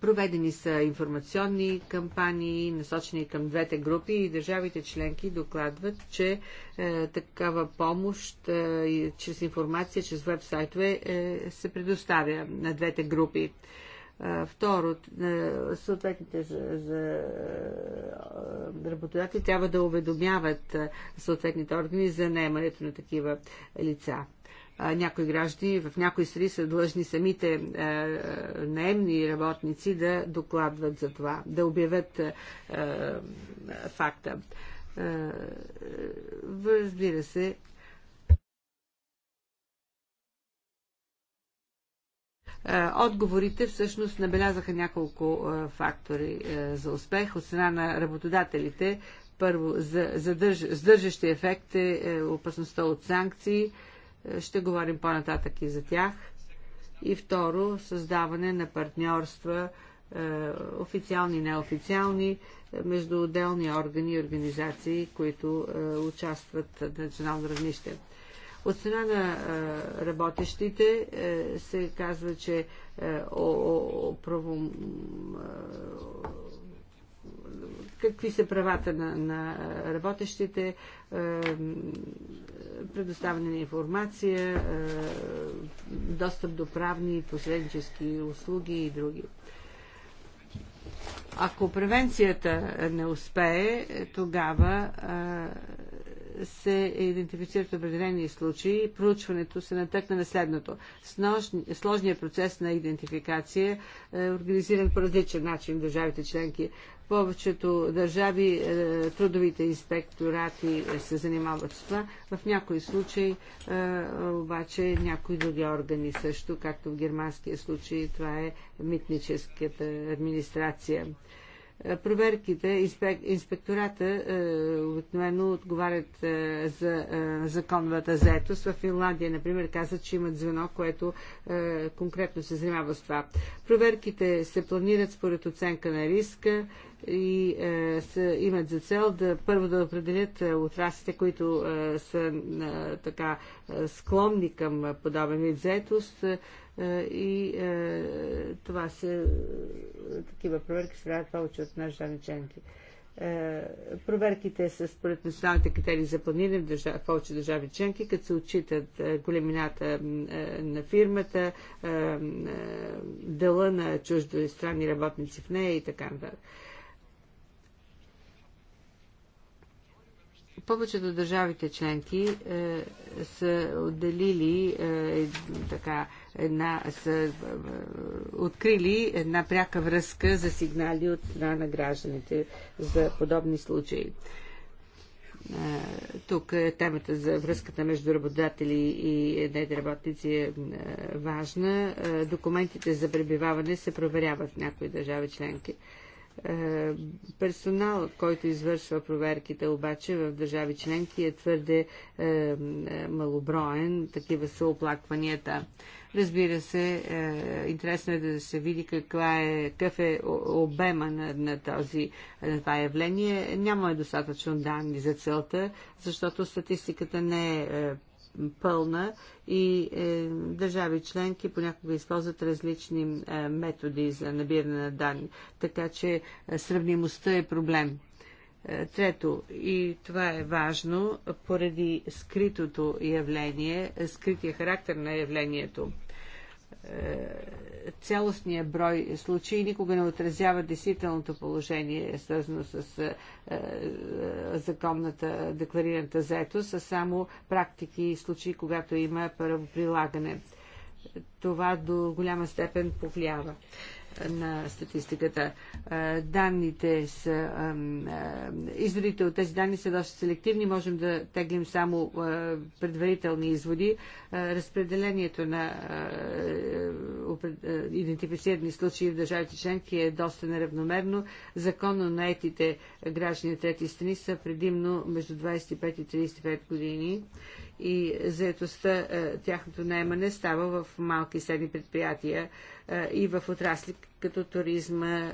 Проведени са информационни кампании, насочени към двете групи и държавите членки докладват, че е, такава помощ е, чрез информация, чрез веб-сайтове е, се предоставя на двете групи. Е, второ, е, съответните за, за е, работодатели трябва да уведомяват съответните органи за наемането на такива лица някои граждани в някои среди са длъжни самите е, е, наемни работници да докладват за това, да обявят е, факта. Разбира се, Отговорите всъщност набелязаха няколко фактори за успех от страна на работодателите. Първо, задържащи задържащия ефект е опасността от санкции, ще говорим по-нататък и за тях. И второ, създаване на партньорства, е, официални и неофициални, е, между отделни органи и организации, които е, участват на национално равнище. От страна на работещите се казва, че какви са правата на, на работещите, е, предоставяне на информация, е, достъп до правни и посреднически услуги и други. Ако превенцията не успее, тогава е, се идентифицират определени случаи. Проучването се натъкна на следното. Снож, сложният процес на идентификация е организиран по различен начин в държавите членки повечето държави е, трудовите инспекторати е, се занимават с това. В някои случаи е, обаче някои други органи също, както в германския случай, това е митническата администрация. Е, проверките, инспек, инспектората е, обикновено отговарят е, за законовата заетост. В Финландия, например, каза, че имат звено, което конкретно се занимава с това. Проверките се планират според оценка на риска и е, са, имат за цел да първо да определят е, които е, са е, така е, склонни към подобен вид заетост, е, е, и е, това се, такива проверки се правят повече от нашите държави Е, Проверките са според националните критерии за планиране в, държав, в повече държави членки, като се отчитат е, големината на фирмата, дела на странни работници в нея и така нататък. повечето държавите членки е, са отделили е, така една, са е, открили една пряка връзка за сигнали от страна на гражданите за подобни случаи. Е, тук е темата за връзката между работодатели и недработници е, е важна. Документите за пребиваване се проверяват в някои държави членки. Е, Персонал, който извършва проверките обаче в държави членки е твърде е, е, малоброен. Такива са оплакванията. Разбира се, е, интересно е да се види каква е, какъв е обема на, на, този, на това явление. Няма достатъчно данни за целта, защото статистиката не е, е пълна и е, държави членки понякога използват различни е, методи за набиране на данни. Така че е, сравнимостта е проблем. Е, трето, и това е важно, поради скритото явление, скрития характер на явлението е, цялостния брой случаи никога не отразява действителното положение, свързано с е, е, законната декларираната заетост, а само практики и случаи, когато има правоприлагане. Това до голяма степен повлиява на статистиката. Данните са, изводите от тези данни са доста селективни, можем да теглим само предварителни изводи. Разпределението на идентифицирани случаи в държавите членки е доста неравномерно. Законно етите граждани трети страни са предимно между 25 и 35 години и заедостта, е, тяхното наемане става в малки и средни предприятия е, и в отрасли като туризма, е,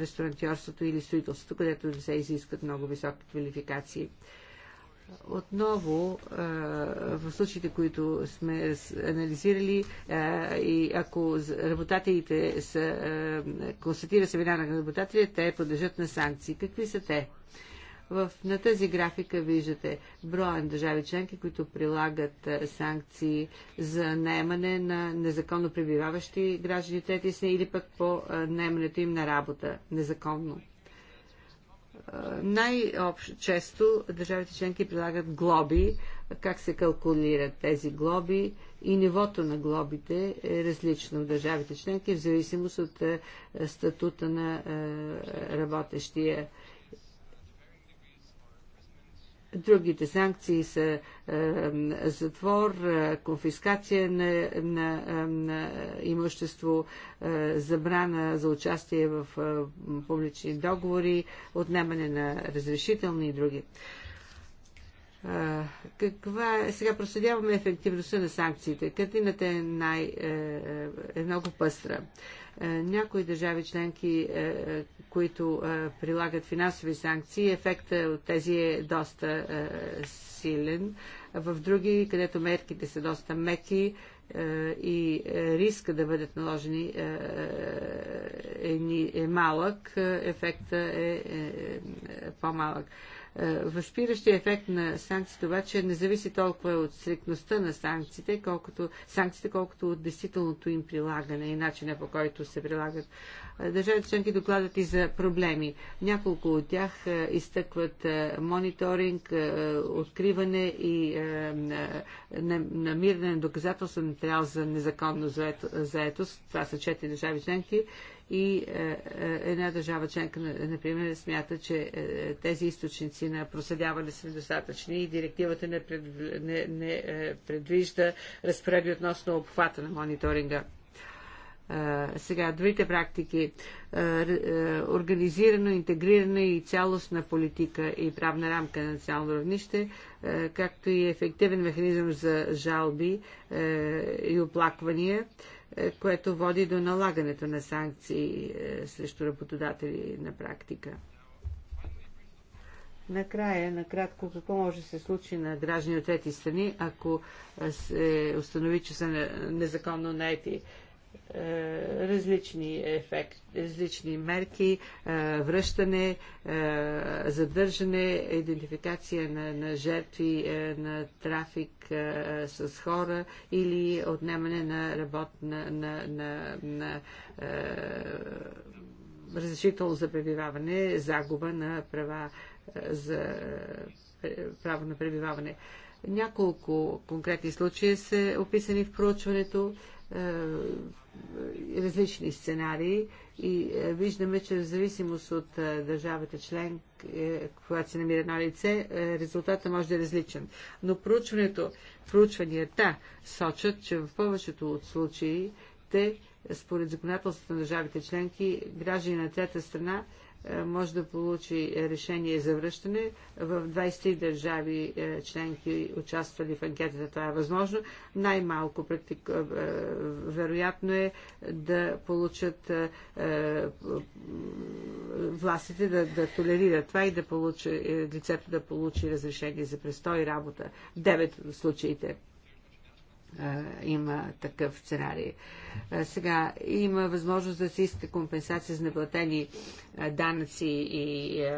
ресторантьорството или строителството, където се изискват много високи квалификации. Отново, в случаите, които сме анализирали и ако работателите са, констатира се вина на работателите, те подлежат на санкции. Какви са те? В, на тази графика виждате броя на държави членки, които прилагат санкции за наемане на незаконно пребиваващи граждани трети страни или пък по наемането им на работа незаконно. Най-често държавите членки прилагат глоби, как се калкулират тези глоби и нивото на глобите е различно в държавите членки в зависимост от статута на работещия Другите санкции са затвор, е, конфискация на, на, на имущество, е, забрана за участие в е, публични договори, отнемане на разрешителни и други. Каква е? Сега проследяваме ефективността на санкциите. Картината е, най, е, е много пъстра. Е, някои държави членки, е, е, които прилагат финансови санкции, ефекта от тези е доста силен. В други, където мерките са доста меки, и риска да бъдат наложени е малък, ефекта е по-малък. Е, възпиращия ефект на санкциите обаче не зависи толкова от стрикността на санкциите, колкото, санкциите, колкото от действителното им прилагане и начина по който се прилагат. Е, държавите членки докладат и за проблеми. Няколко от тях е, изтъкват мониторинг, откриване и намиране на доказателствен материал за незаконно заетост. Това са четири държави членки и е, е, една държава членка, например, смята, че е, тези източници на проследяване са недостатъчни и директивата не, пред, не, не предвижда разправи относно обхвата на мониторинга. Сега, другите практики. Организирано, интегрирана и цялостна политика и правна рамка на национално равнище, както и ефективен механизъм за жалби и оплаквания е, което води до налагането на санкции е, срещу работодатели на практика. Накрая, накратко, какво може да се случи на граждани от трети страни, ако е, се установи, че са незаконно наети е, различни ефект, различни мерки, е, връщане, е, задържане, идентификация на, на жертви на трафик с хора или отнемане на работ на, на, на, на разрешително за пребиваване, загуба на права за право на пребиваване. Няколко конкретни случаи са описани в проучването е, различни сценарии и е, виждаме, че в зависимост от е, държавата член, когато се намира на лице, резултата може да е различен. Но проучването, проучванията сочат, че в повечето от случаите, според законодателството на държавите членки, граждани на трета страна е, може да получи решение за връщане. В 20 държави е, членки участвали в анкетата. Това е възможно. Най-малко практик... Е, вероятно е да получат властите да, да толерират това и да получи, лицето да получи разрешение за престой и работа. В случаите има такъв сценарий. Сега има възможност да се иска компенсация за неплатени данъци и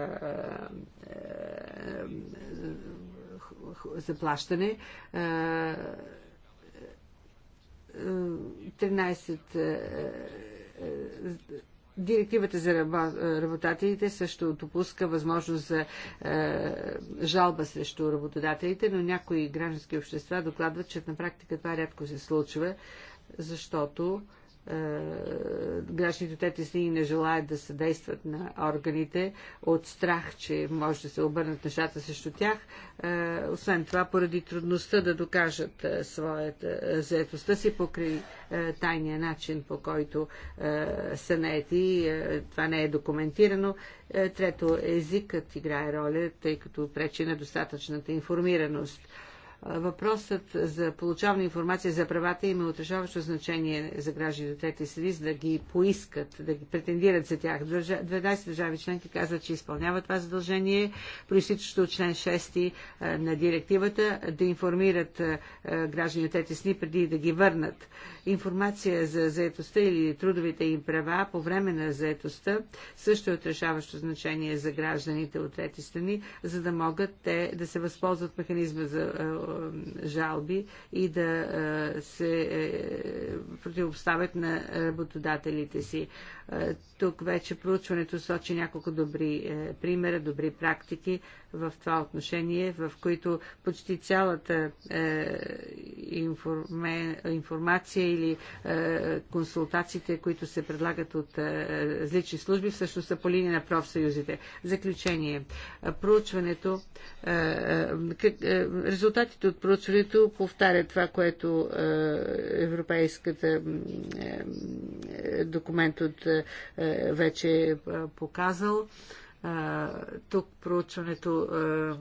заплащане. 13 Директивата за работодателите също допуска възможност за е, жалба срещу работодателите, но някои граждански общества докладват, че на практика това рядко се случва, защото е, грешните тети трети не желаят да съдействат на органите от страх, че може да се обърнат нещата срещу тях. Е, освен това, поради трудността да докажат е, своята заетостта си покрай тайния начин, по който са наети, това не е документирано. Трето, езикът играе роля, тъй като пречи на достатъчната информираност Въпросът за получаване информация за правата има отрешаващо значение за граждани от трети среди, за да ги поискат, да ги претендират за тях. 12 държави членки казват, че изпълняват това задължение, проистичащо от член 6 е, на директивата, да информират е, граждани от трети страни преди да ги върнат. Информация за заетостта или трудовите им права по време на заетостта също е отрешаващо значение за гражданите от трети страни, за да могат те да се възползват механизма за е, е, жалби и да е, се е, противопоставят на работодателите си. Е, тук вече проучването сочи няколко добри е, примера, добри практики в това отношение, в които почти цялата е, информация или консултациите, които се предлагат от различни служби, всъщност са по линия на профсъюзите. Заключение. Проучването, резултатите от проучването повтарят това, което Европейската документ от е, вече е показал. Е, тук проучването е,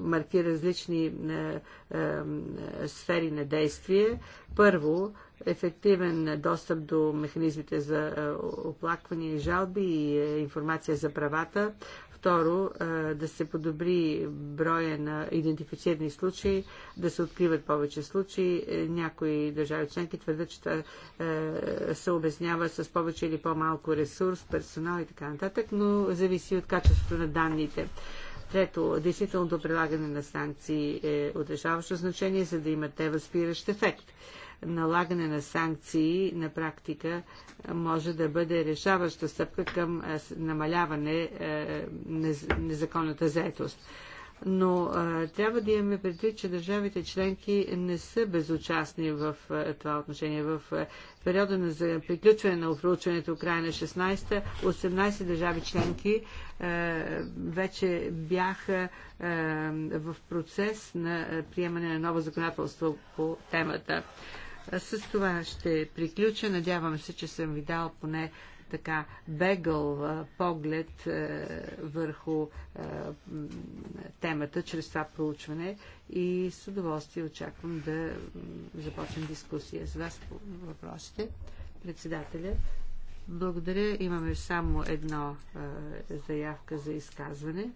маркира различни сфери на действие. Първо, ефективен достъп до механизмите за оплаквания и жалби и информация за правата. Второ, да се подобри броя на идентифицирани случаи, да се откриват повече случаи. Е, някои държави членки твърдят, че това е, се обяснява с повече или по-малко ресурс, персонал и така нататък, но зависи от качеството на данните. Трето, действителното прилагане на санкции е от решаващо значение, за да имат те възпиращ ефект налагане на санкции на практика е, може да бъде решаваща стъпка към е, намаляване е, на незаконната заетост. Но трябва да имаме предвид, че държавите членки не са безучастни в това отношение. В периода на приключване на проучването края на 16-та, 18 държави членки вече бяха в процес на приемане на ново законодателство по темата. С това ще приключа. Надявам се, че съм ви дал поне така бегъл поглед върху темата чрез това проучване и с удоволствие очаквам да започнем дискусия с вас по въпросите. Председателя, благодаря. Имаме само едно заявка за изказване.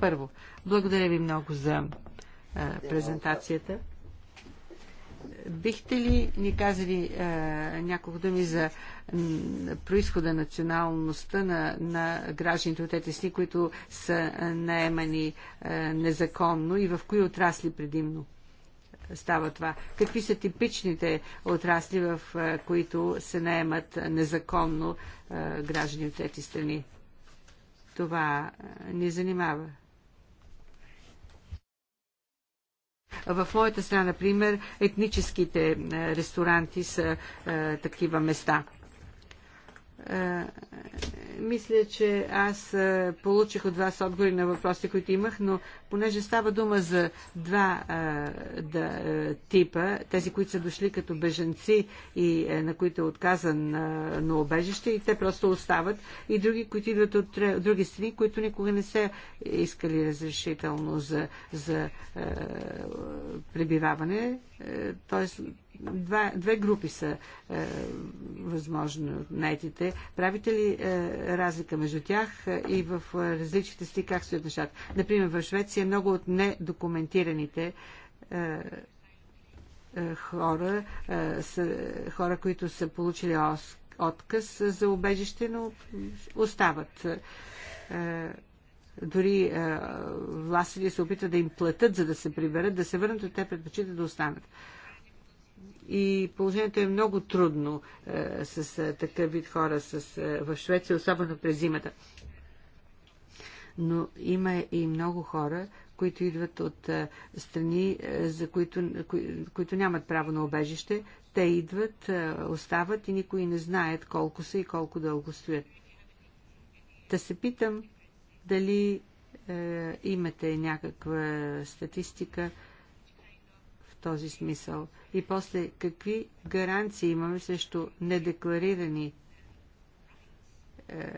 Първо, благодаря ви много за а, презентацията. Бихте ли ни казали а, няколко думи за происхода, националността на, на гражданите от ЕТСНИ, които са наемани а, незаконно и в кои отрасли предимно? става това? Какви са типичните отрасли, в които се наемат незаконно граждани от тези страни? Това ни занимава. В моята страна, например, етническите ресторанти са такива места мисля, че аз получих от вас отговори на въпросите, които имах, но понеже става дума за два а, да, типа, тези, които са дошли като беженци и а, е, на които е отказан а, на обежище и те просто остават, и други, които идват от други страни, които никога не са искали разрешително за, за а, пребиваване. Т.е. Два, две групи са е, възможно найтите. Правите ли е, разлика между тях е, и в е, различните си как стоят нещата? Например, в Швеция много от недокументираните е, е, хора е, са хора, които са получили отказ за убежище, но остават. Е, дори властите се опитват да им платят, за да се приберат, да се върнат, те предпочитат да останат и положението е много трудно е, с е, такъв вид хора с, е, в Швеция, особено през зимата. Но има и много хора, които идват от е, страни, е, за които, кои, които нямат право на обежище. Те идват, е, остават и никой не знаят колко са и колко дълго стоят. Та се питам дали е, имате някаква статистика. Е, този смисъл? И после, какви гаранции имаме срещу недекларирани е,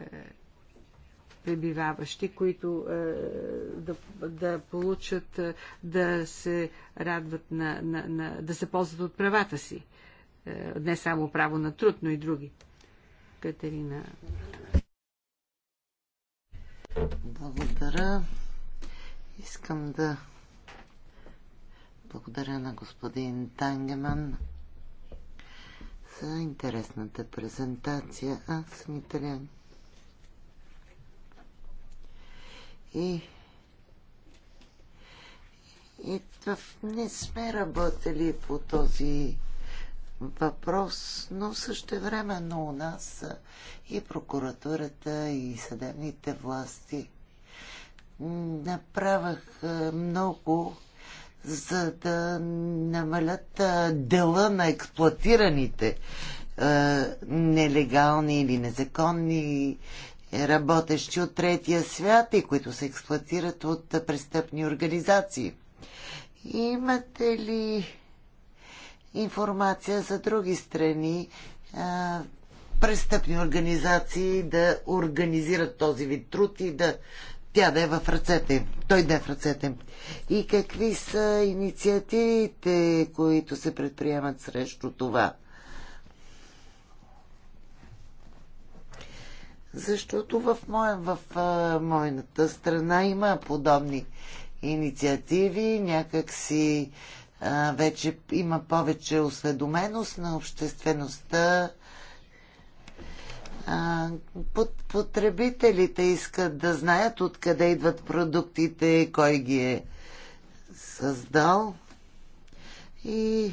пребиваващи, които е, да, да получат, е, да се радват на, на, на, да се ползват от правата си? Е, не само право на труд, но и други. Катерина. Благодаря. Искам да благодаря на господин Тангеман за интересната презентация. Аз съм италиан. И и тъв, не сме работили по този въпрос, но също времено у нас и прокуратурата, и съдебните власти направах много за да намалят дела на експлуатираните нелегални или незаконни работещи от третия свят и които се експлуатират от престъпни организации. Имате ли информация за други страни, а, престъпни организации да организират този вид труд и да тя да е в ръцете им, той да е в ръцете им. И какви са инициативите, които се предприемат срещу това? Защото в, моя, в а, моята страна има подобни инициативи, някак а, вече има повече осведоменост на обществеността потребителите искат да знаят откъде идват продуктите, кой ги е създал. И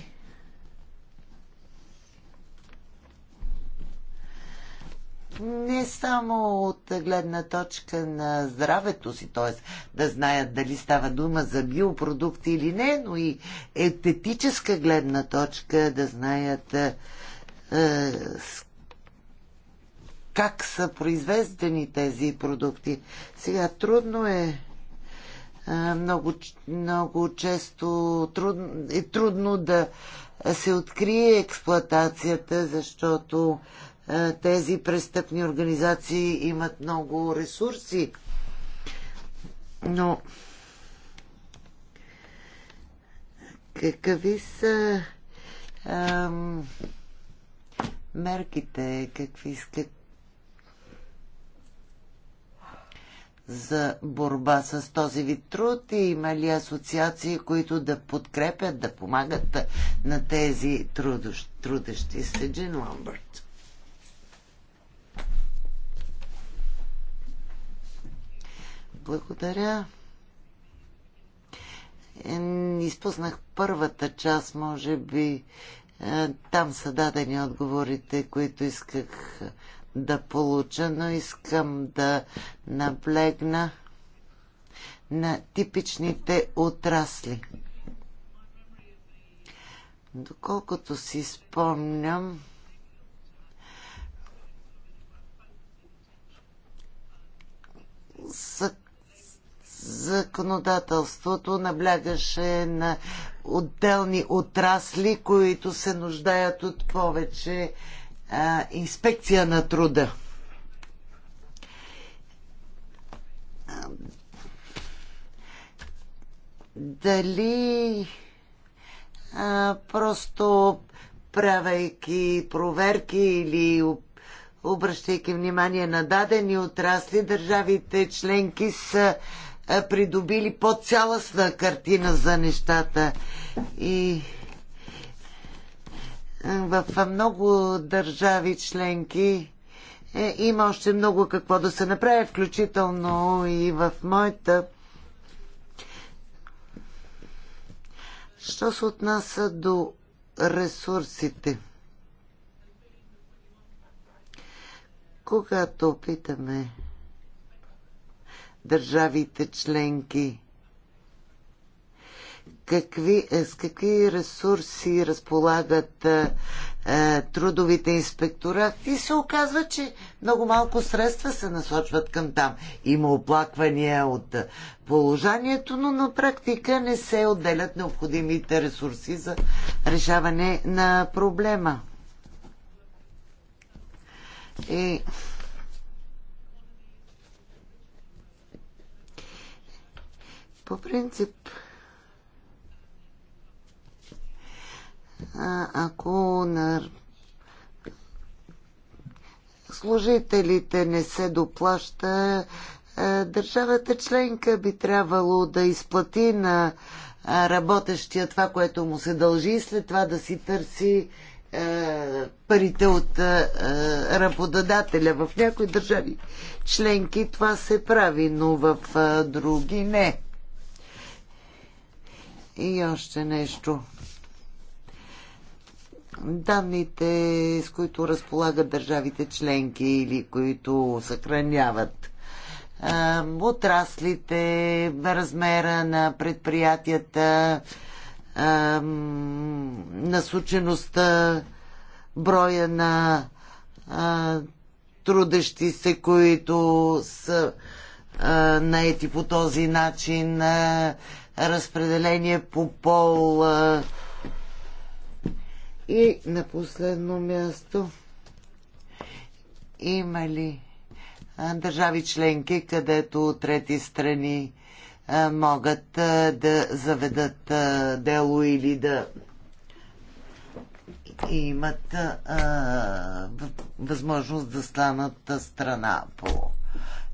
не само от гледна точка на здравето си, т.е. да знаят дали става дума за биопродукти или не, но и ететическа гледна точка да знаят е, как са произведени тези продукти. Сега трудно е много, много често трудно, е трудно да се открие експлоатацията, защото тези престъпни организации имат много ресурси. Но какви са ам, мерките, какви, как, за борба с този вид труд и има ли асоциации, които да подкрепят, да помагат на тези трудещи се? Джин Ламбърт. Благодаря. Е, изпуснах първата част, може би. Е, там са дадени отговорите, които исках да получа, но искам да наблегна на типичните отрасли. Доколкото си спомням, законодателството наблягаше на отделни отрасли, които се нуждаят от повече а, инспекция на труда. Дали а, просто правейки проверки или обръщайки внимание на дадени отрасли, държавите членки са придобили по-цялостна картина за нещата. И в много държави членки е, има още много какво да се направи, включително и в моята. Що се отнася до ресурсите? Когато опитаме държавите членки какви, е, с какви ресурси разполагат а, е, а, е, трудовите инспекторати, се оказва, че много малко средства се насочват към там. Има оплаквания от положението, но на практика не се отделят необходимите ресурси за решаване на проблема. И... По принцип, ако на служителите не се доплаща, държавата членка би трябвало да изплати на работещия това, което му се дължи и след това да си търси парите от работодателя. В някои държави членки това се прави, но в други не. И още нещо – данните, с които разполагат държавите членки или които съхраняват отраслите, размера на предприятията, насочеността, броя на трудещи се, които са наети по този начин, разпределение по пол, и на последно място, има ли държави членки, където трети страни могат да заведат дело или да имат възможност да станат страна по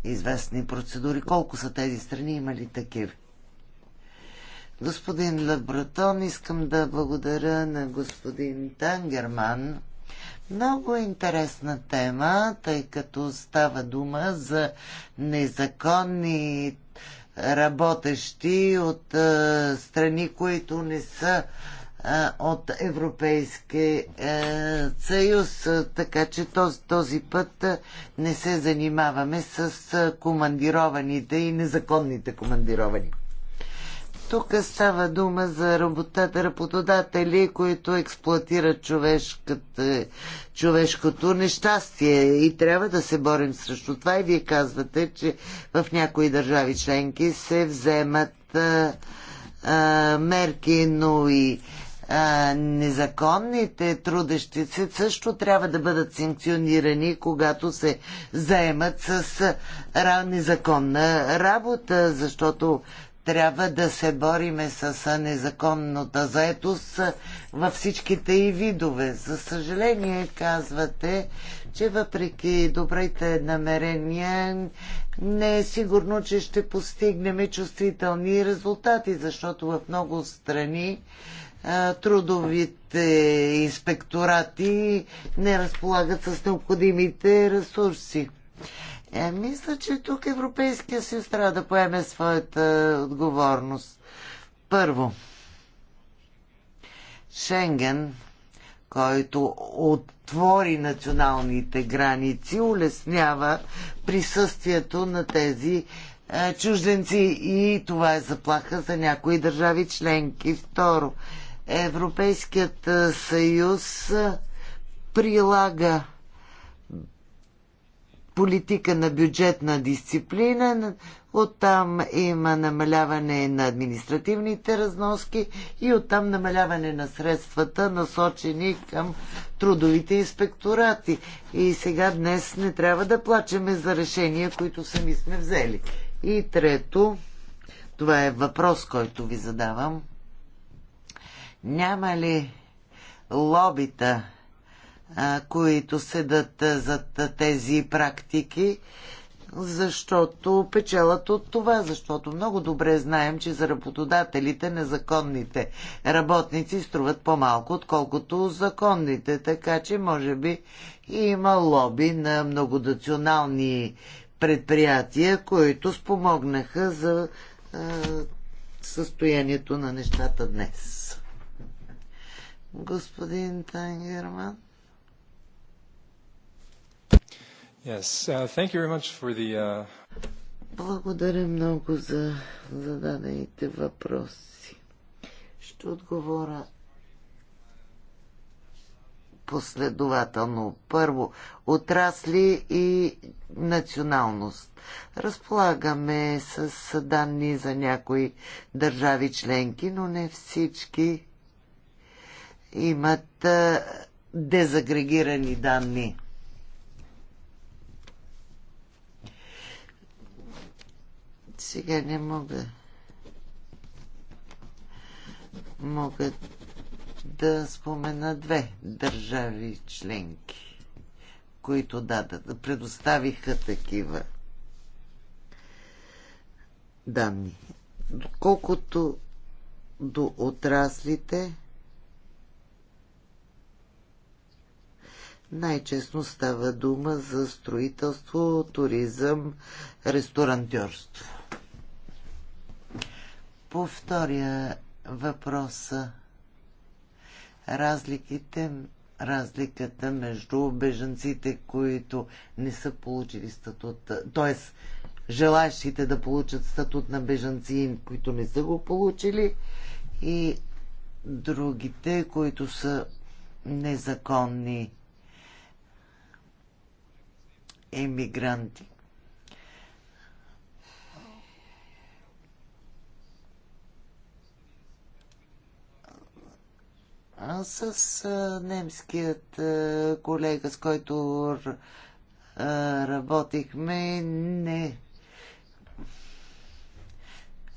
известни процедури. Колко са тези страни? Има ли такива? господин Лабратон, искам да благодаря на господин Тангерман. Много е интересна тема, тъй като става дума за незаконни работещи от а, страни, които не са а, от Европейския съюз. Така че този, този път не се занимаваме с командированите и незаконните командировани. Тук става дума за работата, работодатели, които експлуатират човешката, човешкото нещастие и трябва да се борим срещу това. И вие казвате, че в някои държави членки се вземат а, а, мерки, но и а, незаконните трудещи се също трябва да бъдат санкционирани, когато се заемат с незаконна работа, защото трябва да се бориме с незаконната заетост във всичките и видове. За съжаление казвате, че въпреки добрите намерения не е сигурно, че ще постигнем чувствителни резултати, защото в много страни трудовите инспекторати не разполагат с необходимите ресурси. Е, мисля, че тук Европейския съюз трябва да поеме своята отговорност. Първо, Шенген, който отвори националните граници, улеснява присъствието на тези е, чужденци и това е заплаха за някои държави членки. Второ, Европейският е, съюз е, прилага политика на бюджетна дисциплина, оттам има намаляване на административните разноски и оттам намаляване на средствата, насочени към трудовите инспекторати. И сега днес не трябва да плачеме за решения, които сами сме взели. И трето, това е въпрос, който ви задавам. Няма ли лобита които седат зад тези практики, защото печелят от това, защото много добре знаем, че за работодателите незаконните работници струват по-малко, отколкото законните, така че може би има лоби на многонационални предприятия, които спомогнаха за а, състоянието на нещата днес. Господин Тангерман. Uh, uh, Благодаря много за зададените въпроси. Ще отговоря последователно. Първо, отрасли и националност. Разполагаме с данни за някои държави членки, но не всички имат дезагрегирани данни. Сега не мога. Мога да спомена две държави членки, които да, да предоставиха такива данни. Колкото до отраслите, най-честно става дума за строителство, туризъм, ресторантьорство. По втория въпрос разликите, разликата между беженците, които не са получили статут, т.е. желащите да получат статут на бежанци, които не са го получили и другите, които са незаконни емигранти. с немският колега, с който работихме, не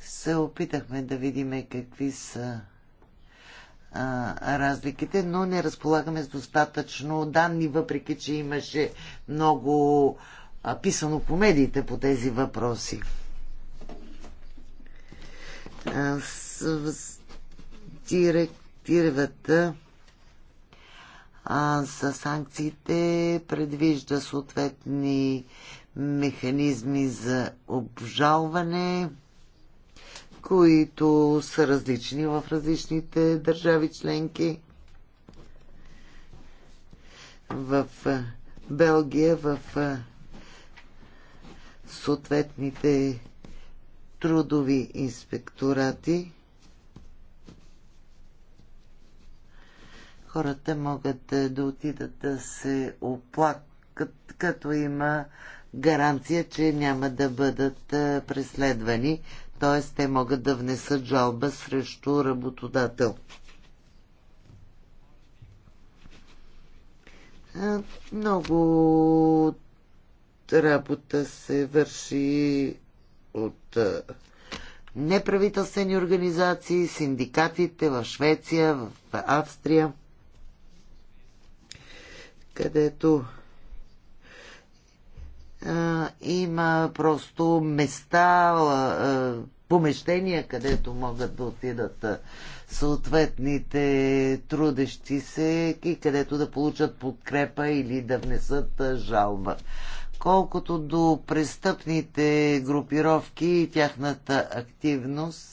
се опитахме да видиме какви са а, разликите, но не разполагаме с достатъчно данни, въпреки че имаше много а, писано по медиите по тези въпроси. А, с, с, директ директивата а, за санкциите предвижда съответни механизми за обжалване, които са различни в различните държави членки. В Белгия, в съответните трудови инспекторати – хората могат да отидат да се оплакат, като има гаранция, че няма да бъдат преследвани, т.е. те могат да внесат жалба срещу работодател. Много работа се върши от неправителствени организации, синдикатите в Швеция, в Австрия където а, има просто места, а, помещения, където могат да отидат съответните трудещи се и където да получат подкрепа или да внесат жалба. Колкото до престъпните групировки и тяхната активност,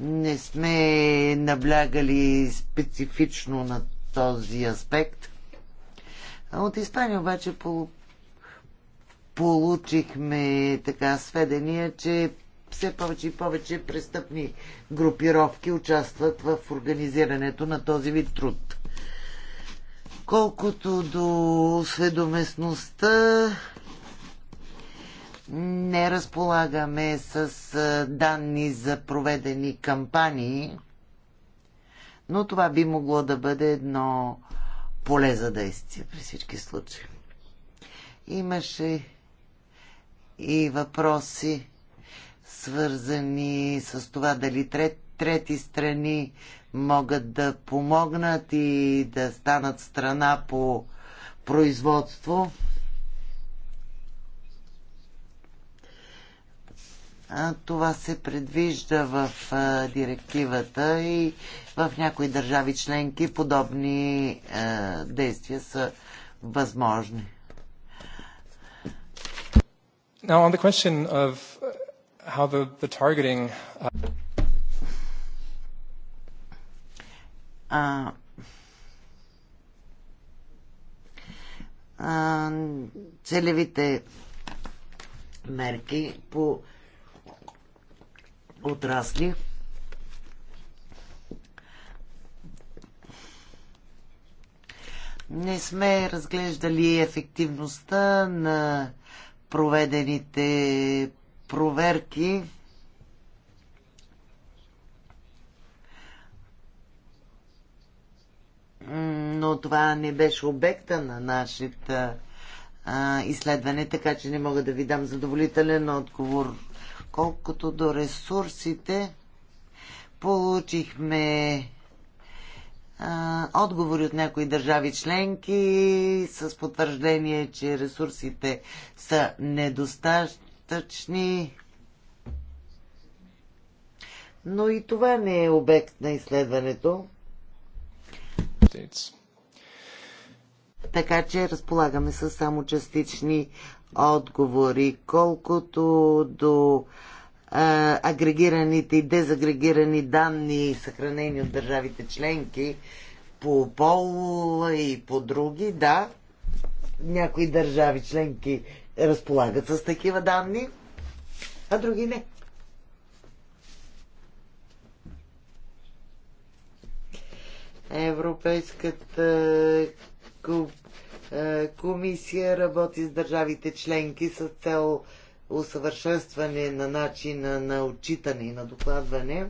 не сме наблягали специфично на този аспект, от Испания обаче по... получихме така сведения, че все повече и повече престъпни групировки участват в организирането на този вид труд. Колкото до сведоместността, не разполагаме с данни за проведени кампании, но това би могло да бъде едно поле за действие при всички случаи. Имаше и въпроси, свързани с това дали трет, трети страни могат да помогнат и да станат страна по производство. Това се предвижда в директивата и в някои държави членки подобни действия са възможни. Now on the question of uh, how the, the targeting uh, а, а, целевите мерки по отрасли. Не сме разглеждали ефективността на проведените проверки. но това не беше обекта на нашите изследване, така че не мога да ви дам задоволителен отговор Колкото до ресурсите, получихме а, отговори от някои държави членки с потвърждение, че ресурсите са недостатъчни. Но и това не е обект на изследването. Така че разполагаме с само частични отговори, колкото до а, агрегираните и дезагрегирани данни, съхранени от държавите членки по пол и по други, да, някои държави членки разполагат с такива данни, а други не. Европейската е, комисия работи с държавите членки с цел усъвършенстване на начина на отчитане и на докладване.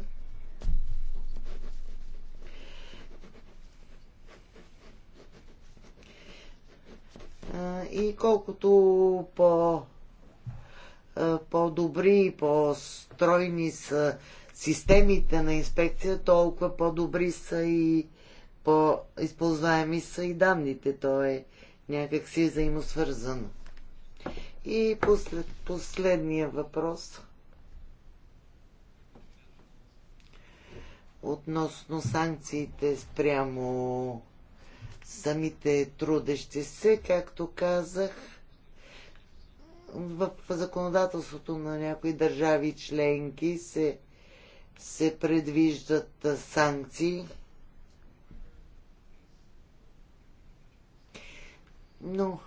Е, и колкото по е, по-добри и по-стройни са системите на инспекция, толкова по-добри са и по-използваеми са и данните. То е някак си взаимосвързано. И послед, последния въпрос относно санкциите спрямо самите трудещи се, както казах, в законодателството на някои държави членки се, се предвиждат санкции но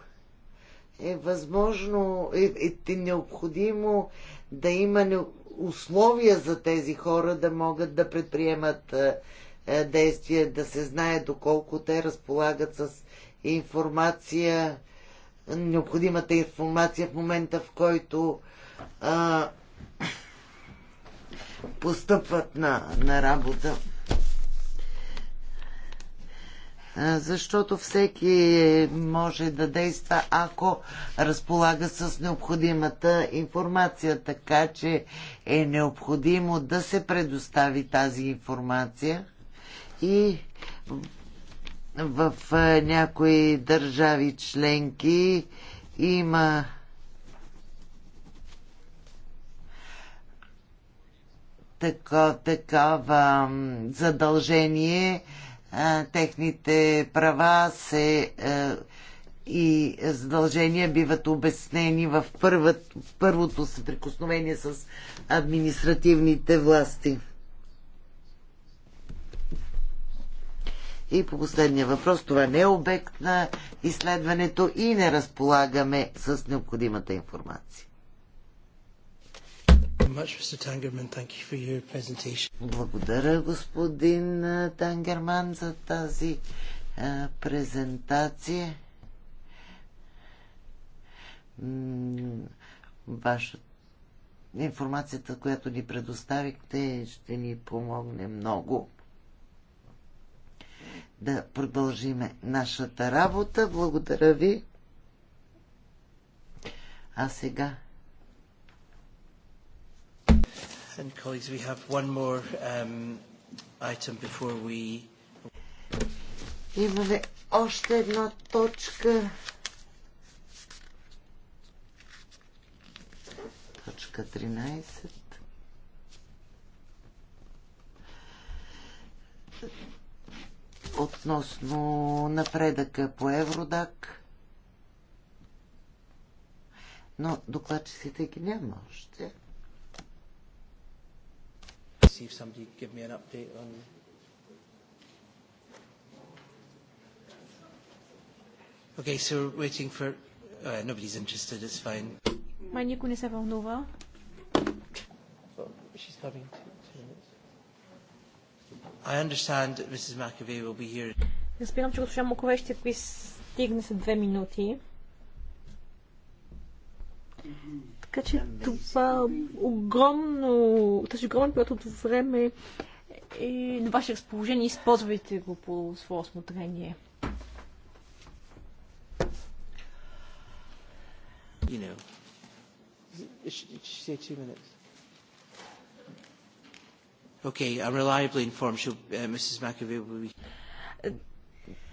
е възможно, е, е необходимо да има условия за тези хора да могат да предприемат е, е, действия, да се знае доколко те разполагат с информация, необходимата информация в момента, в който а, постъпват на, на работа защото всеки може да действа, ако разполага с необходимата информация, така че е необходимо да се предостави тази информация и в някои държави членки има така, такава задължение техните права се и задължения биват обяснени в първото съприкосновение с административните власти. И по последния въпрос, това не е обект на изследването и не разполагаме с необходимата информация much, Mr. Tangerman. Thank you for your presentation. Благодаря, господин Тангерман, за тази а, презентация. Ваша информацията, която ни предоставихте, ще ни помогне много да продължиме нашата работа. Благодаря ви. А сега And colleagues, we have one more um, item before we... Имаме още една точка. Точка 13. Относно напредъка по Евродак. Но докладчиците ги няма още see if somebody could give me an update on Okay, so we're waiting for... Uh, nobody's interested, it's fine. Май никой не се вълнува. She's coming I understand that Mrs. McAvey will be here. Разбирам, че госпожа Мукове ще пристигне след две минути. mm така че това огромно, тази е огромен период от време е на ваше разположение. Използвайте го по свое осмотрение. You know. say two minutes? Okay, I'm reliably informed she'll, uh, Mrs. McAvey will be...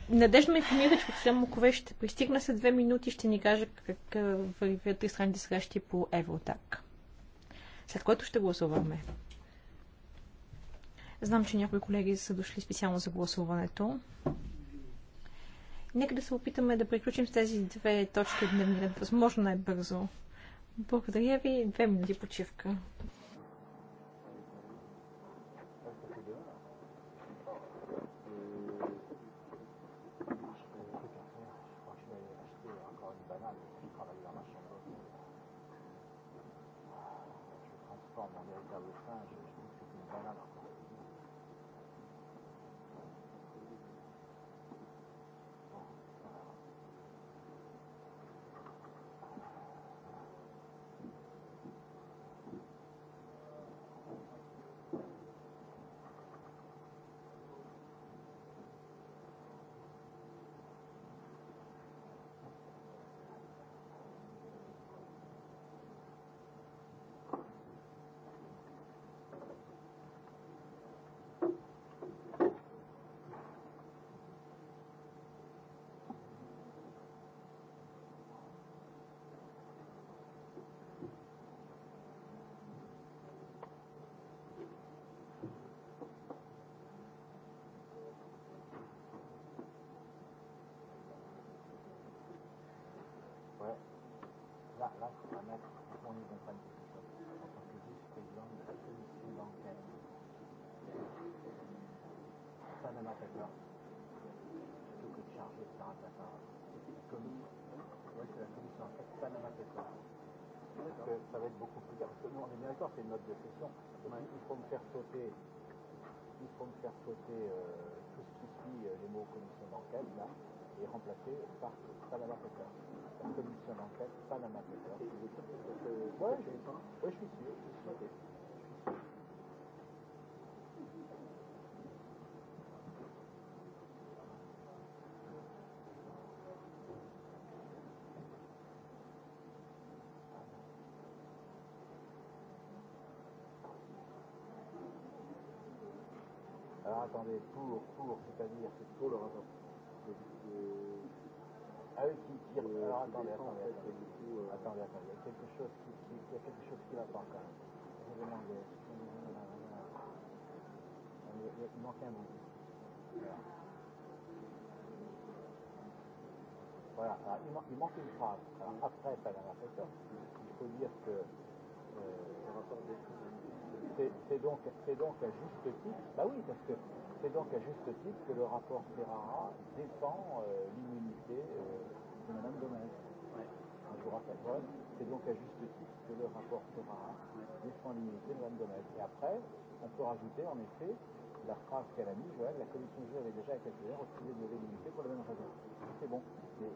Надежда е информира, че госпожа Мукове ще пристигна след две минути и ще ни каже как вървят тристранните срещи по Евротак. След което ще гласуваме. Знам, че някои колеги са дошли специално за гласуването. Нека да се опитаме да приключим с тези две точки от дневния възможно най-бързо. Благодаря ви. Две минути почивка. practice, I met more than 20 people. But the dish takes longer, it takes too long to Turn them up at last. charger ça à ta part. Commis. Oui, c'est la commission. En fait, turn them up at last. Parce que ça va être beaucoup plus tard. nous, on est bien d'accord, c'est une note de session. Il faut me faire sauter. Il faut me faire sauter euh, tout ce qui suit euh, les mots commission bancaire, là est remplacé par Panama Paper. La commission d'enquête Panama Papers. Ouais, je suis sûr. Je suis sûr. Alors attendez, pour, pour, c'est-à-dire, c'est pour le rapport. Ah oui, qui, tire Alors attendez, attendez, attendez. Attendez, attendez. Il y a quelque chose qui, qui, il y a quelque chose qui va pas quand même. Je vais demander. Il manque un bout. Voilà. Alors, il, man, il manque une phrase. Alors, après, ça va faire ça. Il faut dire que euh, c'est donc, donc à juste titre. Bah oui, parce que C'est donc à juste titre que le rapport Ferrara défend euh, l'immunité euh, de Madame Gomez. Ouais. Je vous rappelle, c'est donc à juste titre que le rapport Ferrara ouais. défend l'immunité de Madame Gomez. Et après, on peut rajouter en effet la phrase qu'elle a mise, Joël, la commission juive avait déjà à quelques heures de lever l'immunité pour la même raison. C'est bon. Mais,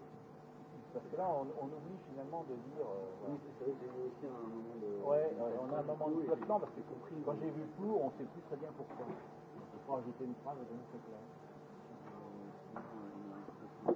parce que là, on, on oublie finalement de dire. Euh, voilà. Oui, c'est vrai que j'ai eu aussi un moment de. Ouais, on a un moment de flottement parce que quand j'ai vu flou, on ne sait plus très bien pourquoi. Well, he didn't cover them, but, uh,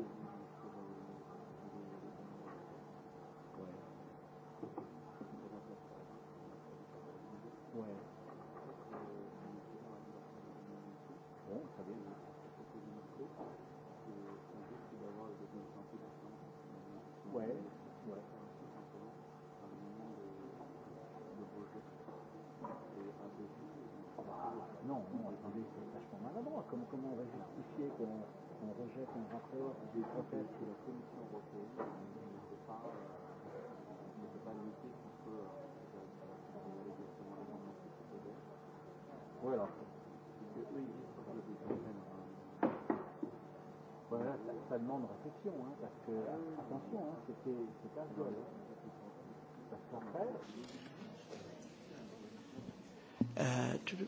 totalement de réflexion, hein, parce que, attention, hein, c'était, c'était un vol. Hein. Parce qu'après. Euh, tu veux...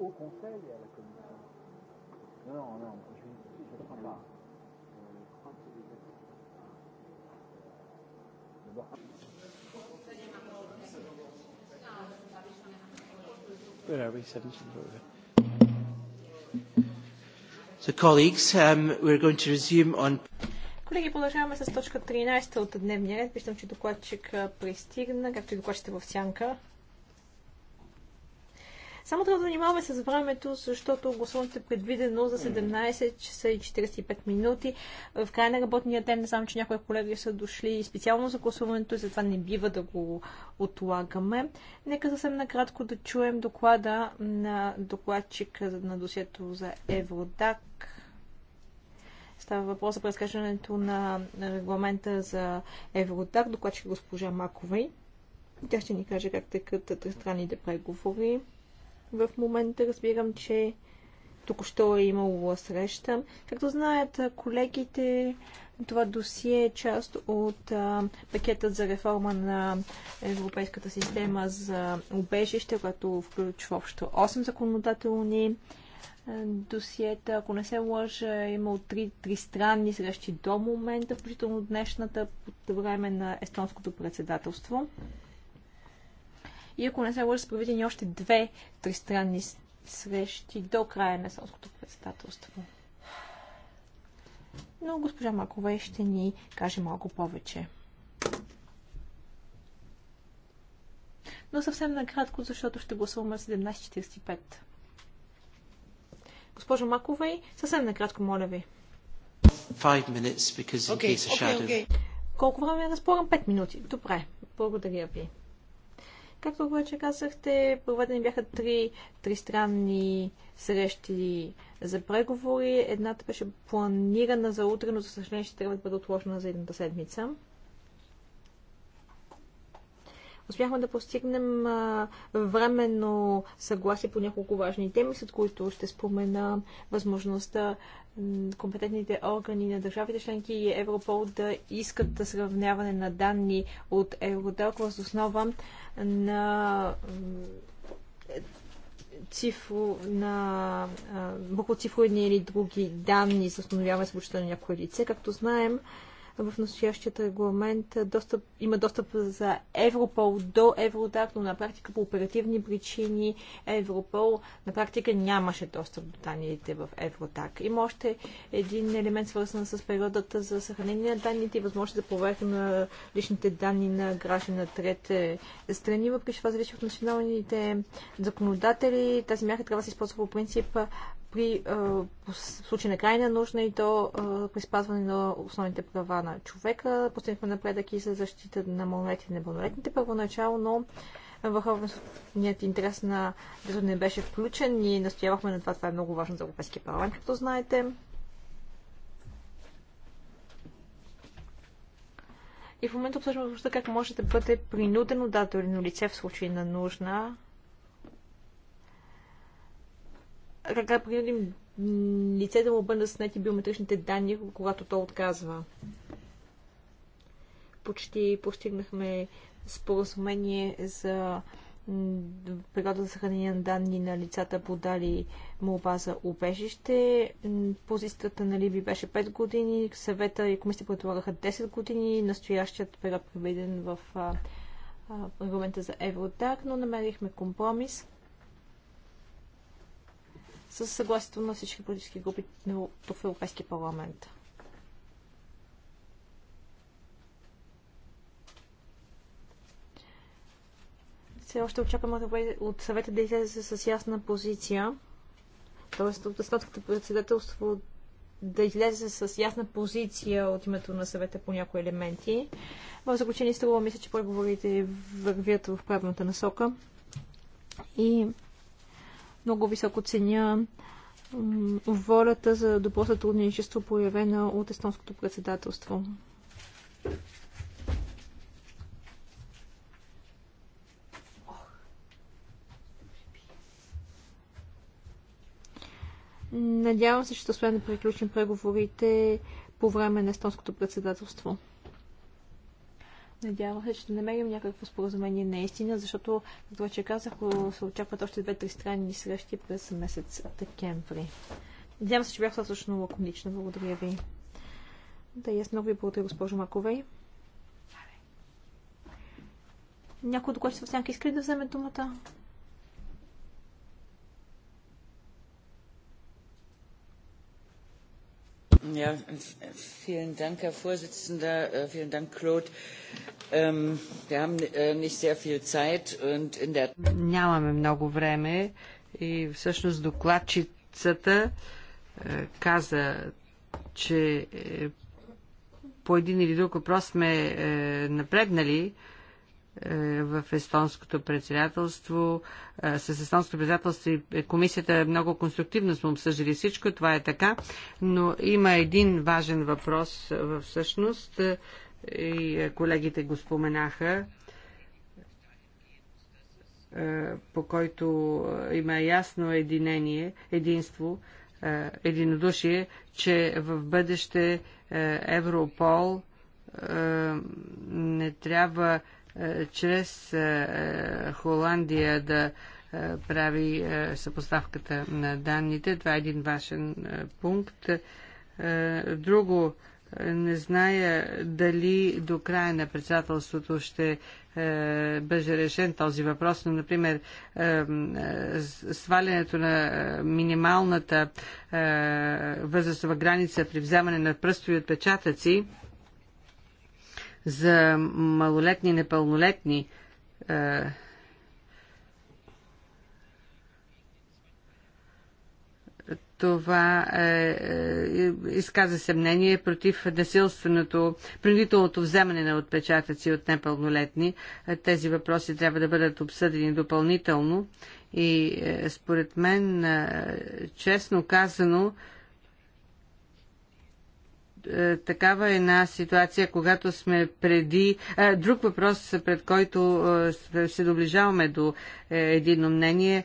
au Conseil et à la Commission. Non, non, je ne crois pas. Where are we? 17 So, colleagues, um, we're going to resume on. Колеги, продължаваме с точка 13 от дневния ред. Виждам, че докладчик пристигна, както и докладчите в сянка. Само трябва да внимаваме с времето, защото гласуването е предвидено за 17 часа и 45 минути. В края на работния ден знам, че някои колеги са дошли специално за гласуването и затова не бива да го отлагаме. Нека съвсем накратко да чуем доклада на докладчика на досието за Евродак. Става въпрос за предскачането на регламента за Евродак, докладчика е госпожа Маковей. Тя ще ни каже как текат тристранните преговори. В момента разбирам, че току-що е имало среща. Както знаят колегите, това досие е част от а, пакетът за реформа на Европейската система за убежище, която включва общо 8 законодателни досиета. Ако не се лъжа, е имало три, три странни срещи до момента, включително днешната, по време на естонското председателство и ако не се лъжа, са проведени още две тристранни срещи до края на Селското председателство. Но госпожа Макове, ще ни каже малко повече. Но съвсем накратко, защото ще гласуваме 17.45. Госпожо Маковей, съвсем накратко, моля ви. okay, okay, okay. Колко време е да спорам? 5 минути. Добре, благодаря ви. Както вече казахте, проведени бяха три тристранни срещи за преговори. Едната беше планирана за утре, но за съжаление ще трябва да бъде отложена за едната седмица. Успяхме да постигнем временно съгласие по няколко важни теми, след които ще спомена възможността компетентните органи на държавите членки и Европол да искат сравняване на данни от Евродок въз основа на цифро, на буквоцифроидни или други данни за установяване с на някои лице. Както знаем, в настоящият регламент достъп, има достъп за Европол до Евродак, но на практика по оперативни причини Европол на практика нямаше достъп до данните в Евродак. Има още един елемент свързан с периодата за съхранение на данните и възможност за проверка на личните данни на граждани на трети страни. Въпреки това зависи от националните законодатели. Тази мярка трябва да се използва по принцип при а, случай на крайна нужда и то а, при спазване на основните права на човека. Постигнахме напредък и за защита на малолетните и непълнолетните първоначално, но върховният интерес на детето не беше включен и настоявахме на това. Това е много важно за Европейския парламент, както знаете. И в момента обсъждаме как може да бъде принудено дадено лице в случай на нужна ръка принудим лице да му бъдат снети биометричните данни, когато то отказва. Почти постигнахме споразумение за периода за съхранение на данни на лицата подали молба за убежище. Позицията на Либи беше 5 години, съвета и комисията предлагаха 10 години, настоящият период е проведен в регламента за Евротак, но намерихме компромис – с съгласието на всички политически групи тук в Европейския парламент. Все още очакваме от съвета да излезе с ясна позиция, т.е. от Естонското председателство да излезе с ясна позиция от името на съвета по някои елементи. В заключение струва мисля, че преговорите вървят в правилната насока. И много високо ценя волята за добро сътрудничество, от естонското председателство. Надявам се, че ще успеем да приключим преговорите по време на естонското председателство. Надявам се, че ще намерим някакво споразумение наистина, защото, това, че казах, се очакват още две-три странни срещи през месец декември. Надявам се, че бях достатъчно лаконична. Благодаря ви. Да, аз много ви благодаря, госпожо Маковей. Някой докладчица в сянка иска да вземе думата? vielen Dank, Herr Vorsitzender. Äh, vielen Dank, Claude. Ähm, wir haben äh, nicht sehr viel Zeit und in der... Нямаме много време и всъщност докладчицата е, каза, че е, по един или друг въпрос сме е, напреднали е, в естонското председателство. Е, с естонското председателство и комисията много конструктивно сме обсъждали всичко, това е така, но има един важен въпрос е, всъщност и колегите го споменаха, по който има ясно единение, единство, единодушие, че в бъдеще Европол не трябва е, чрез е, е, Холандия да прави съпоставката на данните. Това е един важен пункт. Друго, не зная дали до края на председателството ще беше бъде решен този въпрос, но, например, свалянето на минималната възрастова граница при вземане на пръстови отпечатъци за малолетни и непълнолетни е, това е, е, изказа се мнение против насилственото, принудителното вземане на отпечатъци от непълнолетни. Е, тези въпроси трябва да бъдат обсъдени допълнително и е, според мен, е, честно казано, е, е, такава е една ситуация, когато сме преди... Е, друг въпрос, пред който се доближаваме до едно едино мнение,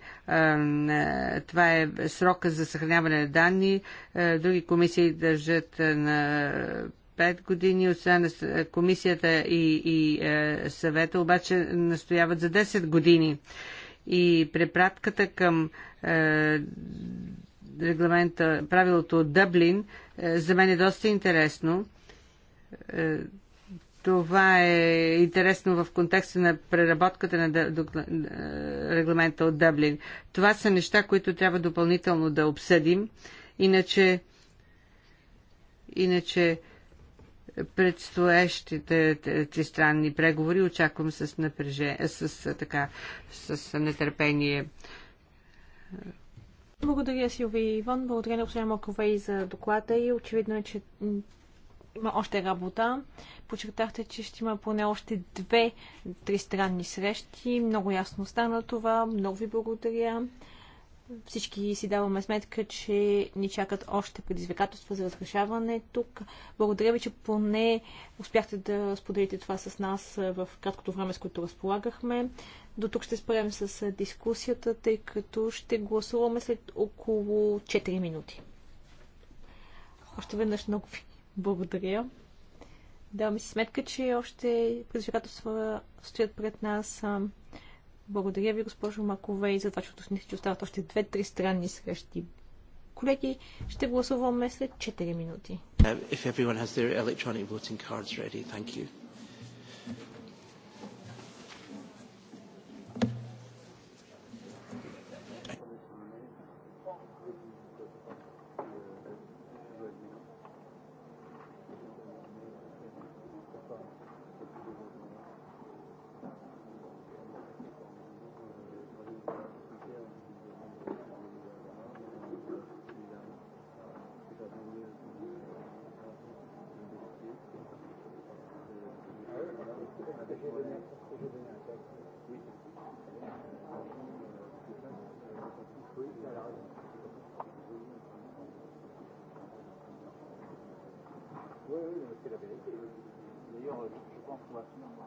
това е срока за съхраняване на данни. Други комисии държат на 5 години от комисията и, и съвета, обаче настояват за 10 години. И препратката към регламента, правилото от Дъблин, е, за мен е доста интересно. Е, това е интересно в контекста на преработката на е, регламента от Дъблин. Това са неща, които трябва допълнително да обсъдим. Иначе, иначе предстоящите тристранни преговори очаквам с напрежение, с, така, с нетърпение. Благодаря, Силви и Иван. Благодаря на господин Маковей за доклада и очевидно е, че има още работа. Почертахте, че ще има поне още две тристранни срещи. Много ясно стана това. Много ви благодаря. Всички си даваме сметка, че ни чакат още предизвикателства за разрешаване тук. Благодаря ви, че поне успяхте да споделите това с нас в краткото време, с което разполагахме. До тук ще спрем с дискусията, тъй като ще гласуваме след около 4 минути. Още веднъж много ви благодаря. Даваме си сметка, че още предизвикателства стоят пред нас. Благодаря ви, госпожо Макове, и за това, че отоснихте, че остават още две-три странни срещи. Колеги, ще гласуваме след 4 минути. What?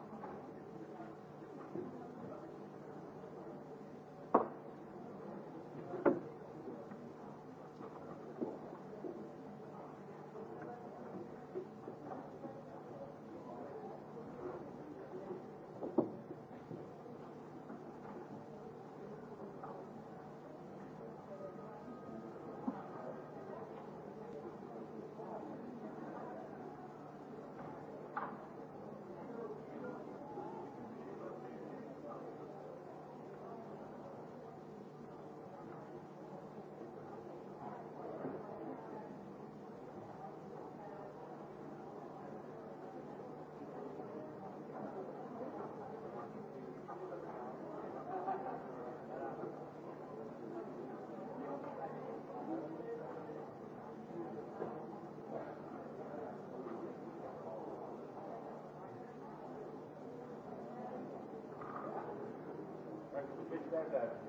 Merci beaucoup.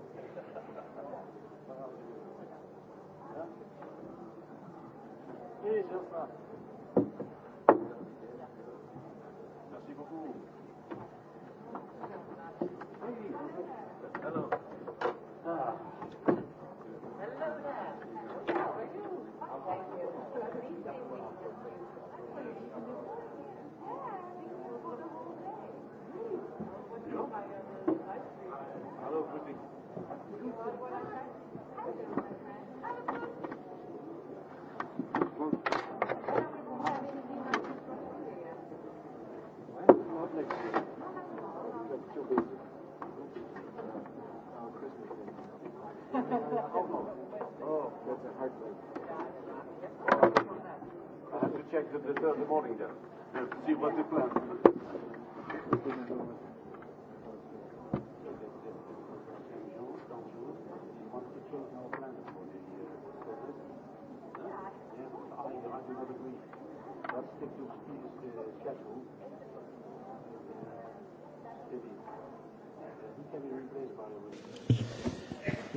Hello.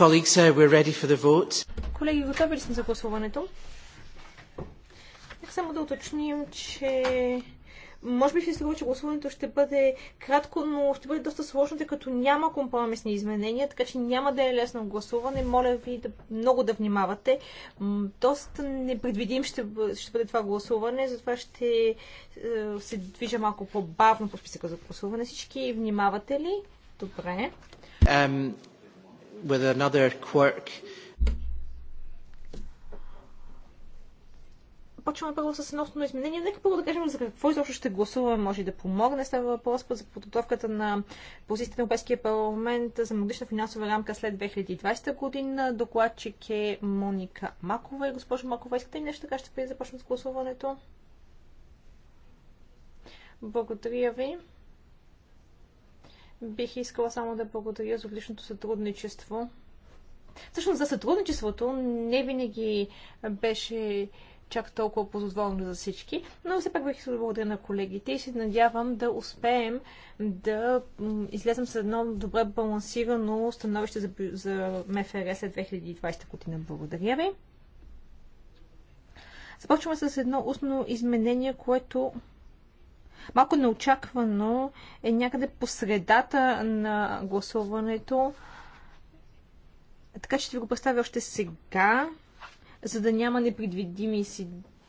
Colleagues, uh, we're ready for the vote. Колеги, готови ли сме за гласуването? Нека само да уточним, че може би ще се че гласуването ще бъде кратко, но ще бъде доста сложно, тъй като няма компромисни изменения, така че няма да е лесно гласуване. Моля ви да, много да внимавате. Доста непредвидим ще, ще бъде това гласуване, затова ще е, се движа малко по-бавно по списъка за гласуване. Всички внимавате ли? Добре. Um, with another quirk. Почваме първо с едно основно изменение. Нека първо да кажем за какво изобщо ще гласуваме. Може да помогне. Става въпрос за подготовката на позицията на Европейския парламент за многодишна финансова рамка след 2020 година. Докладчик е Моника Макова. И госпожо Макова, искате ли нещо така? Ще преди започнем с гласуването. Благодаря ви. Бих искала само да благодаря за отличното сътрудничество. Всъщност за сътрудничеството не винаги беше чак толкова позволено за всички, но все пак бих искала да благодаря на колегите и се надявам да успеем да излезем с едно добре балансирано становище за, за МФР след 2020 година. Благодаря ви. Започваме с едно устно изменение, което малко неочаквано е някъде по средата на гласуването. Така ще ви го представя още сега, за да няма непредвидими си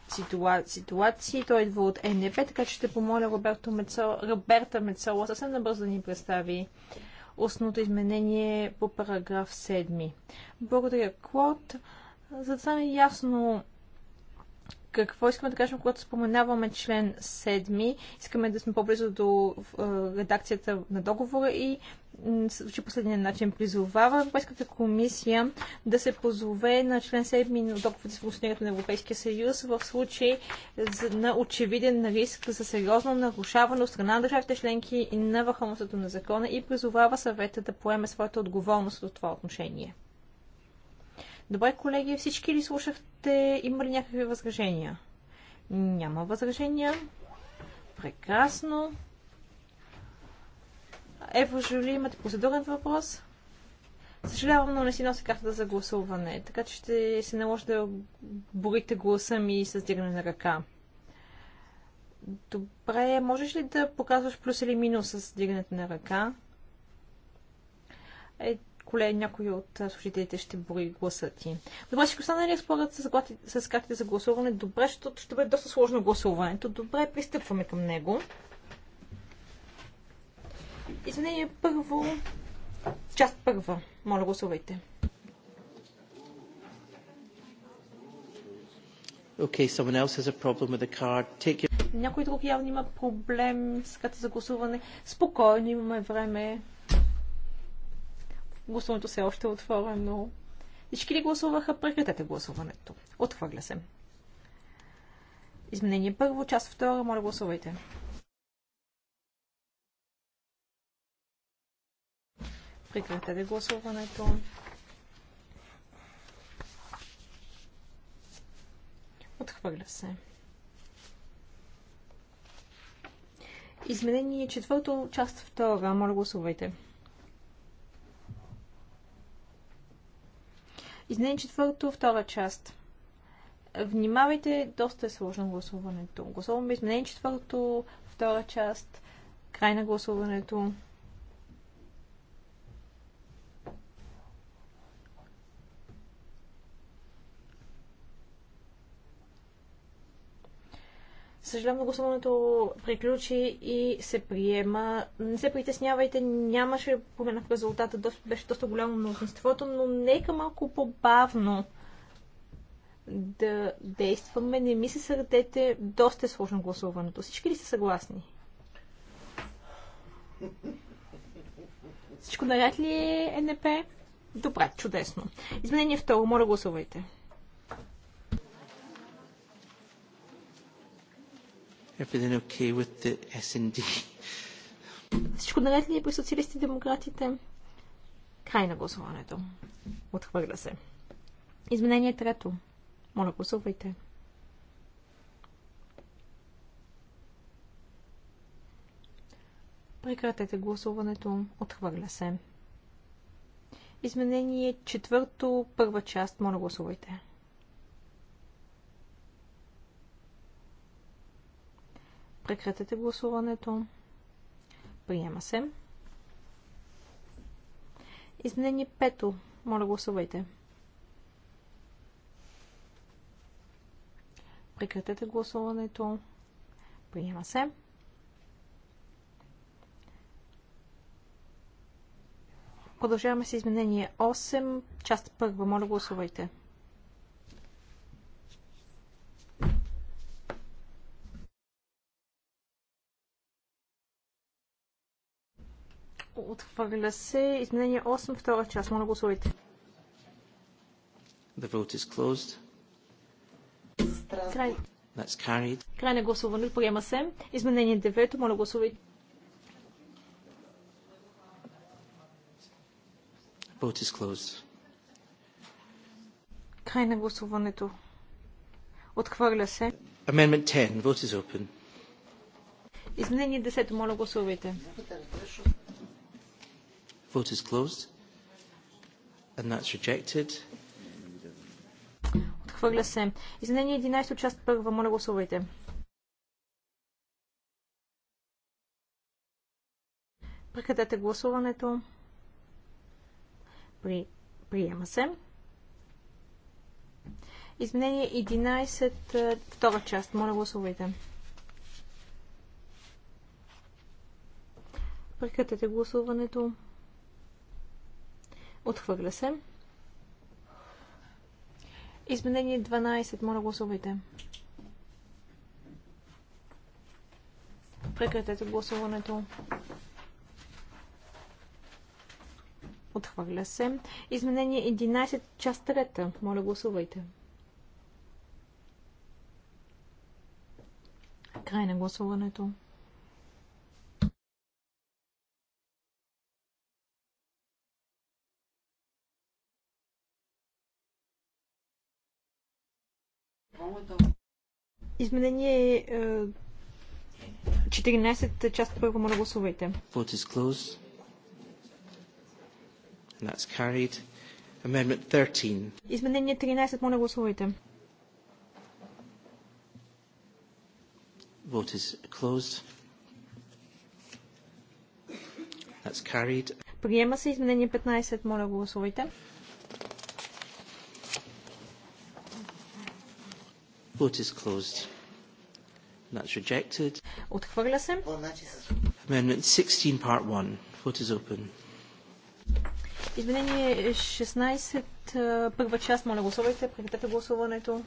ситуа... ситуации. Той идва от НП, така че ще помоля Роберто Мецо... Роберта Мецола съвсем набързо да ни представи основното изменение по параграф 7. Благодаря, Клод. За да стане ясно какво искаме да кажем, когато споменаваме член 7. Искаме да сме по-близо до е, редакцията на договора и че последния начин. Призовава Европейската комисия да се позове на член 7 на договора за функционирането на Европейския съюз в случай на очевиден риск за сериозно нарушаване от страна на държавите членки и на върховността на закона и призовава съвета да поеме своята отговорност от това отношение. Добре, колеги, всички ли слушахте? Има ли някакви възражения? Няма възражения. Прекрасно. Ево, Жули, имате процедурен въпрос? Съжалявам, но не си нося карта за гласуване, така че ще се наложи да борите гласа ми с дигане на ръка. Добре, можеш ли да показваш плюс или минус с дигането на ръка? Е, коле някой от служителите ще бори гласа ти. Добре, ще останали с с, с картите за гласуване. Добре, защото ще бъде доста сложно гласуването. Добре, пристъпваме към него. Извинение първо. Част първа. Моля, гласувайте. Okay, someone else has a problem with the card. Take your... Някой друг явно има проблем с карта за гласуване. Спокойно имаме време. Гласуването все е още е отворено. Всички ли гласуваха? Прекратете гласуването. Отхвърля се. Изменение първо, част втора. Моля гласувайте. Прекратете гласуването. Отхвърля се. Изменение четвърто, част втора. Моля гласувайте. Изнен четвърто, втора част. Внимавайте, доста е сложно гласуването. Гласуваме изменение четвърто, втора част, край на гласуването. Съжалявам, гласуването приключи и се приема. Не се притеснявайте, нямаше промена в резултата, беше доста голямо мнозинството, но нека малко по-бавно да действаме. Не ми се сърдете, доста е сложно гласуването. Всички ли са съгласни? Всичко наред ли е НП? Добре, чудесно. Изменение второ, моля гласувайте. Everything okay with the S&D? Всичко наред ли е при социалисти и демократите? Край на гласуването. Отхвърля се. Изменение трето. Моля, гласувайте. Прекратете гласуването. Отхвърля се. Изменение четвърто, първа част. Моля, гласувайте. Прекратете гласуването. Приема се. Изменение пето. Моля гласувайте. Прекратете гласуването. Приема се. Продължаваме с изменение 8, част 1. Моля гласувайте. Отхвърля се. Изменение 8, втора част. Моля гласувайте. The vote is closed. Край. That's carried. Край на гласуването. Приема се. Изменение 9. Моля гласувайте. Vote is closed. Край на гласуването. Отхвърля се. Amendment 10. Vote is open. Изменение 10. Моля гласувайте. Vote is closed. And that's rejected. Отхвърля се. Изменение 11 част първа. Моля гласувайте. Прекратете гласуването. При... Приема се. Изменение 11, е, втора част. Моля гласувайте. Прекратете гласуването. Отхвърля се. Изменение 12. Моля гласувайте. Прекратете гласуването. Отхвърля се. Изменение 11, част 3. Моля, гласувайте. Край на гласуването. Изменение 14, е, част първо, моля гласувайте. Vote is closed. And that's carried. Amendment 13. Изменение 13, моля гласувайте. Vote is closed. That's carried. Приема се изменение 15, моля гласувайте. Vote is closed. That's rejected. Отхвърля се. Amendment 16, part 1. Vote is open. Изменение 16, първа част, моля гласувайте, прекратете гласуването.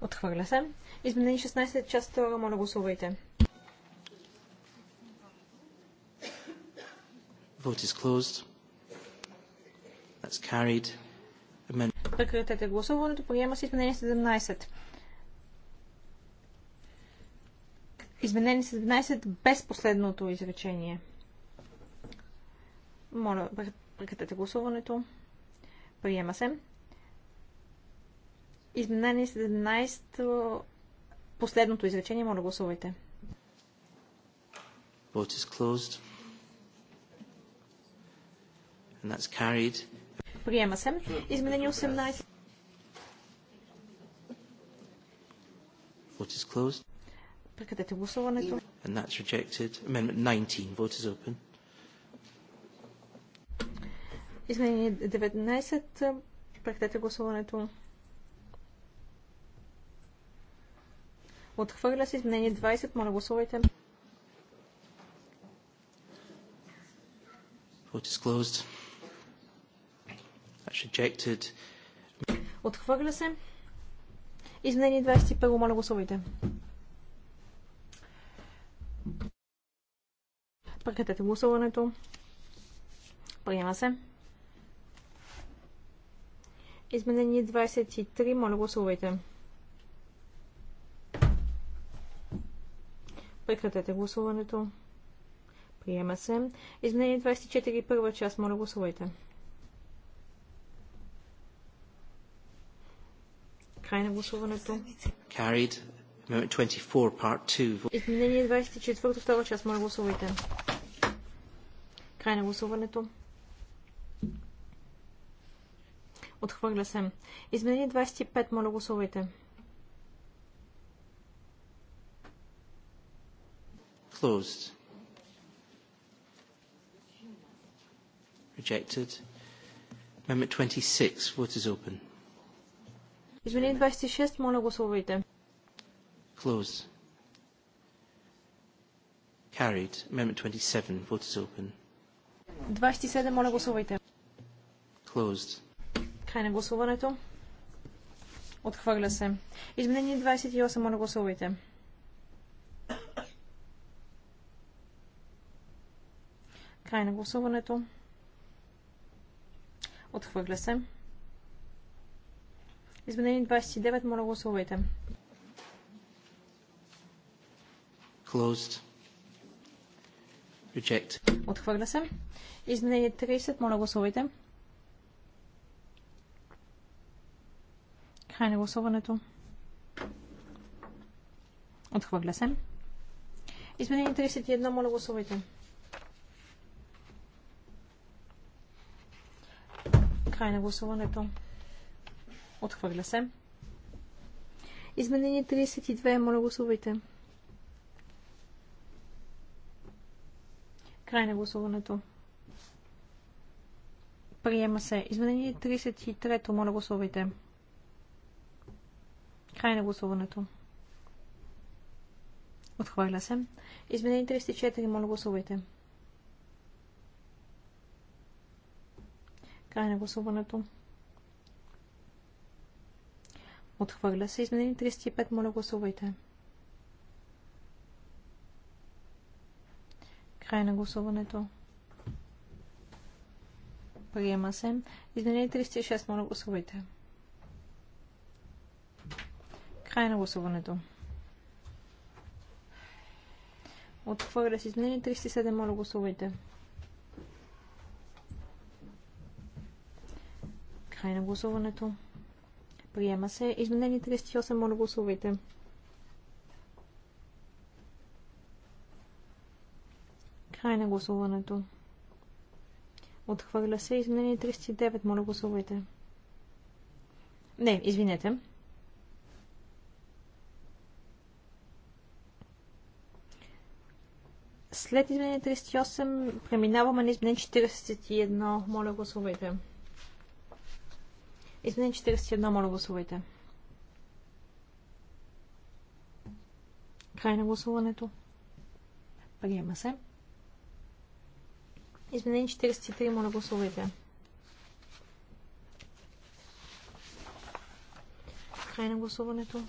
Отхвърля се. Изменение 16, част 2, моля гласувайте. Vote is closed. That's carried. Прекратете гласуването. Приема се изменение 17. Изменение 17 без последното изречение. Моля, прекратете гласуването. Приема се. Изменение 17. Последното изречение. Моля, гласувайте. Vote is closed. And that's carried приема се. Изменение 18. Прекратете гласуването. And that's rejected. Amendment 19. Vote is open. Изменение 19. Прекратете гласуването. Отхвърля се изменение 20. Моля гласувайте. Vote is closed. Отхвърля се. Изменение 21. Моля гласувайте. Прекратете гласуването. Приема се. Изменение 23. Моля гласувайте. Прекратете гласуването. Приема се. Изменение 24. Първа част. Моля гласувайте. Край на гласуването. Carried. 24, part 2. Изменение 24, втора част. Моля гласувайте. Край на гласуването. Отхвърля се. Изменение 25. Моля гласувайте. Closed. Rejected. Amendment 26. Vote is open. Изменение 26, моля го словите. Close. Carried. Amendment 27. Vote is open. 27, моля го словите. Closed. Край на гласуването. Отхвърля се. Изменение 28, моля гласувайте. Край на гласуването. Отхвърля се. Изменение 29, моля гласувайте. Closed. Reject. Отхвърля се. Изменение 30, моля гласувайте. Край на гласуването. Отхвърля се. Изменение 31, моля гласувайте. Край на гласуването. Отхвърля се. Изменение 32. Моля гласувайте. Край на гласуването. Приема се. Изменение 33. Моля гласувайте. Край на гласуването. Отхвърля се. Изменение 34. Моля гласувайте. Край на гласуването. Отхвърля се. Изменение 35. Моля гласувайте. Край на гласуването. Приема се. Изменение 36. Моля гласувайте. Край на гласуването. Отхвърля се. Изменение 37. Моля гласувайте. Край на гласуването. Приема се. Изменение 38. Моля гласувайте. Край на гласуването. Отхвърля се. Изменение 39. Моля гласувайте. Не, извинете. След изменение 38 преминаваме на изменение 41. Моля гласувайте. Изменение 41, моля гласувайте. Край на гласуването. Приема се. Изменение 43, моля гласувайте. Край на гласуването.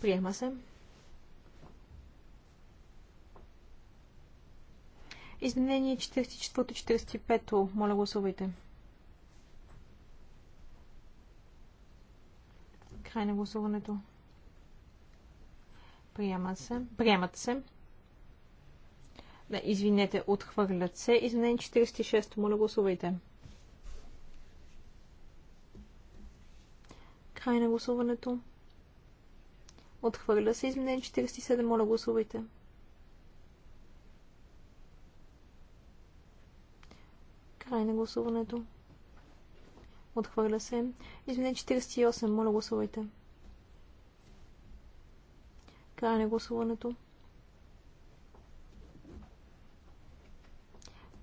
Приема се. Изменение 44-45, моля гласувайте. Край на гласуването. Приема се. Приемат се. Да, извинете, отхвърлят се. Изменение 46. Моля, гласувайте. Край на гласуването. Отхвърля се. Изменение 47. Моля, гласувайте. Край на гласуването. Отхвърля се. Изменение 48. Моля гласувайте. Край на гласуването.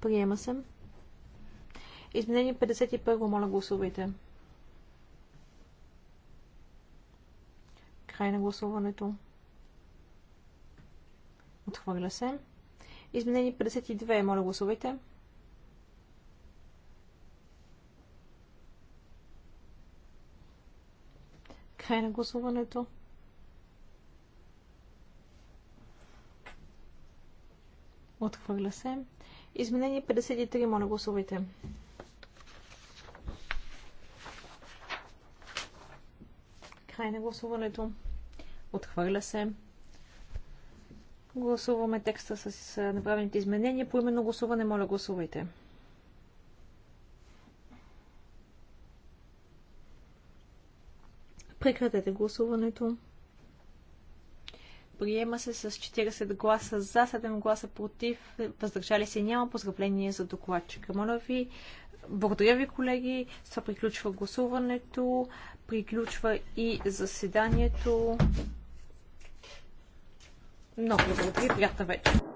Приема се. Изменение 51. Моля гласувайте. Край на гласуването. Отхвърля се. Изменение 52. Моля гласувайте. Край на гласуването. Отхвърля се. Изменение 53. Моля гласувайте. Край на гласуването. Отхвърля се. Гласуваме текста с направените изменения. По именно гласуване, моля гласувайте. Прекратете гласуването. Приема се с 40 гласа за, 7 гласа против, въздържали се няма. Поздравление за докладчика. Моля ви, благодаря ви, колеги. С това приключва гласуването, приключва и заседанието. Много благодаря, приятна вечер.